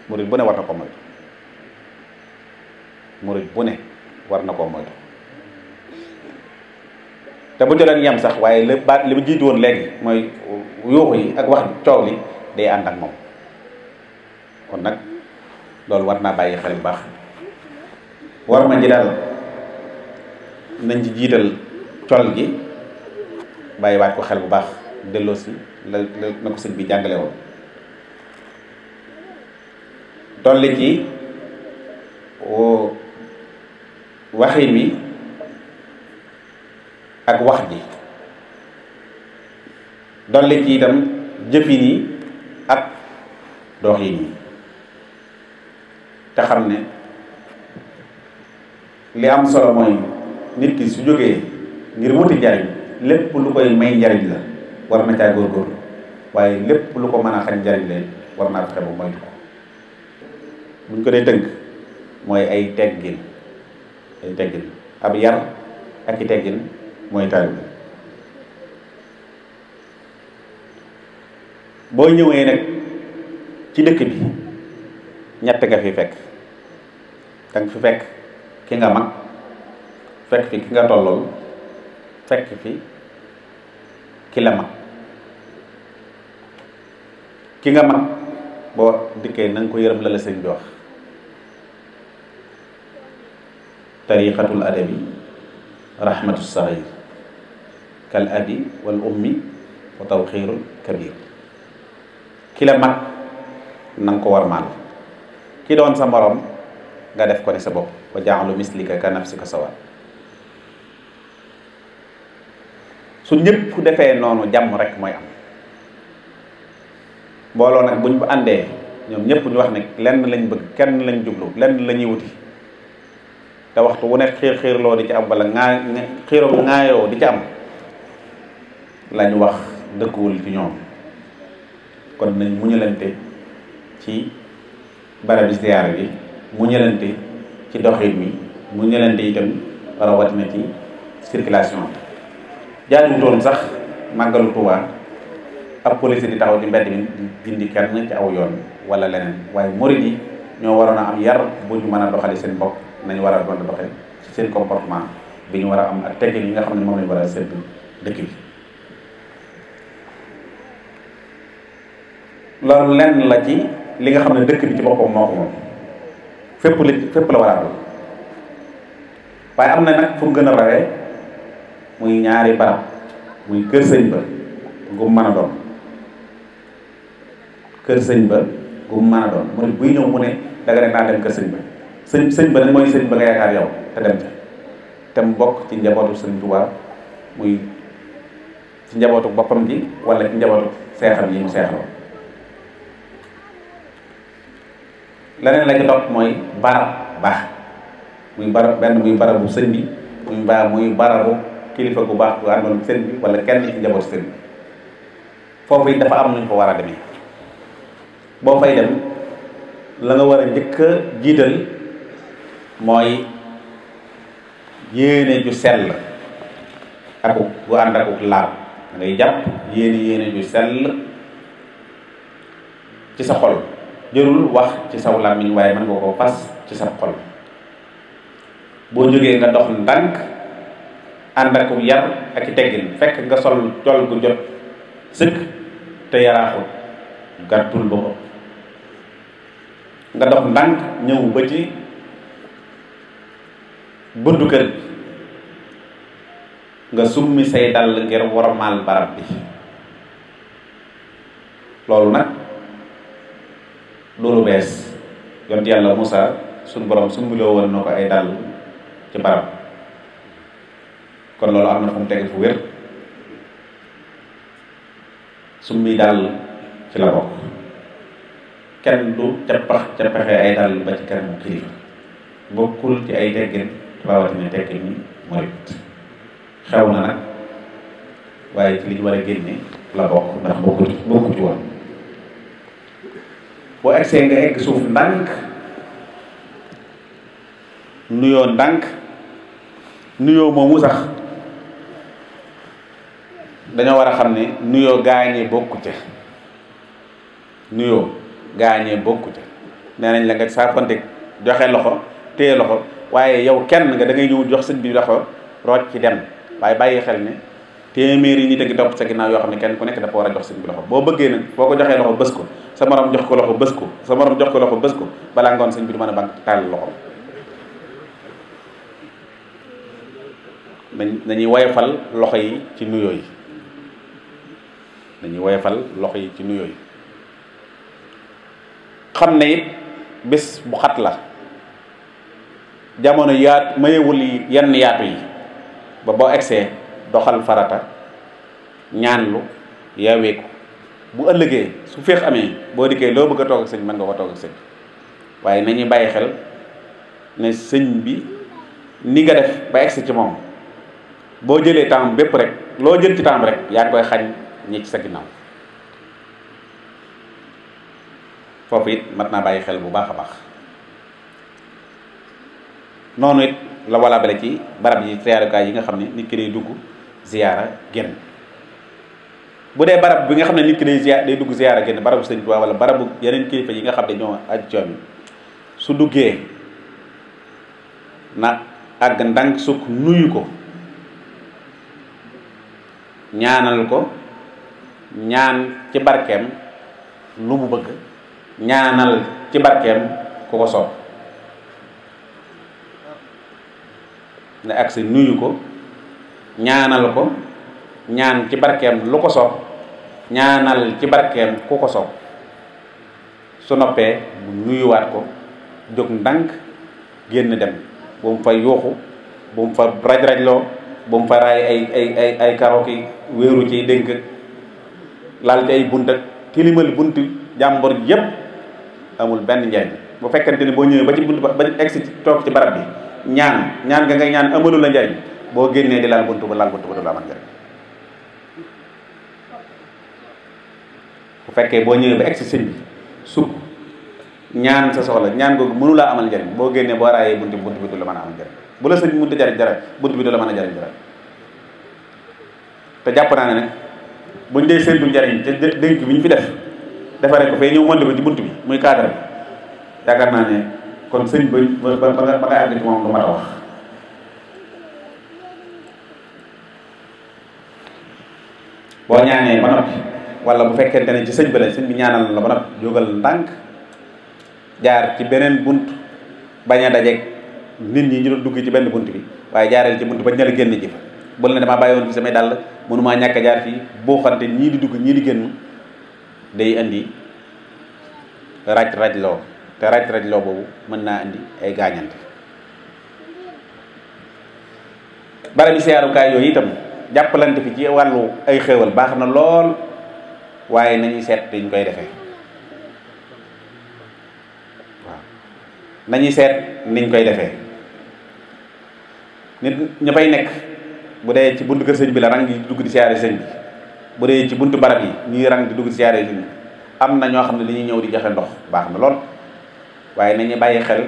murit bu ne war na ko moytu murit bu ne war na koo moytu te bu jëlee yem sax waaye li ba li jiitu woon léegi mooy yuuxu yi ak wax coow li day ànd ak moom kon nag loolu war naa bàyyi xel bu baax war ma ji daal nañ ci jiital col gi bàyyiwaat ko xel bu baax delloo si la na ko sëñ bi jàngale woon dolli ci oh, waxin wi ak wax ji dolli ci itam jëfin yi ak dox yi te xam ne li am solo mooy nit ki su jógee ngir wuti njariñ lépp lu koy may njariñ la war na caa góorgóorlu waaye lépp lu ko mën a xañ njariñ leen war naa fexe ba moytu ko buñ ko dee tënk mooy ay teggin ay teggin ab yar ak i teggin mooy taalibe boo ñëwee nag ci dëkk bi ñett nga fi fekk danga fi fekk ki nga mag fekk fi ki nga tollool fekk fi ki la mag ki nga mag boo dikkee na nga ko yërëm la la sëñ bi wax adabi rahmatu saxir kal abi wal ummi wa tawxiirul kabir ki la mag na ko war maal ki doon sa morom nga def ko ne sa bopp wa jaaxlu mislika ka ko sawa su ñëpp defee noonu jàmm rek mooy am mbooloo nag buñ bu àndee ñoom ñëpp ñu wax ne lenn lañ bëgg kenn lañ jublu lenn la ñuy wuti te waxtu wu ne xiir xiir loo di ci am wala ŋaa xiiroo ŋaayoo di ci am lañ wax dëkkuwul ci ñoom kon nañ mu muñalante ci barabi ziyaara bi muñalante ci doxin wi muñalante itam rawatina ci circulation bi jaaduwutoon sax màggalu Tuubaa ab police di taxaw di mbedd mi dindi kenn ci aw yoon wala leneen waaye murid yi ñoo waroon a am yar bu ñu mën a doxale seen bopp nañ war a doon doxee ci seen comportement bi ñu war a am ak teggin yi nga xam ne moom lañu war a sedd dëkk bi loolu lenn la ci li nga xam ne dëkk bi ci boppam moo ko fépp li fépp la war a waaye am na nag fu mu gën a rawee muy ñaari barab muy kër sëñ ba gum mën a doon kër sëñ ba gum mën a doon buy ñëw mu ne danga ne naa dem kër sëñ ba sëñ ba nag mooy sëñ ba nga yaakaar yow te dem ca te mu bokk ci njabootu sëñ Tuubaa muy ci njabootu boppam gi walla ci njabootu seexam yi mu seexloo leneen la ci topp mooy barab baax muy barab benn muy barabu sëñ muy ba muy barabu kilifa gu baax bu àndoon sëñ bi foofu it dafa am ko war a demee war a njëkk a mooy yéene ju sell akuk gu ànd akuk laab da ngay jàpp yéene yéene ju sell ci sa xol jërul wax ci saw làmmiñ waaye mën nga koo fas ci sa xol boo jógee nga dox ndànk ànd ak yar ak teggin fekk nga sol col bu jot sëkk te yaraaxul gàttul ba nga dox ndànk ñëw ba ci buntu kër bi nga summi say dàll ngir wormaal barab bi loolu nag loolu bees yont yàlla Moussa suñu borom suñu muloo woon na ko ay dàll ci barab kon loolu am na fu mu teg fu wér summi dàll ci la bokk kenn du cappax cappaxee ay dàll ba ci kanamu kilifa bokkul ci ay teggin rawatina teggin yi murit xew na nag waaye ci li ñu war a génne la bokk ndax bokku bokku ci woon boo egsee nga egg suuf ndànk nuyoo ndànk nuyoo moomu sax dañoo war a xam ni nuyoo gaañee bokku ca nuyoo gaañee bokku ca nee nañ la nga saafanteeg joxe loxo téye loxo waaye yow kenn nga da ngay ñëw jox sëñ bi loxo rooj ci dem waaye bàyyi xel ne téeméeri nit a ngi topp sa ginnaaw yoo xam ne kenn ku nekk dafa war a jox sëñ bi loxo boo bëggee nag boo ko joxee loxo bës ko sa morom jox ko loxo bës ko sa ko loxo ko balaa ngoon sëñ bi du mën a bank tàll loxo nañ nañuy woyofal loxo yi ci nuyoo yi nañuy woyofal loxo yi ci nuyoo yi xam ne it bés bu xat la jamono yaat mayewul yenn yaatu yi ba boo egsee doxal farata ñaanlu yeeweeku bu ëllëgee su féex amee boo dikkee loo bëgg a toog ak sëñ mën nga ko toog ak sëñ waaye nañuy bàyyi xel ne sëñ bi ni nga def ba egsi ci moom boo jëlee temps bépp rek loo jël ci temps rek yaa ngi koy xañ ñi ci sa ginnaaw foofu it mat naa bàyyi xel bu baax a baax noonu it la wala bale ci barab yi siyaarukaay yi nga xam ne nit ki day dugg ziyaara génn bu dee barab bi nga xam ne nit ki day ziyaar day dugg ziyaara génn barabu Sëriñ Tuubaa wala barabu yeneen kilifa yi nga xam ne ñoo aju coom su duggee na àgg ndànk sukk ko ñaanal ko ñaan ci barkeem lu mu bëgg ci barkeem ku ko soob agsi nuyu ko ñaanal ko ñaan ci barkeem lu ko soob ñaanal ci barkeem ku ko soob su noppee bu nuyuwaat ko jóg ndànk génn dem bu fa yuuxu bu mu fa raj-rajloo bu mu fa raay ay ay ay ay karoki wéeru ci dénk laal ci ay bunt ak tilimal bunt jàmbur yépp amul benn njariñ bu fekkente ni boo ñëwee ba ci bunt ba ba egsi ci toog ci barab bi ñaan ñaan nga ngay ñaan amalu la njariñ boo génnee di laal buntu ba laal buntu ba du la amal njëriñ bu fekkee boo ñëwee ba egg sëñ bi sukk ñaan sa soxla ñaan googu mënu laa amal njëriñ boo génnee boo raayee buntu bi buntu bi du la mën a amal njëriñ bu la sëñ bi mënut a jariñ dara bi du mën a jariñ te jàpp naa ne nag buñ dee séntu njariñ te dénk bi ñu fi def defaree ko fee ñëw mënd ko ci buntu bi muy cadre bi yaakaar naa ne kon sëñ ba ba ba nga ba nga àgg ci moom du mat a wax. boo ñaanee ba noppi wala bu fekkente ne ci sëñ bi la sëñ bi ñaanal la ba noppi jógal ndànk jaar ci beneen bunt bañ a dajeeg nit ñi ñu doon dugg ci benn bunt bi waaye jaareel ci bunt ba ñu génn ji fa bu la ne damaa samay dàll mënumaa ñàkk a jaar fii boo xante ñii di dugg ñii di génn day andi raj raj loo te raj raj loo boobu mën naa indi ay gaañante bari bi siyaarukaay yooyu itam jàppalante fi ci wàllu ay xéewal baax na lool waaye nañuy seet liñ koy defee waaw nañuy seet niñ koy defee nit ñu fay nekk bu dee ci bunt kër sëñ bi la rang yi dugg di siyaare sëñ bi bu dee ci buntu barab yi ñuy rang di dugg di siyaare sëñ bi am na ñoo xam ne dañuy ñëw di joxe ndox baax na lool waaye nañu bàyyi xel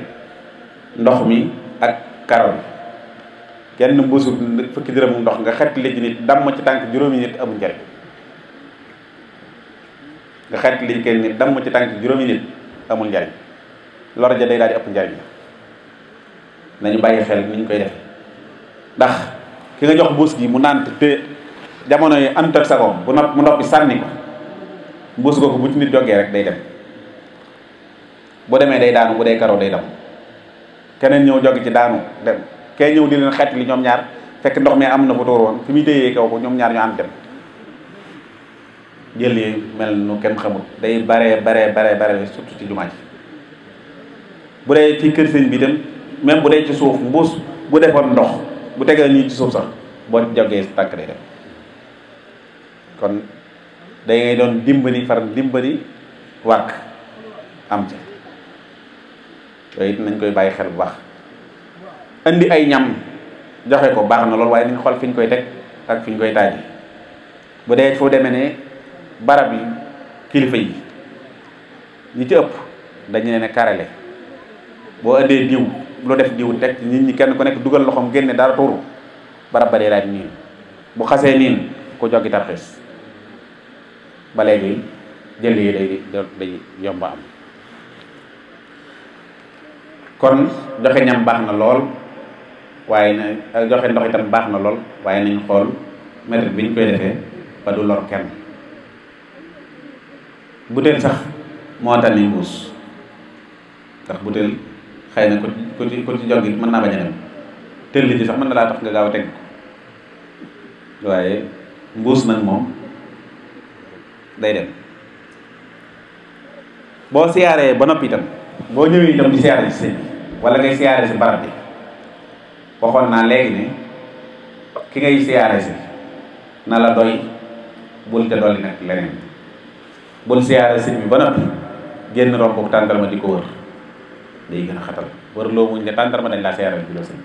ndox mi ak karo kenn mbuusu fukki dërëmu ndox nga xettali ci nit damm ci tànk juróomi nit amul njariñ nga xettali kenn nit damm ci tànk juróomi nit amul njariñ lor ja day daal di ëpp njariñ la nañu bàyyi xel ni ñu koy def ndax ki nga jox mbuus gi mu naan te jamono yi am teg sagoom bu nopp mu noppi sànni ko mbuus googu bu ci nit jógee rek day dem bu demee day daanu bu dee karoo day dem keneen ñëw jog ci daanu dem kay ñëw di leen xett li ñoom ñaar fekk ndox mi am na bu tóor woon fi muy téyee kaw ko ñoom ñaar ñu ànd dem jël yi mel nu kenn xamul day baree baree baree bare surtout jumaa ji bu dee ci kër sëñ bi itam même bu dee ci suuf mbuus bu defoon ndox bu tegee nii suuf sax boo jogee tànk day dem kon da ngay doon dimbali far dimbali wàkk am ci yooyu nañ koy bàyyi xel bu baax indi ay ñam joxe ko baax na loolu waaye nañ xool fi koy teg ak fi koy taaji bu dee foo demee ne barab yi kilifa yi ñi ci ëpp dañu leen a karale boo indee diw lu def diw teg nit ñi kenn ku nekk dugal loxoom génne dara tuuru barab ba dee daal niin bu xasee niin ku joggi tarxiis ba léegi jënd yi day day yomb am kon joxe ñam baax na lool waaye na euh, joxe ndox itam baax na lool waaye nañ xool méthode bi ñu koy defee ba du lor kenn butéel sax moo tane mbuus ndax butéel xëy na ku ci ku ci jog it mën naa bañ a dem tëll ji sax mën na laa tax nga gaaw a teg ko waaye mbuus nag moom day dem boo siyaaree ba noppi itam boo ñëwee itam di siyaare si sëñ wala ngay siyaare si barab bi waxoon naa léegi ne ki ngay siyaare si na la doy bul te dolli nag leneen bul siyaare si bi ba noppi génn romb tàndarma di ko wër day gën a xatal wër loo muñ nga tàndarma dañ laa siyaare bi loo sëñ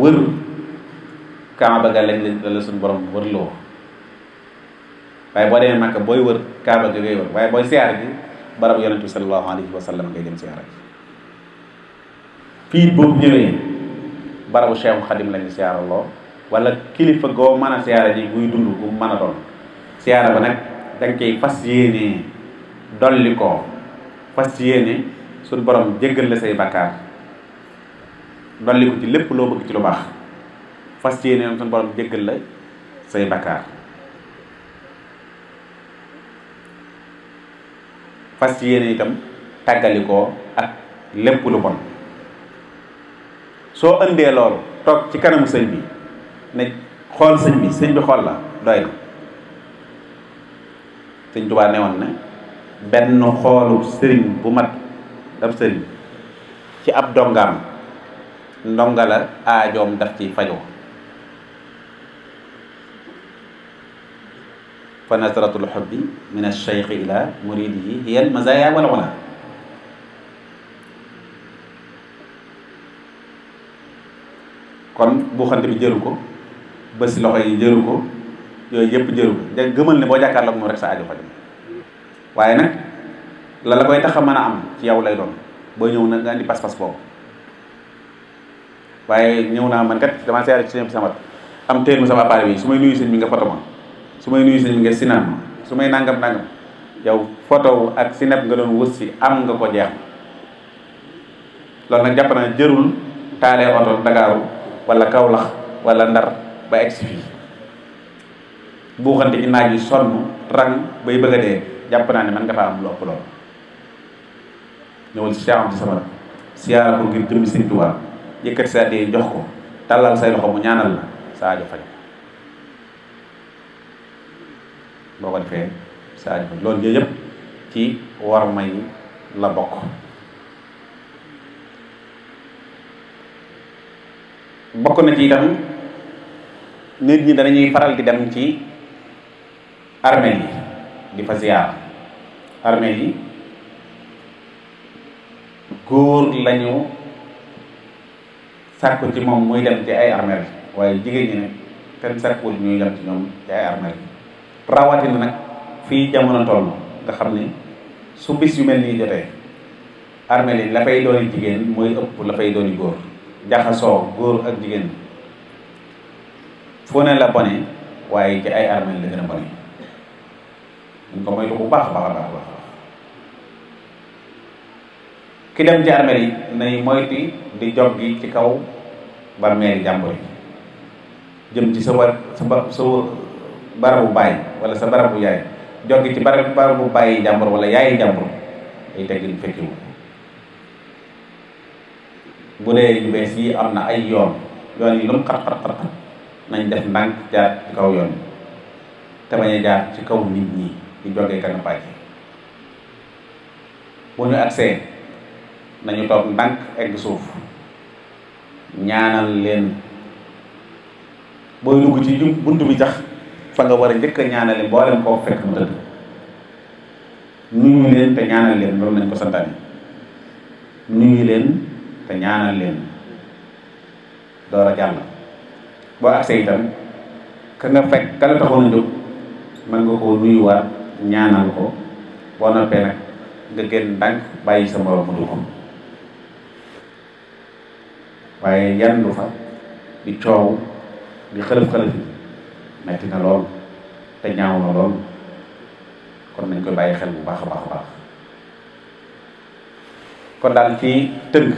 wër kaaba ga lañ lañ la suñu borom wër loo waaye boo demee Makka booy wër kaaba ga ngay wër waaye booy siyaare bi barab yonent bi sallallahu alayhi wa sallam ngay dem siyaare bi kii boobu ñëwee barabu Cheikh Xadim lañu siyaaraloo wala kilifa goo mën a siyaara ji guy dund bu mën a doon siyaara ba nag da koy fas yéene dolli fas yéene suñu borom jéggal la say bakkaar ci lu baax fas yéene say bakkaar fas yéene itam tàggalikoo ak lépp lu bon soo indee loolu toog ci kanamu sëñ bi ne xool sëñ bi sëñ bi xool la doy na sëñ Tuubaa ne woon ne benn xoolu sëriñ bu mat ab sëriñ ci ab dongaam ndonga la aajoom daf ci fajoo fa nasratul xubbi min alcheikh ila muridi yi hiya almazaya wal ula buuxante bi jëru ko ba si loxo yi jëru ko yooyu yëpp jëru ko da gëmal ne boo jàkkaarloo ak moom rek sa aajo faj waaye nag la la koy tax a mën a am ci yow lay doon boo ñëw nag nga andi pas-pas boobu waaye ñëw naa man kat dama am téel ma sama appareil bi su may nuyu sëñ mi nga foto ma su may nuyu sëñ bi nga sinam ma su may nàngam nangam yow photo ak sinap nga doon wut si am nga ko jeex loolu nag jàpp naa jërul taalee oto Ndakaaru wala Kawlax wala Ndar ba egsi fii buuxante ci naaj yi sonn rang bay bëgg a jàpp naa ne man nga faa am lu ëpp loolu ñëwal si Cheikh Amady Samara siyaara ko ngir jëmmi Sëñ yëkkati sa dee jox ko tàllal say loxo mu ñaanal la saa aajo faj boo ko defee saa aajo faj loolu yooyu yëpp ci war may la bokk. bokk na ci itam nit ñi danañuy faral di dem ci armeel yi di fa armeel yi góor lañu sàkku ci moom muy dem ci ay armeel waaye jigéen ñi ne kenn sàkkul ñuy dem ci ñoom ci ay armeel rawatina nag fii jamono toll nga xam ni su bis yu mel ni jotee armeel yi la fay dooni jigéen mooy ëpp la fay dooni góor jaxasoo góor ak jigéen foo ne la bone waaye ci ay armeel la gën bone ñu ko moytu bu baax a baax ki dem ci armeel yi nay moyti di jog gi ci kaw bàmmeeli jàmbur yi jëm ci sa war sa sa barabu baay wala sa barabu yaay jog gi ci barab barabu bàyyi jàmbur wala yaayi jàmbur ay teggin fekkiwu bu dee yu bees yi am na ay yoon yoon yi lu xat xat xat nañ def ndànk jaar ci kaw yoon te bañ jaar ci kaw nit ñi di jógee kan pàcce bu ñu agsee nañu toog ndànk egg suuf ñaanal leen booy dugg ci bunt bi jax fa nga war a njëkk a ñaanale mboolem koo fekk mu tëdd nuyu leen te ñaanal leen loolu nañ ko santaane nuyu leen te ñaanal leen door a jàll boo agsee itam ka nga fekk ka la taxoon a jóg mën nga koo nuyuwaat ñaanal ko boo noppee nag nga gën ndànk bàyyi sa moroom mu ko waaye yandu fa di coow di xërëf-xërëf metti na lool te ñaaw na lool kon nañ koy bàyyi xel bu baax a baax a baax kon daal ci tënk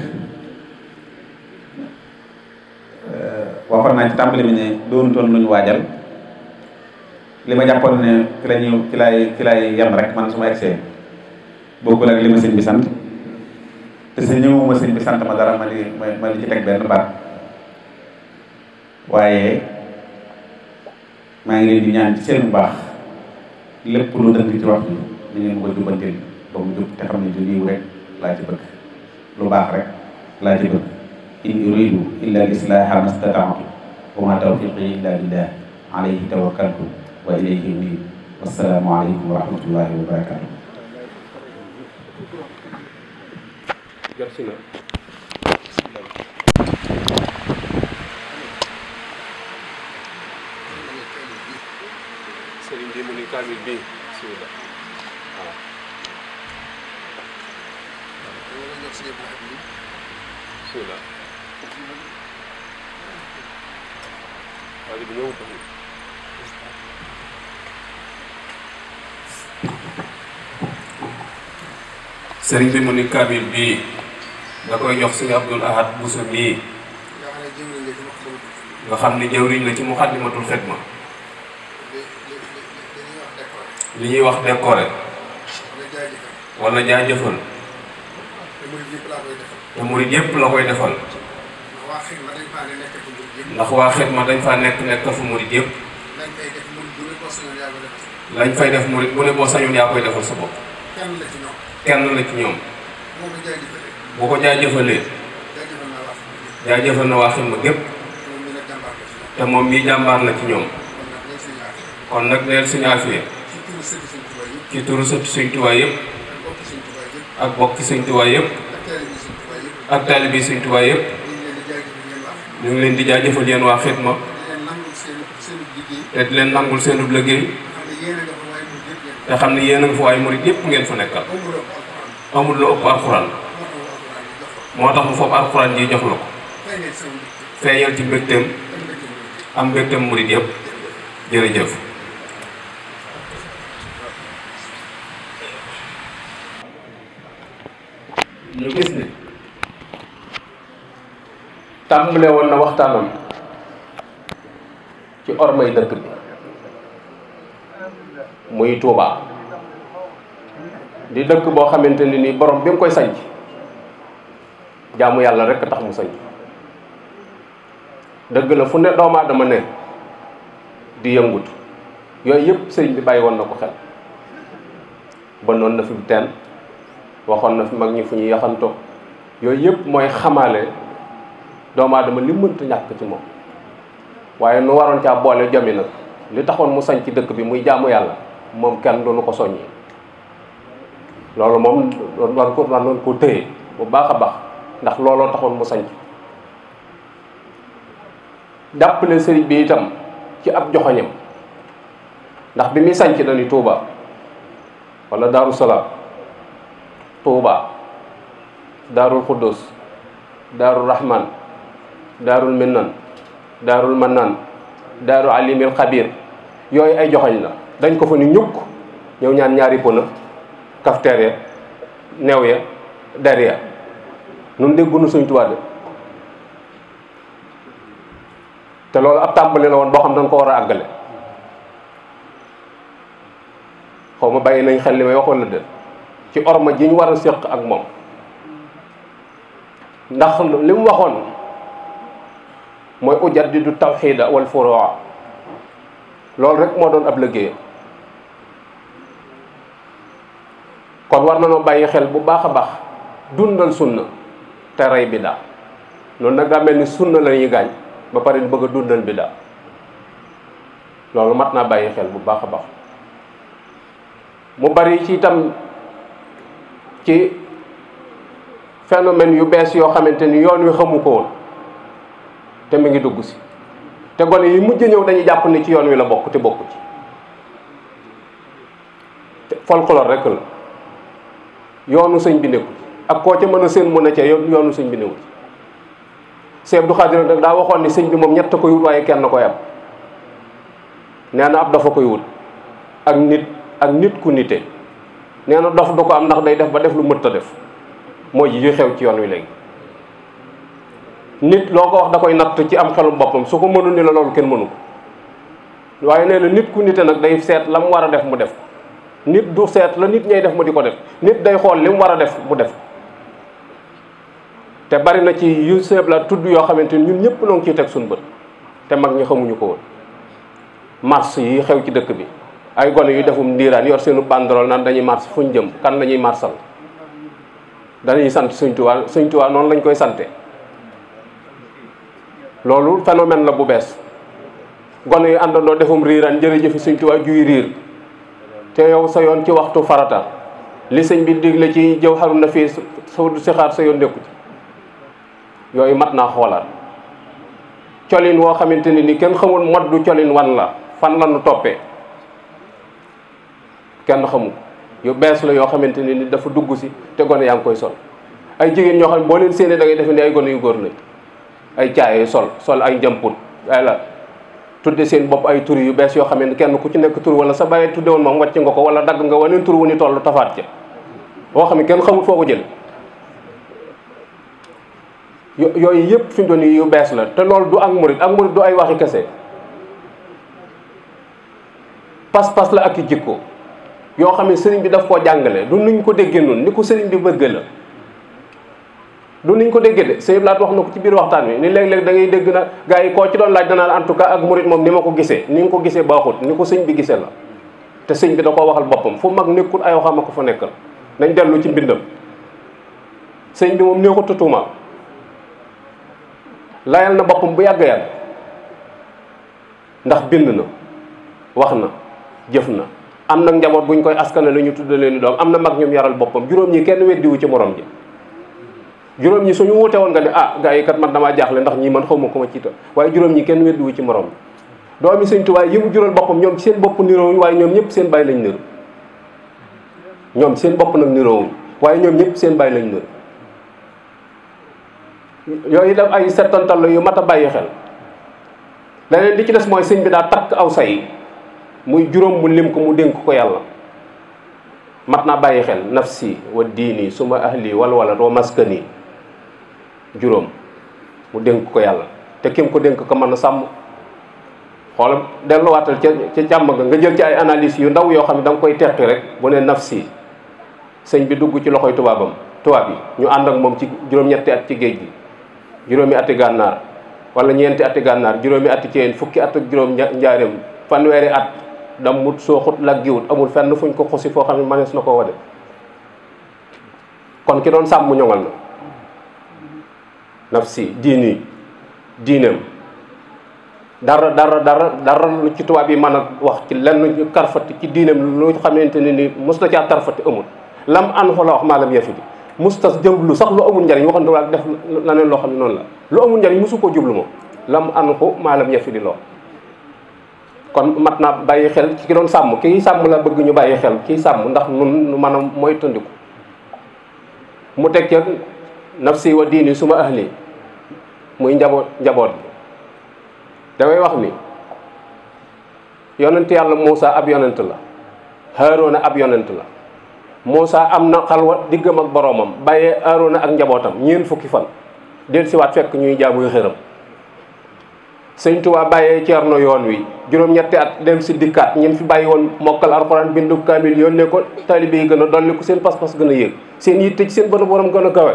Euh, waxoon naa ci tàmbali bi ne doonutoon lu waajal li ma jàppoon ne fi la ñu fi laay fi laay rek man su ma egsee bokkul ak li ma sëñ bi sant parce que ñëwuma sëñ bi sant ma dara ma li ma li ci teg benn baat waaye maa ngi leen di ñaan ci seen baax lépp lu dëng ci wax bi ni ngeen ko jubbantil ba jub te xam ne ju rek laa ci bëgg lu baax rek laa in uridu illa al islaaha mastata'tu wa ma tawfiqi illa billah alayhi tawakkaltu wa ilayhi unib wassalaamu aleykum wa rahmatullahi wa barakatu sëriñ bi mu ni kaamil bi bismillah waaw bismillah waaye dañoo wut daf bi mu ni kaamil bii da koy jox suñu Abdul Ahad Buso mii nga xam ni jëwriñ la ci Muxaddamatul Xidma li ñuy wax décoré wala jaajëfal te murid yépp la koy defal ndax waa xidma dañ fa nekk nekk fa murit yëpp lañ fay def murit bu ne boo sañoon yaa koy defal sa bopp kenn la ci ñoom boo ko jaajëfalee jaajëfal na waa xidma gépp te moom mii jàmbaar la ci ñoom kon nag neel suñu affaire ci turu sëpp suñ tuwaay yëpp ak bokki suñ tuwaay yëpp ak taalibi suñ tuwaay yëpp ñu ngi leen di jaajëfal yéen waa xidma te di leen nangul seenub liggéey te xam ne yéen a nga fa waaye murit yépp ngeen fa nekkal amul la ëpp alxuraan moo tax mu foofu alxuraan ji jox la ko feeñal ci mbégteem am mbégteem murit yépp jërëjëf ñu tàmbale woon na waxtaanam ci ormay dëkk bi muy Touba di dëkk boo xamante ni nii borom bi mu koy sanc jaamu yàlla rekk tax mu sanc dëgg la fu ne doomu aadama ne di yëngutu yooyu yëpp sëriñ bi bàyyi woon na ko xel ba na fi teen waxoon na fi mag ñi fu ñuy yaxantoo yooyu yëpp mooy xamaale doomu aadama li mënta ñàkk ci moom waaye nu waroon ca boole jomi nag li taxoon mu sañ dëkk bi muy jaamu yàlla moom kenn du nu ko soññi loolu moom war ko war noonu ko tëye bu baax a baax ndax looloo taxoon mu sañc jàppale sëriñ bi itam ci ab joxoñam ndax bi muy sañc dañuy Touba wala Daaru Salaam Touba Daarul Xuddus Daarul Rahman daarul minnan daarul mannaan daaru alimil xabir yooyu ay joxañ la dañ ko fa ni ñukk ñëw ñaan ñaari pëna kafteer ya neew ya der ya nun déggunu suñ tubaab de te loolu ab tàmbali la woon boo xam dañ ko war a àggale xaw ma bàyyi nañ xel li may waxoon la de ci orma ji ñu war a séq ak moom ndax li mu waxoon mooy ujaddidu tawxiida wal furoa loolu rek moo doon ab liggéeyam kon war na noo bàyyi xel bu baax a baax dundal sunna te rey biddaa loolu nag daa mel ni sunna la ñuy gaañ ba pare bëgg a dundal biddaa loolu mat naa bàyyi xel bu baax a baax mu bari ci itam ci phénomène yu bees yoo xamante ni yoon wi xamu ko woon te mi ngi dugg si te gone yi mujj ñëw dañuy jàpp ni ci yoon wi la bokk te bokku ci rek la yoonu sëñ bi nekkul ak koo ci mën a seen mën a ca yoonu sëñ bi newul Seex Abdu Xaadir nag daa waxoon ni sëñ bi moom ñett koy wut waaye kenn koy am nee na ab dafa koy wut ak nit ak nit ku nite nee na dof du ko am ndax day def ba def lu mët a def mooy ji yu xew ci yoon wi léegi nit loo ko wax da koy natt ci am xelum boppam su ko mënu ni la loolu kenn mënu ko waaye nee na nit ku nite nag day seet la mu war a def mu def nit du seet la nit ñay def ma di ko def nit day xool li mu war a def mu def te bari na ci yu seeb la tudd yoo xamante ni ñun ñëpp noonu ciy teg suñu bët te mag ñi xamuñu ko woon mars yi xew ci dëkk bi ay gone yu defum ndiiraan yor seenu banderole naan dañuy mars fuñ jëm kan lañuy ñuy marsal dañuy sant Sëñ Tuubaa Sëñ Tuubaa noonu lañ koy sante loolu phénomène la bu bees gone yu àndandoo defum riiran jërëjëfi suñ tubaab juy riir te yow sa yoon ci waxtu farata li sëñ bi digle ci jëw xaru na fii sawdu sixaar sa yoon nekku ci yooyu mat naa xoolaat colin woo xamante ne ni kenn xamul mot du colin wan la fan la nu toppee kenn xamul yu bees la yoo xamante ne ni dafa dugg si te gone yaa ngi koy sol ay jigéen ñoo xam boo leen séenee da ngay defe ne ay gone yu góor lañ ay caayee sol sol ay jamput la tudde seen bopp ay tur yu bees yoo xam ne kenn ku ci nekk tur wala sa bàyyi tudde woon moom wàcc nga ko wala dagg nga waneen tur wu ni toll tafaat ca boo xam ne kenn xamul foo ko jël yooyu yëpp fi mu doon yu bees la te lool du ak murit ak murit du ay waxi kese pas-pas la ak i jikko yoo xam ne sëriñ bi daf koo jàngale du nuñ ko déggee noonu ni ko sëriñ bi bëgg la du niñ ko déggee de Sèye Blaat wax na ko ci biir waxtaan wi ni léeg-léeg da ngay dégg na gars yi koo ci doon laaj danaa en tout cas ak murit moom ni ma ko gisee ni nga ko gisee baaxut ni ko sëñ gisee la te sëñ bi da koo waxal boppam fu mag nekkul ay waxam ko fa la nañ dellu ci mbindam sëñ bi moom néexut a tuumaal layal na boppam bu yàgg yàgg ndax bind na wax na jëf na am na njaboot buñ koy askanale ñu tuddalee ni doom am na mag ñoom yara boppam juróom ñi kenn weddiwu ci morom ji juróom ñi suñu wute woon nga ne ah gars yi man damaa jaaxle ndax ñii man xaw ma ko ma ciital waaye juróom ñi kenn wedduwu ci morom doomi sëñ Tuubaa yi mu jural boppam ñoom seen bopp niroowuñ waaye ñoom ñëpp seen bàyyi lañ niru ñoom seen bopp nag niroowuñ waaye ñoom ñëpp seen bàyyi lañ niru yooyu daf ay settantal la yu mat a bàyyi xel leneen li ci des mooy sëñ bi daa takk aw say muy juróom mu lim ko mu dénk ko yàlla mat naa bàyyi xel nafsi wa diini suma ahli walwalat wa nii juróom mu dénk ko yàlla te kim ko dénk ko mën a sàmm xoolal delluwaatal ca ca jàmm ga nga jël ci ay analyse yu ndaw yoo xam ne da koy tertu rek bu ne si sëñ bi dugg ci loxoy tubaabam tubaab yi ñu ànd ak moom ci juróom-ñetti at ci géej gi juróomi ati gànnaar wala ñeenti ati gànnaar juróomi ati ceen fukki at ak juróom njaareem fanweeri at dammut sooxut laggiwut amul fenn fuñ ko xusi foo xam ne manees na ko wade kon ki doon sàmm ñoŋal na nafsi diini diinam dara dara dara dara lu ci tubaab yi mën a wax ci lenn ñu karfati ci diinam lu xamante ne ni mos na amul lam an fa la wax maalam yafidi musta jublu sax lu amul njariñ waxante wala def la neen loo xam ne noonu la lu amul njariñ mosu koo jublu moom lam an ko maalam yafidi loo kon mat naa bàyyi xel ci ki doon sàmm ki sàmm la bëgg ñu bàyyi xel kii sàmm ndax nun nu mën a mooy tëndiku mu teg ca nafsi wa diini suma ahli muy njaboot njaboot bi damay wax ni yonent yàlla Moussa ab yonent la Haaruna ab yonent la Moussa am na xalwa diggam ak boroomam bàyyee Haaruna ak njabootam ñeent fukki fan dellusiwaat fekk ñuy jaamuy xëram sëñ Tuubaa bàyyee na yoon wi juróom-ñetti at dem si dikkaat ñun fi bàyyi woon mokkal alxuraan bindu kaamil yónnee ko taalibe yi gën a dolli ko seen pas-pas gën a yéeg seen yitte ci seen bërëb borom gën a kawe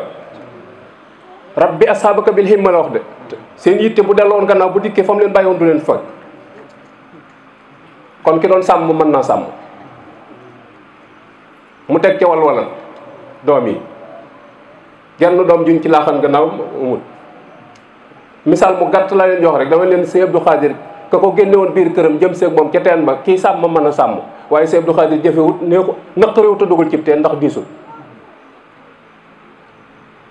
rab rabbi asaabaka bil himma la wax de seen yitte bu delloon gannaaw bu dikkee fa mu leen bàyyoon du leen fag kon ki doon sàmm mën naa sàmm mu teg ca wal walal doom yi genn doom juñ ci laaxan gannaaw mu gàtt la leen jox rek dama leen sëñ Abdou Khadir ka ko génne biir këram jëm seeg moom ca teen ba kii sàmm mën a sàmm waaye sëñ Abdou Khadir jëfewut nee ko naqaréwut a cib teen ndax diisul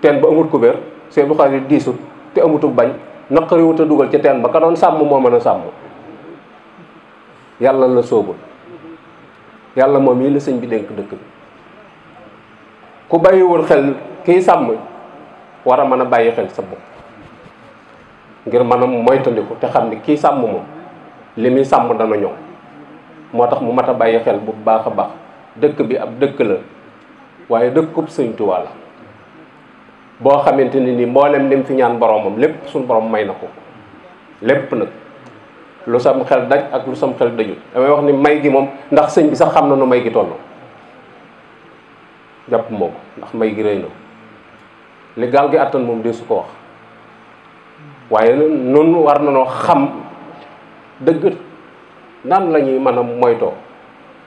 teen ba amul couvert Cheikh Bukhari diisut te amutu bañ naqariwut a dugal ca teen ba ka doon sàmm moo mën a sàmm yàlla la sóobul yàlla moom yi la sëñ bi dénk dëkk bi ku bàyyiwul xel kiy sàmm war a mën a bàyyi xel sa bopp ngir mën a moytandiku te xam ne kii sàmm moom li muy sàmm dana ñëw moo tax mu mat a bàyyi xel bu baax a baax dëkk bi ab dëkk la waaye dëkkub sëñ Tuubaa boo xamante ne ni mboolem lim fi ñaan boroomam lépp suñu boroom may na ko lépp nag lu sam xel daj ak lu sam xel dajul damay wax ni may gi moom ndax sëñ bi sax xam na nu may gi toll jàpp moo ndax may gi rëy na li gaal gi àttan moom dee su ko wax waaye nun war na noo xam dëgg nan la ñuy mën a moytoo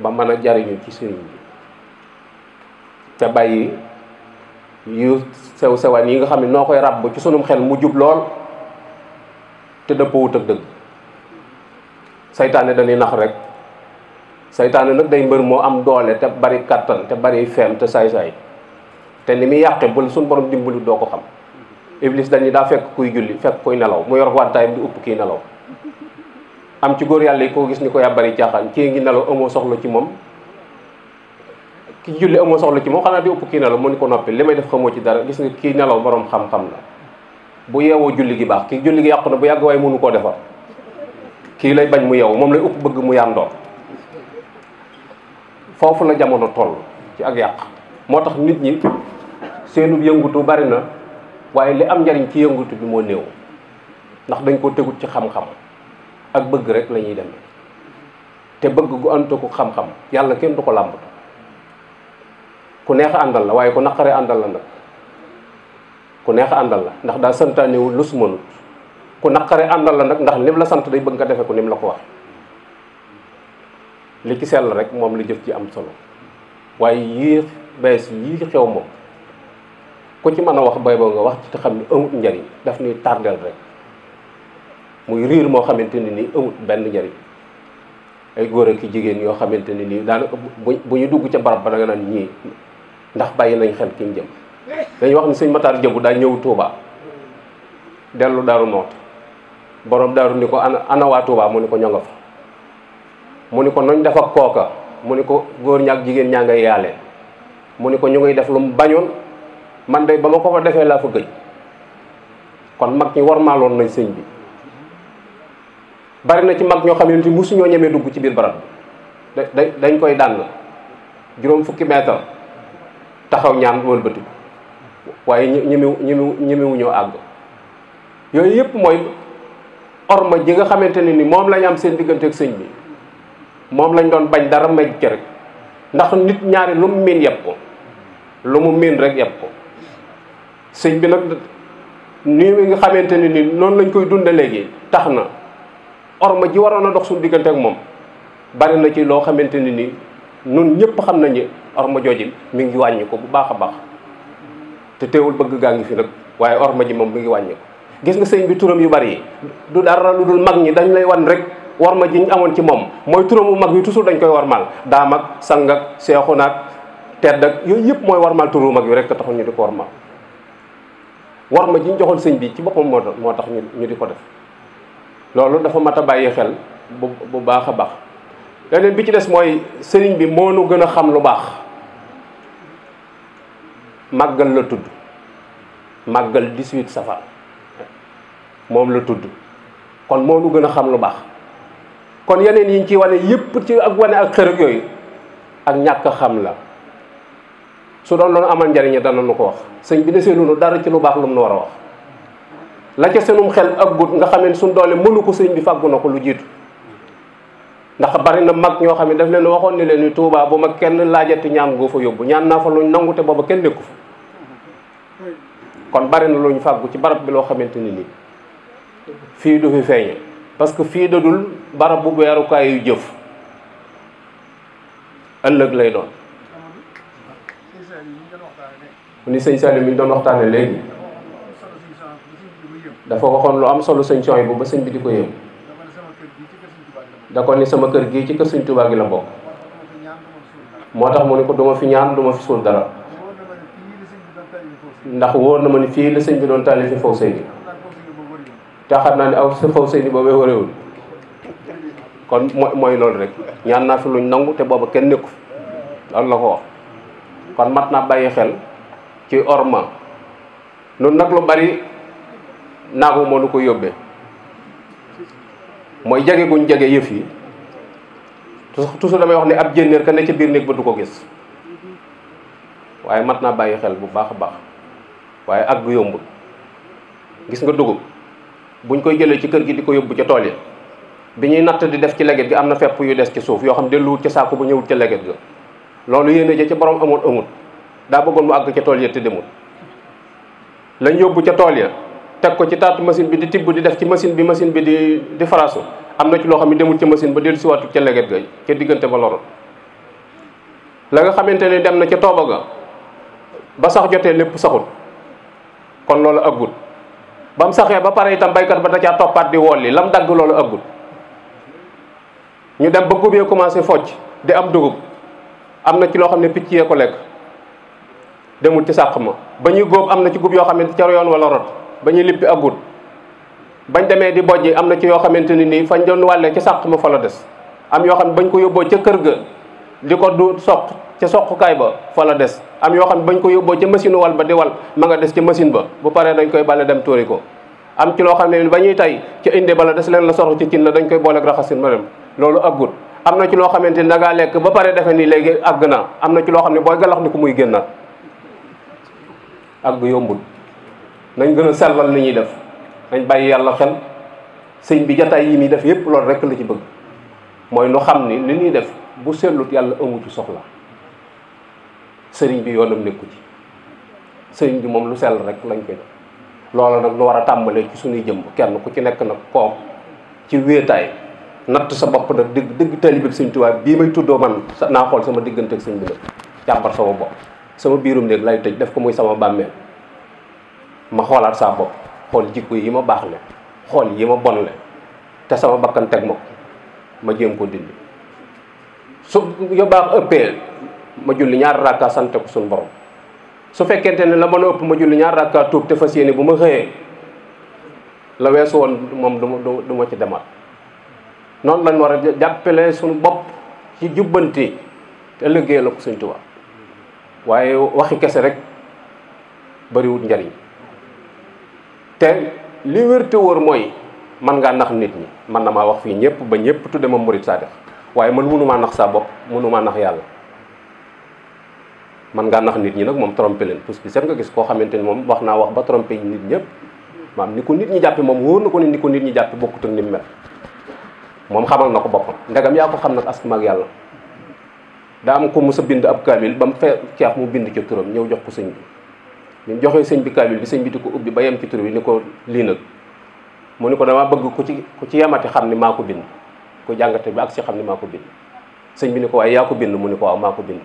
ba mën a jariñu ci sëriñ bi te bàyyi yu sew sewaan yi nga xam ne noo koy ràbb ci sunum xel mu jub lool te dëppoowut ak dëgg seytaane dañuy nax rek saytaane nag day mbër moo am doole te bari kàttan te bari feem te saay-saay te ni muy yàqe bul suñ borom dimbali doo ko xam iblis dañu daa fekk kuy julli fekk kuy nelaw mu yor wantaayam di upp kii nelaw am ci góor yàlla yi koo gis ni ko yaa bari caaxaan kii ngi nelaw amoo soxla ci moom ci julli amoo soxla ci moom xanaa di ëpp kii nelaw mu ni ko noppi li may def xamoo ci dara gis nga kii nelaw borom xam-xam la bu yeewoo julli gi baax kii julli gi yàqu na bu yàgg waaye mënu koo defar kii lay bañ mu yeewu moom lay ëpp bëgg mu yàndoo foofu la jamono toll ci ak yàq moo tax nit ñi seenu yëngutu bari na waaye li am njariñ ci yëngutu bi moo néew ndax dañ koo tegut ci xam-xam ak bëgg rek la ñuy te bëgg gu ante ko xam-xam yàlla kenn du ko làmbatu ku neex àndal la waaye ku naqare àndal la nag ku neex àndal la ndax daa santaanewul lu su mënut ku naqare àndal la nag ndax lim la sant day bëgg nga defe ko nim la ko wax li ci sell rek moom li jëf ci am solo waaye yii bees yii xew moom ku ci mën a wax bay boo nga wax ci te xam ni amut njariñ daf ñuy tardel rek muy riir moo xamante ni nii amut benn njariñ ay góor ak jigéen yoo xamante ni nii daanaka bu ñu dugg ca barab ba da nga naan ñii ndax bàyyi nañ xel ki ñu jëm dañuy wax ni sëñ Matar Jëbu daa ñëw Touba dellu Daaru Mooti borom daaru ni ko ana ana mu ni ko ño nga fa mu ni ko noñ def kooka mu ni ko góor ñaak jigéen ñaa ngay yaale mu ni ko ñu ngay def lu mu bañoon man de ba ma ko fa defee laa fa gëj kon mag ñi warmaaloon nañ sëñ bi bari na ci mag ñoo xam ne musuñoo ñemee dugg ci biir barab bi dañ koy dànn juróom fukki mètre taxaw ñaan wëlbati waaye ñemewu ñemewu ñemewu ñoo àgg yooyu yëpp mooy orma ji nga xamante ne ni moom lañ am seen diggante ak sëñ bi moom lañ doon bañ dara mej rek ndax nit ñaari lu mu miin yeb ko lu mu miin rek yeb ko sëñ bi nag nii nga xamante ne ni noonu lañ koy dunde léegi tax na orma ji waroon a dox suñu diggante ak moom bari na ci loo xamante ne ni nun ñëpp xam nañu orma jooji mi ngi wàññi ko bu baax a baax te teewul bëgg gaa ngi fi nag waaye orma ji moom mi ngi wàññi gis nga sëñ bi turam yu bari yi du dara lu dul mag ñi dañ lay wan rek warma ji ñu amoon ci moom mooy turam bu mag yi toujours dañ koy warmal daam ak sang ak seexu nag tedd ak yooyu yëpp mooy warmal turu mag yi rek a taxul ñu di ko warmal warma ji ñu joxoon sëñ bi ci boppam moo tax ñu di ko def loolu dafa mat a bàyyi xel bu baax a baax leneen bi ci des mooy sëriñ bi moo gën a xam lu baax màggal la tudd màggal disuit safar moom la tudd kon moo nu gën a xam lu baax kon yeneen yi ñu ci wane yépp ci ak wane ak xërëg yooyu ak ñàkk xam la su doon loolu amal njariñ dana nu ko wax sëñ bi desee lu nu dara ci lu baax lu mu nu war a wax la ca seenum xel ak gut nga xam ne suñ doole mënu ko sëñ bi fàggu na ko lu jiitu ndax bari na mag ñoo xam ne daf leen waxoon ne leen ni Touba bu ma kenn laajati ñaan goo fa yóbbu ñaan naa fa luñ nangu te booba kenn nekku fa kon bari na lu ñu fàggu ci barab bi loo xamante ni nii fii du fi feeñe parce que fii dadul barab bu weerukaay yu jëf ëllëg lay doon ni sëñ Salim bi doon waxtaane léegi dafa waxoon lu am solo sëñ sooy bu ba sëñ bi di ko yëm da ko ni sama kër gii ci kër Sëñ Tuubaa gi la bokk moo tax mu ne ko duma fi ñaan duma fi suul dara ndax woo na ma ni fii la sëñ bi doon taalif fi faw sëy ni te naa ne aw sa faw sëy ni boobee wareewul kon mooy loolu rek ñaan naa fi luñ nangu te booba kenn nekku loolu la ko wax kon mat naa bàyyi xel ci orma nun nag lu bari naagu lu nu ko yóbbee mooy jage guñ jage yëf yi toujours damay wax ne ab jénnéer ka ne ca biir néeg ba du ko gis waaye mat naa bàyyi xel bu baax a baax waaye àgg yombul gis nga dugub buñ koy jëlee ci kër gi di ko yóbbu ca tool yi bi ñuy natt di def ci leget gi am na fepp yu des ci suuf yoo xam delluwut ca saako ba ñëwut ca leget ga loolu yéene ja ca borom amoon amul daa bëggoon mu àgg ca tool ya te demul lañ yóbbu ca tool ya teg ko ci taatu machine bi di tibb di def ci bi machine bi di di faraasu na ci loo xam ne demul ca machine ba dellu si waatu ca leget ga ca diggante ba loroon la nga xamante ne dem na ca tooba ga ba sax jotee lépp saxul kon loolu ëggul ba mu saxee ba pare itam baykat ba da caa toppaat di wolli lam dagg loolu ëggul ñu dem ba gub yee commencé focc di am dugub am na ci loo xam ne picc yee ko lekk demul ci sàq ma ba ñuy góob am na ci gub yoo xamante ne ca yoon wala rot ba ñu lippi agul bañ demee di bojj am na ci yoo xamante ni nii fañ doon wàllee ca sàq ma fa la des am yoo xam ne bañ ko yóbboo ca kër ga di ko du soq ca soqukaay ba fa la des am yoo xam ne bañ ko yóbboo ca machine wal ba di wal ma nga des ca machine ba bu paree dañ koy bale dem tuuri ko am ci loo xam ne ba ñuy tey ca indi ba la des leen la soxla ci cin na dañ koy booleeg raxasin ma dem loolu aggut am na ci loo xamante ni da lekk ba pare defe nii léegi àgg na am na ci loo xam ne booy galax ni ko muy génnaat àgg yombul nañ gën a sellal li ñuy def nañ bàyyi yàlla xel sëñ bi jataay yi muy def yépp loolu rek la ci bëgg mooy nu xam ni li ñuy def bu sellut yàlla amu ci soxla sëriñ bi yoonam nekku ci sëriñ bi moom lu sell rek lañ koy def loolu nag lu war a tàmbalee ci suñuy jëmb kenn ku ci nekk nag koom ci wéetaay natt sa bopp nag dëgg dëgg taalibe sëñ Tuubaa bii may tuddoo man naa xool sama diggante sëñ bi nag jàmbar sama bopp sama biirum néeg lay tëj def ko muy sama bàmmeel ma xoolaat saa bopp xool jikko yi ma baax le xool yi ma bon le te sama bakkan teg ma ko ma jéem ko dindi su yo baax ëppee ma julli ñaar rakka sant ko suñu borom su fekkente ne la mën a ëpp ma julli ñaar rakka tuub te fas yéene bu ma xëyee la weesu woon moom du ma du ci demaat noonu lañ war a jàppale suñu bopp ci jubbanti te liggéey la ko Sëñ Tuubaa waaye waxi kese rek bariwut njariñ te li wér te wóor mooy man ngaa nax nit ñi man na maa wax fii ñëpp ba ñëpp tudde ma murit saadix waaye man maa nax saa bopp maa nax yàlla man ngaa nax nit ñi nag moom trompé leen parce que seet nga gis koo xamante ni moom wax naa wax ba trompé nit ñëpp maam ni ko nit ñi jàppe moom wóor na ko ne ni ko nit ñi jàppe bokkut ak ni mel moom xamal na ko boppam ndegam yaa ko xam nag asmaak yàlla daa am ko mos a bind ab kaamil ba mu fee ceex mu bind ca turam ñëw jox ko sëñ bi bi mu joxee bi kaamil bi sëñ di ko ubbi ba yem bi ni ko lii nag mu ni ko damaa bëgg ku ci ku ci yemati xam ni maa ko bind ku jàngate bi ak si xam ni maa ko sëñ bi ni ko waaye yaa ko bind mu ni ko maa ko bind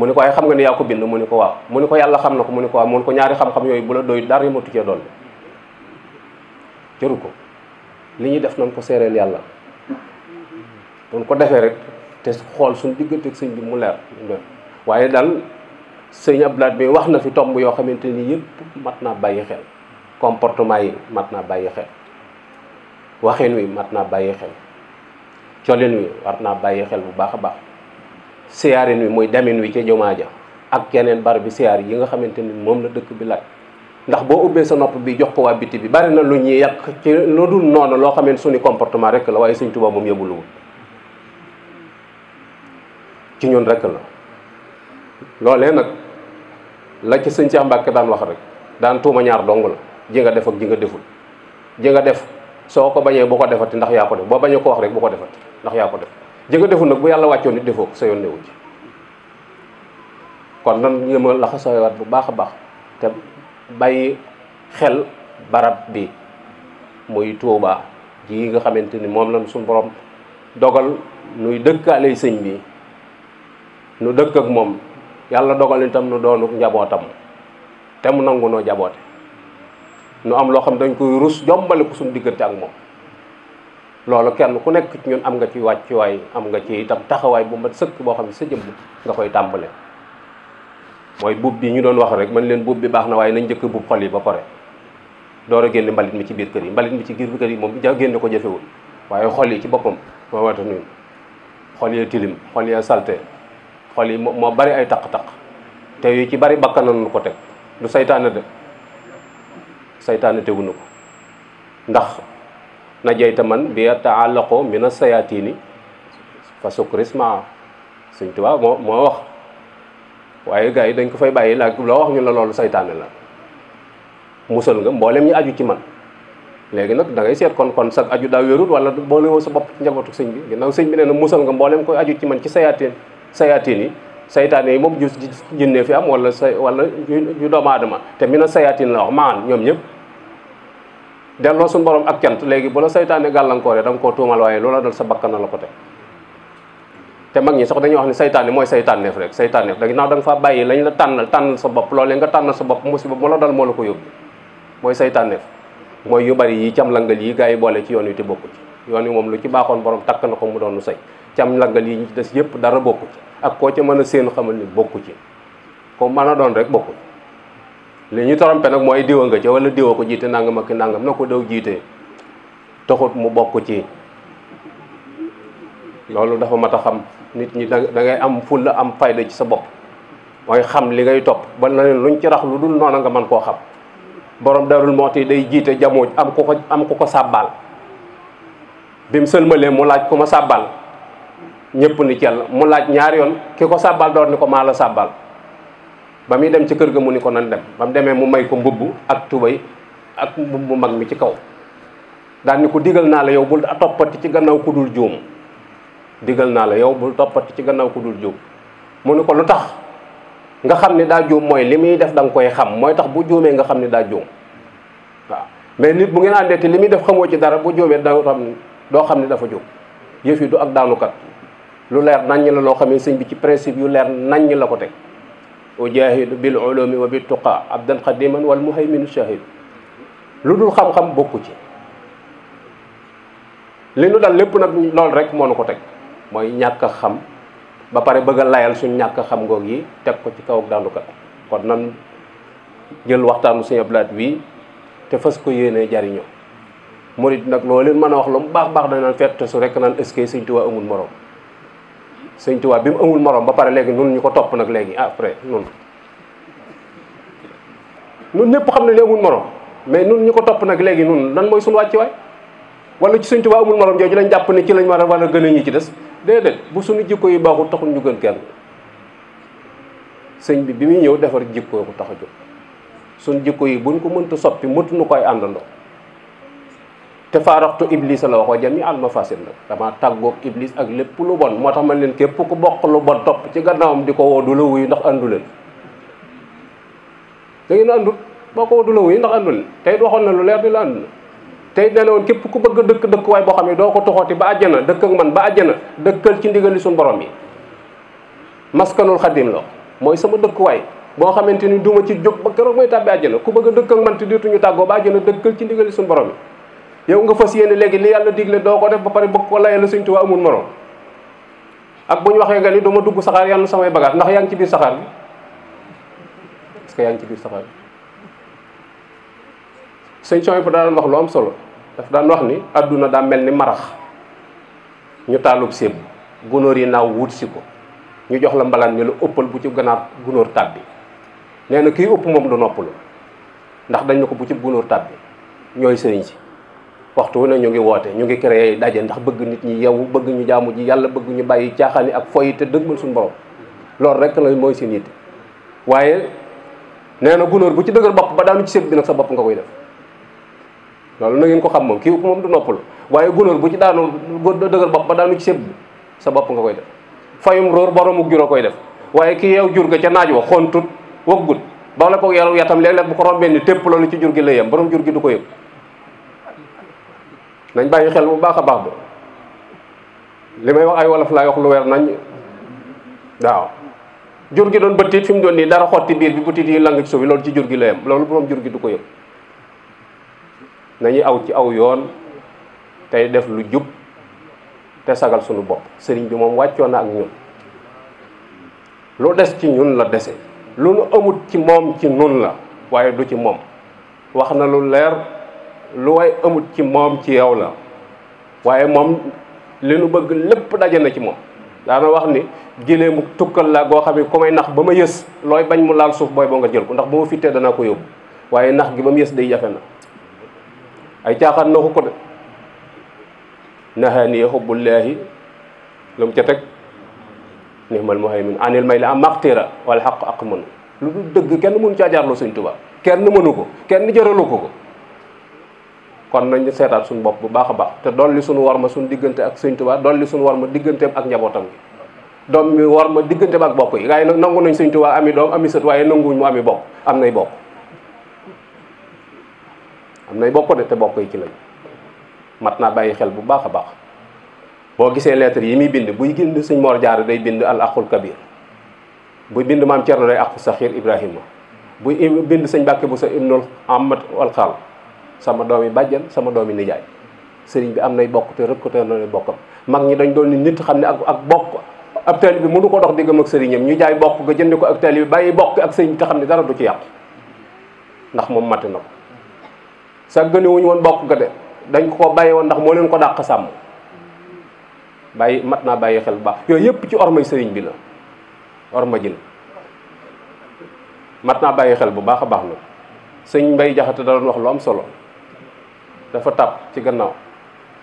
mu ni ko waaye xam nga ni yaa ko bind mu ni ko waaw mu ni ko yàlla xam na ko mu ni ko waaw mu ni ko ñaari xam-xam yooyu bu la doy dara ma tuccee doon jëru ko li ñuy def nañ ko séeréel yàlla doon ko defee rek te xool suñ digganteeg sëñ bi mu leer waaye daal sëñ Abdoulaye bi wax na fi tomb yoo xamante ni yëpp mat naa bàyyi xel comportement yi mat naa bàyyi xel waxin wi mat naa bàyyi xel colin wi war naa bàyyi xel bu baax a baax siyaarin wi muy demin wi ca jumaa ja ak keneen bar bi siyaar yi nga xamante ni moom la dëkk bi laaj ndax boo ubbee sa nopp bi jox ko waa biti bi bari na lu ñuy yàq ci lu dul noonu loo xamante suñu comportement rek la waaye Sëñ Tuubaa moom yëbuluwul ci ñun rek la loolee nag la ci sëñ Cheikh Mbacke daan wax rek daan tuuma ñaar dong la ji nga def ak ji nga deful ji nga def soo ko bañee bu ko defati ndax yaa ko def boo bañee ko wax rek bu ko defati ndax yaa def ji nga deful nag bu yàlla wàccoon nit defoo ko sa yoon newu ji kon nan yëma laxa sooywaat bu baax a baax xel barab bi muy Tuubaa ji nga xamante ni moom lañ suñu borom dogal nuy dëkkaale sëñ bi nu dëkk ak moom yàlla dogal itam nu doonu njabootam te mu nangu noo jaboote nu am loo xam dañ koy rus jombale ko suñu diggante ak moom loolu kenn ku nekk ci ñun am nga ci wàccuwaay am nga ci itam taxawaay bu mat sëkk boo xam ne sa jëmm nga koy tàmbale mooy bub bi ñu doon wax rek man leen buub bi baax na waaye nañ njëkk buub xol yi ba pare door a génne mbalit mi ci biir kër yi mbalit mi ci biir kër yi moom ja génne ko jafewul waaye xol yi ci boppam moo wata nuyu xol yee salte xol yi moo bari ay taq-taq te yu ci bari bakkananu ko teg lu seytaane de saytaane tegunu ko ndax na jeyta man bi taallaqo min a sayatini fa sëñ suñ waa moo moo wax waaye gars yi dañ ko fay bàyyi laaj loo wax ñu la loolu seytaane la musal nga mboolem ñi aju ci man léegi nag da ngay seet kon kon sag aju daa wérut wala boolewoo sa bopp njabootu sëñ bi ginnaaw sëñ bi nee na musal nga mboolem koy aju ci man ci sayaateen sayatin yi saytaane yi moom ju jinne fi am wala say wala yu doomu aadama te mi na sayatin la wax maan ñoom ñëpp delloo suñu borom ak cant léegi bu la saytaane gàllankoore da nga koo tuumal waaye loola dal sa bakkan na la ko teg te mag ñi sax dañuy wax ne saytaane mooy saytaaneef rek saytaaneef da ndax da nga fa bàyyi lañ la tànnal tànnal sa bopp loolee nga sa bopp musiba mu la dal moo la ko yóbbu mooy saytaaneef mooy yu bari yi nga yi gaa yi boole ci yoon wi te bokku ci yoon wi moom lu ci baaxoon borom takk na ko mu doon doonu say cam langal yi ñu des yëpp dara bokk ci ak koo ca mën a séen xamal ni bokku ci comme mën a doon rek bokk ci li ñu trompé nag mooy diwa nga ca wala diwa ko jiite nangam ak nangam na ko daw jiite toxut mu bokk ci loolu dafa mat a xam nit ñi da ngay am fulla am fayda ci sa bopp mooy xam li ngay topp ba na leen luñ ci rax lu dul noona nga man koo xam borom darul mooti day jiite jamooj am ku am ku ko sàbbaal bi mu sëlmalee mu laaj ku ma sàbbaal ñëpp ni cell mu laaj ñaari yoon ki ko sàbbal door ni ko maala la ba muy dem ci kër gi mu ni ko nan dem ba mu demee mu may ko mbubb ak tubéy ak mbubb mu mag mi ci kaw daal ni ko digal naa la yow bul toppati ci gannaaw ku dul juum diggal naa la yow bu toppati ci gannaaw ku dul juum mu ni ko lu tax nga xam ni daa juum mooy li muy def da koy xam mooy tax bu juumee nga xam ni daa juum waaw mais nit bu ngeen àndee te li muy def xamoo ci dara bu juumee da xam doo xam ni dafa juum yëf ak daanukat lu leer naññ la loo xam ne sëñ bi ci principe yu leer naññ la ko teg ujahidu bil ulumi wa bi tuqa abdan xadiman wal muhayminu shahid lu dul xam-xam bokku ci li nu dal lépp nag loolu rek moo nu ko teg mooy ñàkk a xam ba pare bëgg a layal suñ ñàkk a xam ngoog yi teg ko ci kaw daanukat kon nan jël waxtaanu Sëñ Abdu Lahat wi te fas ko yéenee jariñoo murit nag loo leen mën a wax lu mu baax baax dañ naan fett su rek naan est-ce que Sëñ Tuubaa amul morom sëñ Tuubaa bi mu amul moroom ba pare léegi nun ñu ko topp nag léegi ah après nun nun ñëpp xam ne ni amul morom mais nun ñu ko topp nag léegi nun lan mooy suñu wàccuwaay wala ci sëñ Tuubaa amul morom jooju lañ jàpp ne ci lañ war a war a gën a ñi ci des déedéet bu suñu jikko yi baaxul taxul ñu gën kenn sëñ bi bi muy ñëw defar jikko ko tax a jóg suñu jikko yi buñ ko mënta soppi mëntu nu koy àndandoo te faaraxtu iblis la waxoo jami al mafasid nag dama tàggoog iblis ak lépp lu bon moo tax man leen képp ku bokk lu bon topp ci gannaawam di ko woo du la wuyu ndax àndu boo ko woo du la ndax àndu tey waxoon na lu leer di la àndu na tey nee woon képp ku bëgg dëkk dëkkuwaay boo xam ne doo ko toxooti ba àjjana dëkk ak man ba àjjana dëkkal ci ndigali suñu borom yi maskanul xadim loo mooy sama dëkkuwaay boo xamante ni duma ci jóg ba keroog mooy tàbbi àjjana ku bëgg a dëkk ak man te dootuñu tàggoo ba àjjana dëkkal ci ndigali suñu borom yi yow nga fas yéene léegi li yàlla digle doo ko def ba pare bëgg ko layal Sëñ Tuubaa amul morom ak bu ñu waxee nga ni duma dugg saxaar yàlla samay bagaas ndax yaa ngi ci biir saxaar bi est-ce que yaa ngi ci biir saxaar bi sëñ Sonia ba daan wax lu am solo daf daan wax ni àdduna daa mel ni marax ñu taalub séb gunóor yi naaw wut si ko ñu jox la mbalaan ni la ëppal bu ci ganaar gunóor tàbbi nee na kii ëpp moom du noppalu ndax dañ ko bu ci gunóor tàbbi ñooy sëriñ si waxtu wu ne ñu ngi woote ñu ngi créé daje ndax bëgg nit ñi yow bëgg ñu jaamu ji yàlla bëgg ñu bàyyi caaxaan yi ak foyi te dëgmal suñu borom loolu rek la mooy seen yitte waaye nee na gunóor bu ci dëgër bopp ba daanu ci sëb bi nag sa bopp nga koy def loolu na ngeen ko xam moom kii moom du noppal waaye gunóor bu ci daanu dëgër bopp ba daanu ci sëb sa bopp nga koy def fayum róor boroomu jur a koy def waaye kii yow jur ga ca naaj wa xontut waggut ba la ko yaram yatam léeg-léeg bu ko rombee ni tépp loolu ci jur gi la yam borom jur gi du ko yëg nañ bàyyi xel bu baax a baax de li may wax ay wolof laay wax lu weer nañ waaw jur gi doon bëtit fi mu doon nii dara xotti biir bi bëtit yi lang ci suuf loolu ci jur gi la yem loolu borom jur gi du ko yëg nañuy aw ci aw yoon tey def lu jub te sagal sunu bopp sëriñ bi moom wàccoon ak ñun lu des ci ñun la dese lu nu amut ci moom ci nun la waaye du ci moom wax na lu leer lu way amut ci moom ci yow la waaye moom li nu bëgg lépp daje na ci moom daana wax ni mu tukkal laa goo xam ne ku nax ba ma yës looy bañ mu laal suuf booy boo nga jël ko ndax ba ma fittee danaa ko yóbbu waaye nax gi ba mu yës day jafe na ay caaxaan naxu ko de nahaaniya xubbullaahi la mu ca teg ma nihmal muhaymin anil may la am maxtira wala xaq ak lu dul dëgg kenn mënu caajaarloo suñ tubaab kenn mënu ko kenn jëralu ko ko kon nañu seetaat suñu bopp bu baax a baax te dolli suñu war ma suñu diggante ak sëñ Tuubaa dolli suñu war ma digganteem ak njabootam gi doom mi war ma digganteem ak bokk yi waaye nag nangu nañ sëñ Tuubaa ami doom ami sët waaye nanguwuñ mu ami bokk am nay bokk am nay bokk de te bokk yi ci lañ mat naa bàyyi xel bu baax a baax boo gisee lettre yi muy bind buy bind suñ Mor jaar day bind al aqul kabir bu bind maam Cerno day aqul saxiir Ibrahima buy bind sëñ Bàkke bu sa ibnul amat alxaal sama yi bàjjan sama doom yi nijaay sëriñ bi am nay bokk te rëkk te loolee bokkam mag ñi dañ doon ni nit xam ne ak ak bokk ab taalibe bi mënu ko dox diggam ak sëriñam ñu jaay bokk nga jënd ko ak taalibe bi bàyyi bokk ak sëriñ bi te xam ne dara du ci yàq ndax moom matt na ko sa gënewuñu woon bokk ga de dañ ko bàyyi woon ndax moo leen ko dàq sàmm bàyyi mat naa bàyyi xel bu baax yooyu yëpp ci ormay sëriñ bi la orma ji la mat naa bàyyi xel bu baax a baax la sëñ Mbay Jaxate da doon wax lu am solo dafa tàpp ci gannaaw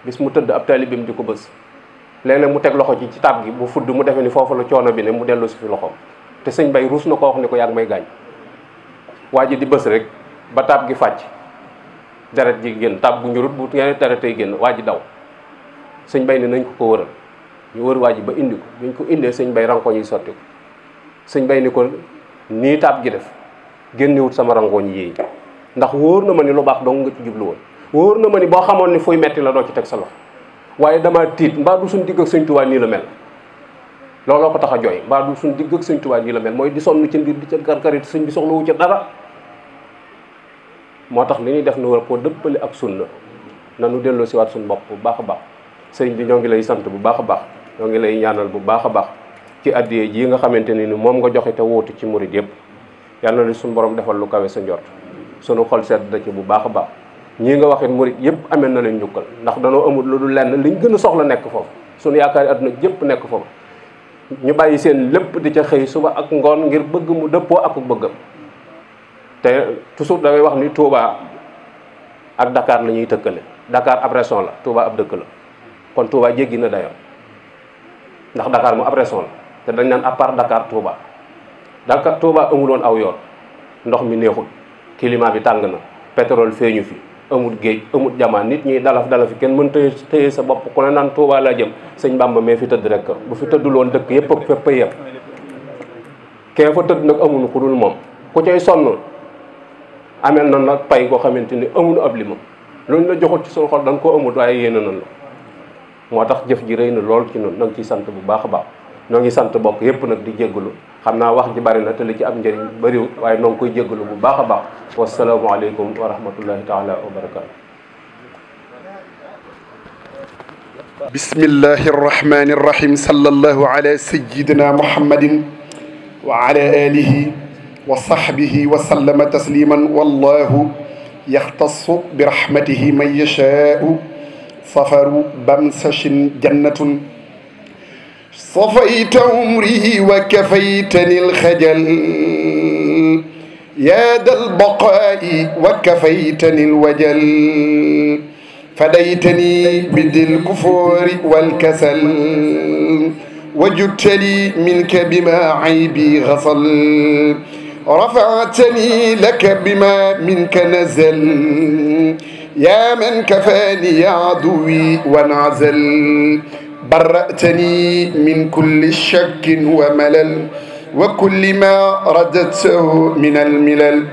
bis mu tëdd ab taalibeem di ko bës léeg-léeg mu teg loxo ci ci tàpp gi bu fudd mu defe ni foofu la coono bi ne mu dellu si fi loxoom te sëñ bay ruus na ko wax ni ko yaa ngi may gaañ waa ji di bës rek ba tàpp gi fàcc deret ji génn tàpp bu njurut bu ngeen deret tey génn waa ji daw sëñ bay ne nañ ko ko wëral ñu wër waa ji ba indi ko buñ ko indee sëñ bay rankoñ yi sotti ko sëñ bay ni ko nii tàpp gi def génnewut sama rangooñ yii ndax wóor na ma ni lu baax dong nga ci jublu woon wóor na ma ni boo xamoon ni fuy metti la doo ci teg sa loxo waaye dama tiit mbaa du suñ digg ak sëñ Tuubaa nii la mel looloo ko tax a jooy mbaa du suñ digg ak sëñ Tuubaa nii la mel mooy di sonn ci mbir di ca karkarit sëñ bi soxlawu ci dara moo tax li ñuy def nu war koo dëppale ak suñ sunna nanu delloo si waat suñ bopp bu baax a baax sëñ bi ñoo ngi lay sant bu baax a baax ñoo ngi lay ñaanal bu baax a baax ci addiyee ji nga xamante ni ni moom nga joxe te wóotu ci murid yëpp yàlla na suñu borom defal lu kawe sa njort sunu xol sedd da bu baax a baax ñii nga waxit murit yëpp amee na leen njukkal ndax danoo amul lu dul lenn liñ gën a soxla nekk foofu suñu yaakaari adduna jëpp nekk foofu ñu bàyyi seen lépp di ca xëy suba ak ngoon ngir bëgg mu dëppoo ak bëggam te toujours damay wax ni Touba ak dakaar la ñuy tëkkale dakaar ab la Touba ab dëkk la kon Touba jéggi na dayoo ndax Dakar mu ab la te dañ naan à part Dakar Touba Dakar Touba amuloon aw yoon ndox mi neexul climat bi tàng na pétrole feeñu fi amul géej amul jamaan nit ñi dalaf dalafi kenn mën tëye tëye sa bopp ku ne naan Tuubaa laa jëm sëñ Bàmba mais fi tëdd rek bu fi tëdduloon dëkk yëpp ak fépp yem kee fa tëdd nag amuñu ku dul moom ku cay sonn amel na nag pay koo xamante ni amuñu ab limam luñ la joxul ci suñu xol dañ ko amut waaye yéene nañ la moo tax jëf ji rey na lool ci noonu na ci ciy sant bu baax a baax ñoo ngi sant bokk yëpp nag di jéggalu xam naa wax ji bari na te li ci am njëriñ bariwul waaye noo ngi koy jéggalu bu baax a baax wasalaamualeykum wa rahmatullahi taala wa barakaatu bismillahi arrahmani irrahim sallallahu ala sayidina muhammadin wa ala alihi wa sahbihi wa sallama tasliman wallahu yaxtasu bi rahmatihi man yashaau safaru bamsashin jannatun صفيت عمري وكفيتني الخجل يا ذا البقاء وكفيتني الوجل فديتني بذي الكفور والكسل وجدتني منك بما عيبي غصل رفعتني لك بما منك نزل يا من كفاني يا عدوي وانعزل برأتني من كل شك وملل وكل ما رددته من الملل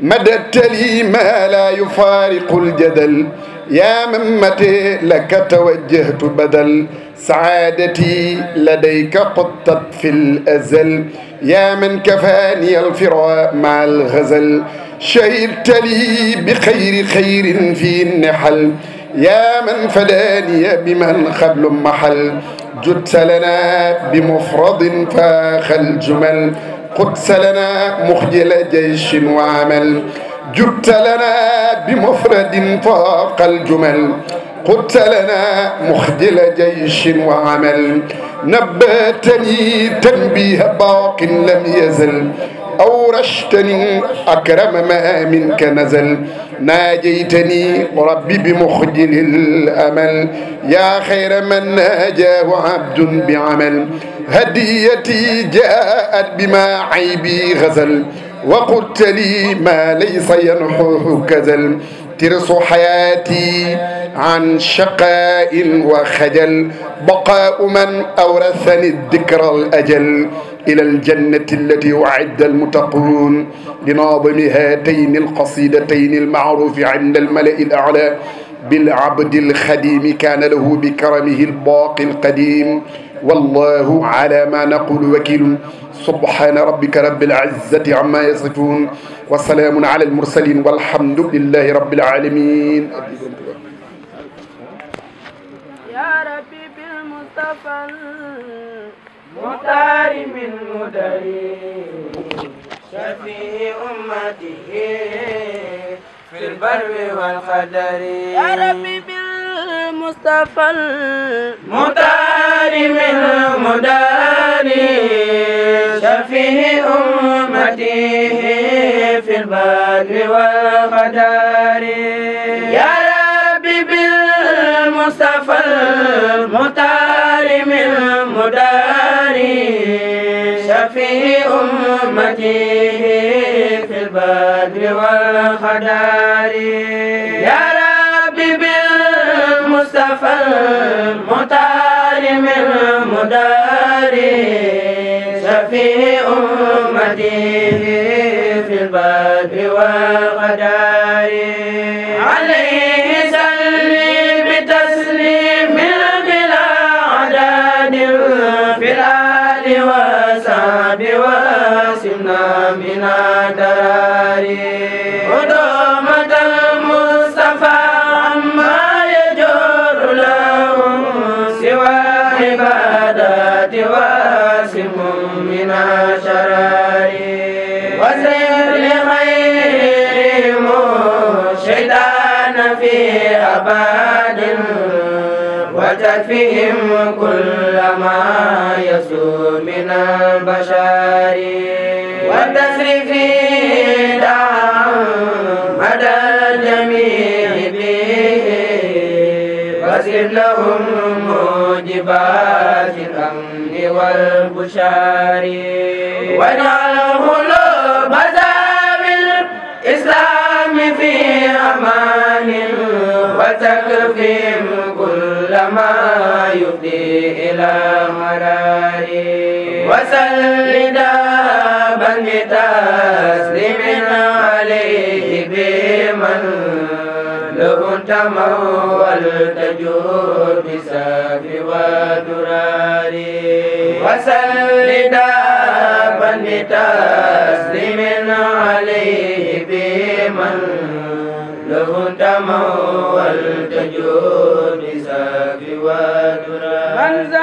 مددت لي ما لا يفارق الجدل يا من متى لك توجهت بدل سعادتي لديك قطت في الأزل يا من كفاني الفراء مع الغزل شهدت لي بخير خير في النحل يا من فداني بمن خبل محل جدت لنا بمفرد فاخ الجمل قدس لنا مخجل جيش وعمل جبت لنا بمفرد فاق الجمل قلت لنا مخجل جيش وعمل نبتني تنبيه باق لم يزل أورشتني أكرم ما منك نزل ناجيتني ربي بمخجل الأمل يا خير من ناجاه عبد بعمل هديتي جاءت بما عيبي غزل وقلت لي ما ليس ينحوه كزل ترس حياتي عن شقاء وخجل بقاء من أورثني الذكر الأجل إلى الجنة التي وعد المتقون بناظم هاتين القصيدتين المعروف عند الملأ الأعلى بالعبد الخديم كان له بكرمه الباقي القديم والله على ما نقول وكيل سبحان ربك رب العزة عما يصفون وسلام على المرسلين والحمد لله رب العالمين يا ربي بالمصطفى مختار من مدري شفيع أمته في البر والقدر يا ربي بالمصطفى المختار من مدري شفيع أمته في البر والقدر يا ربي بالمصطفى المختار في أمتي في البدر والخدار يا ربي بالمصطفى المطار من مداري شفيع أمتي في البدر والخدار أتت فيهم كل ما يسوء من البشر والتسري في دعم مدى الجميع به وسر لهم موجبات الأمن والبشار واجعله لبدا بالإسلام في أمان وتكفيهم كل ما يفضي إلى مرار وسل دابا بتسليم عليه بمن لو تمولت جود بساف ودرار وسل دابا بتسليم عليه بمن له تمولت جود والدراب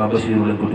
Moustapha Bassirou lañ ko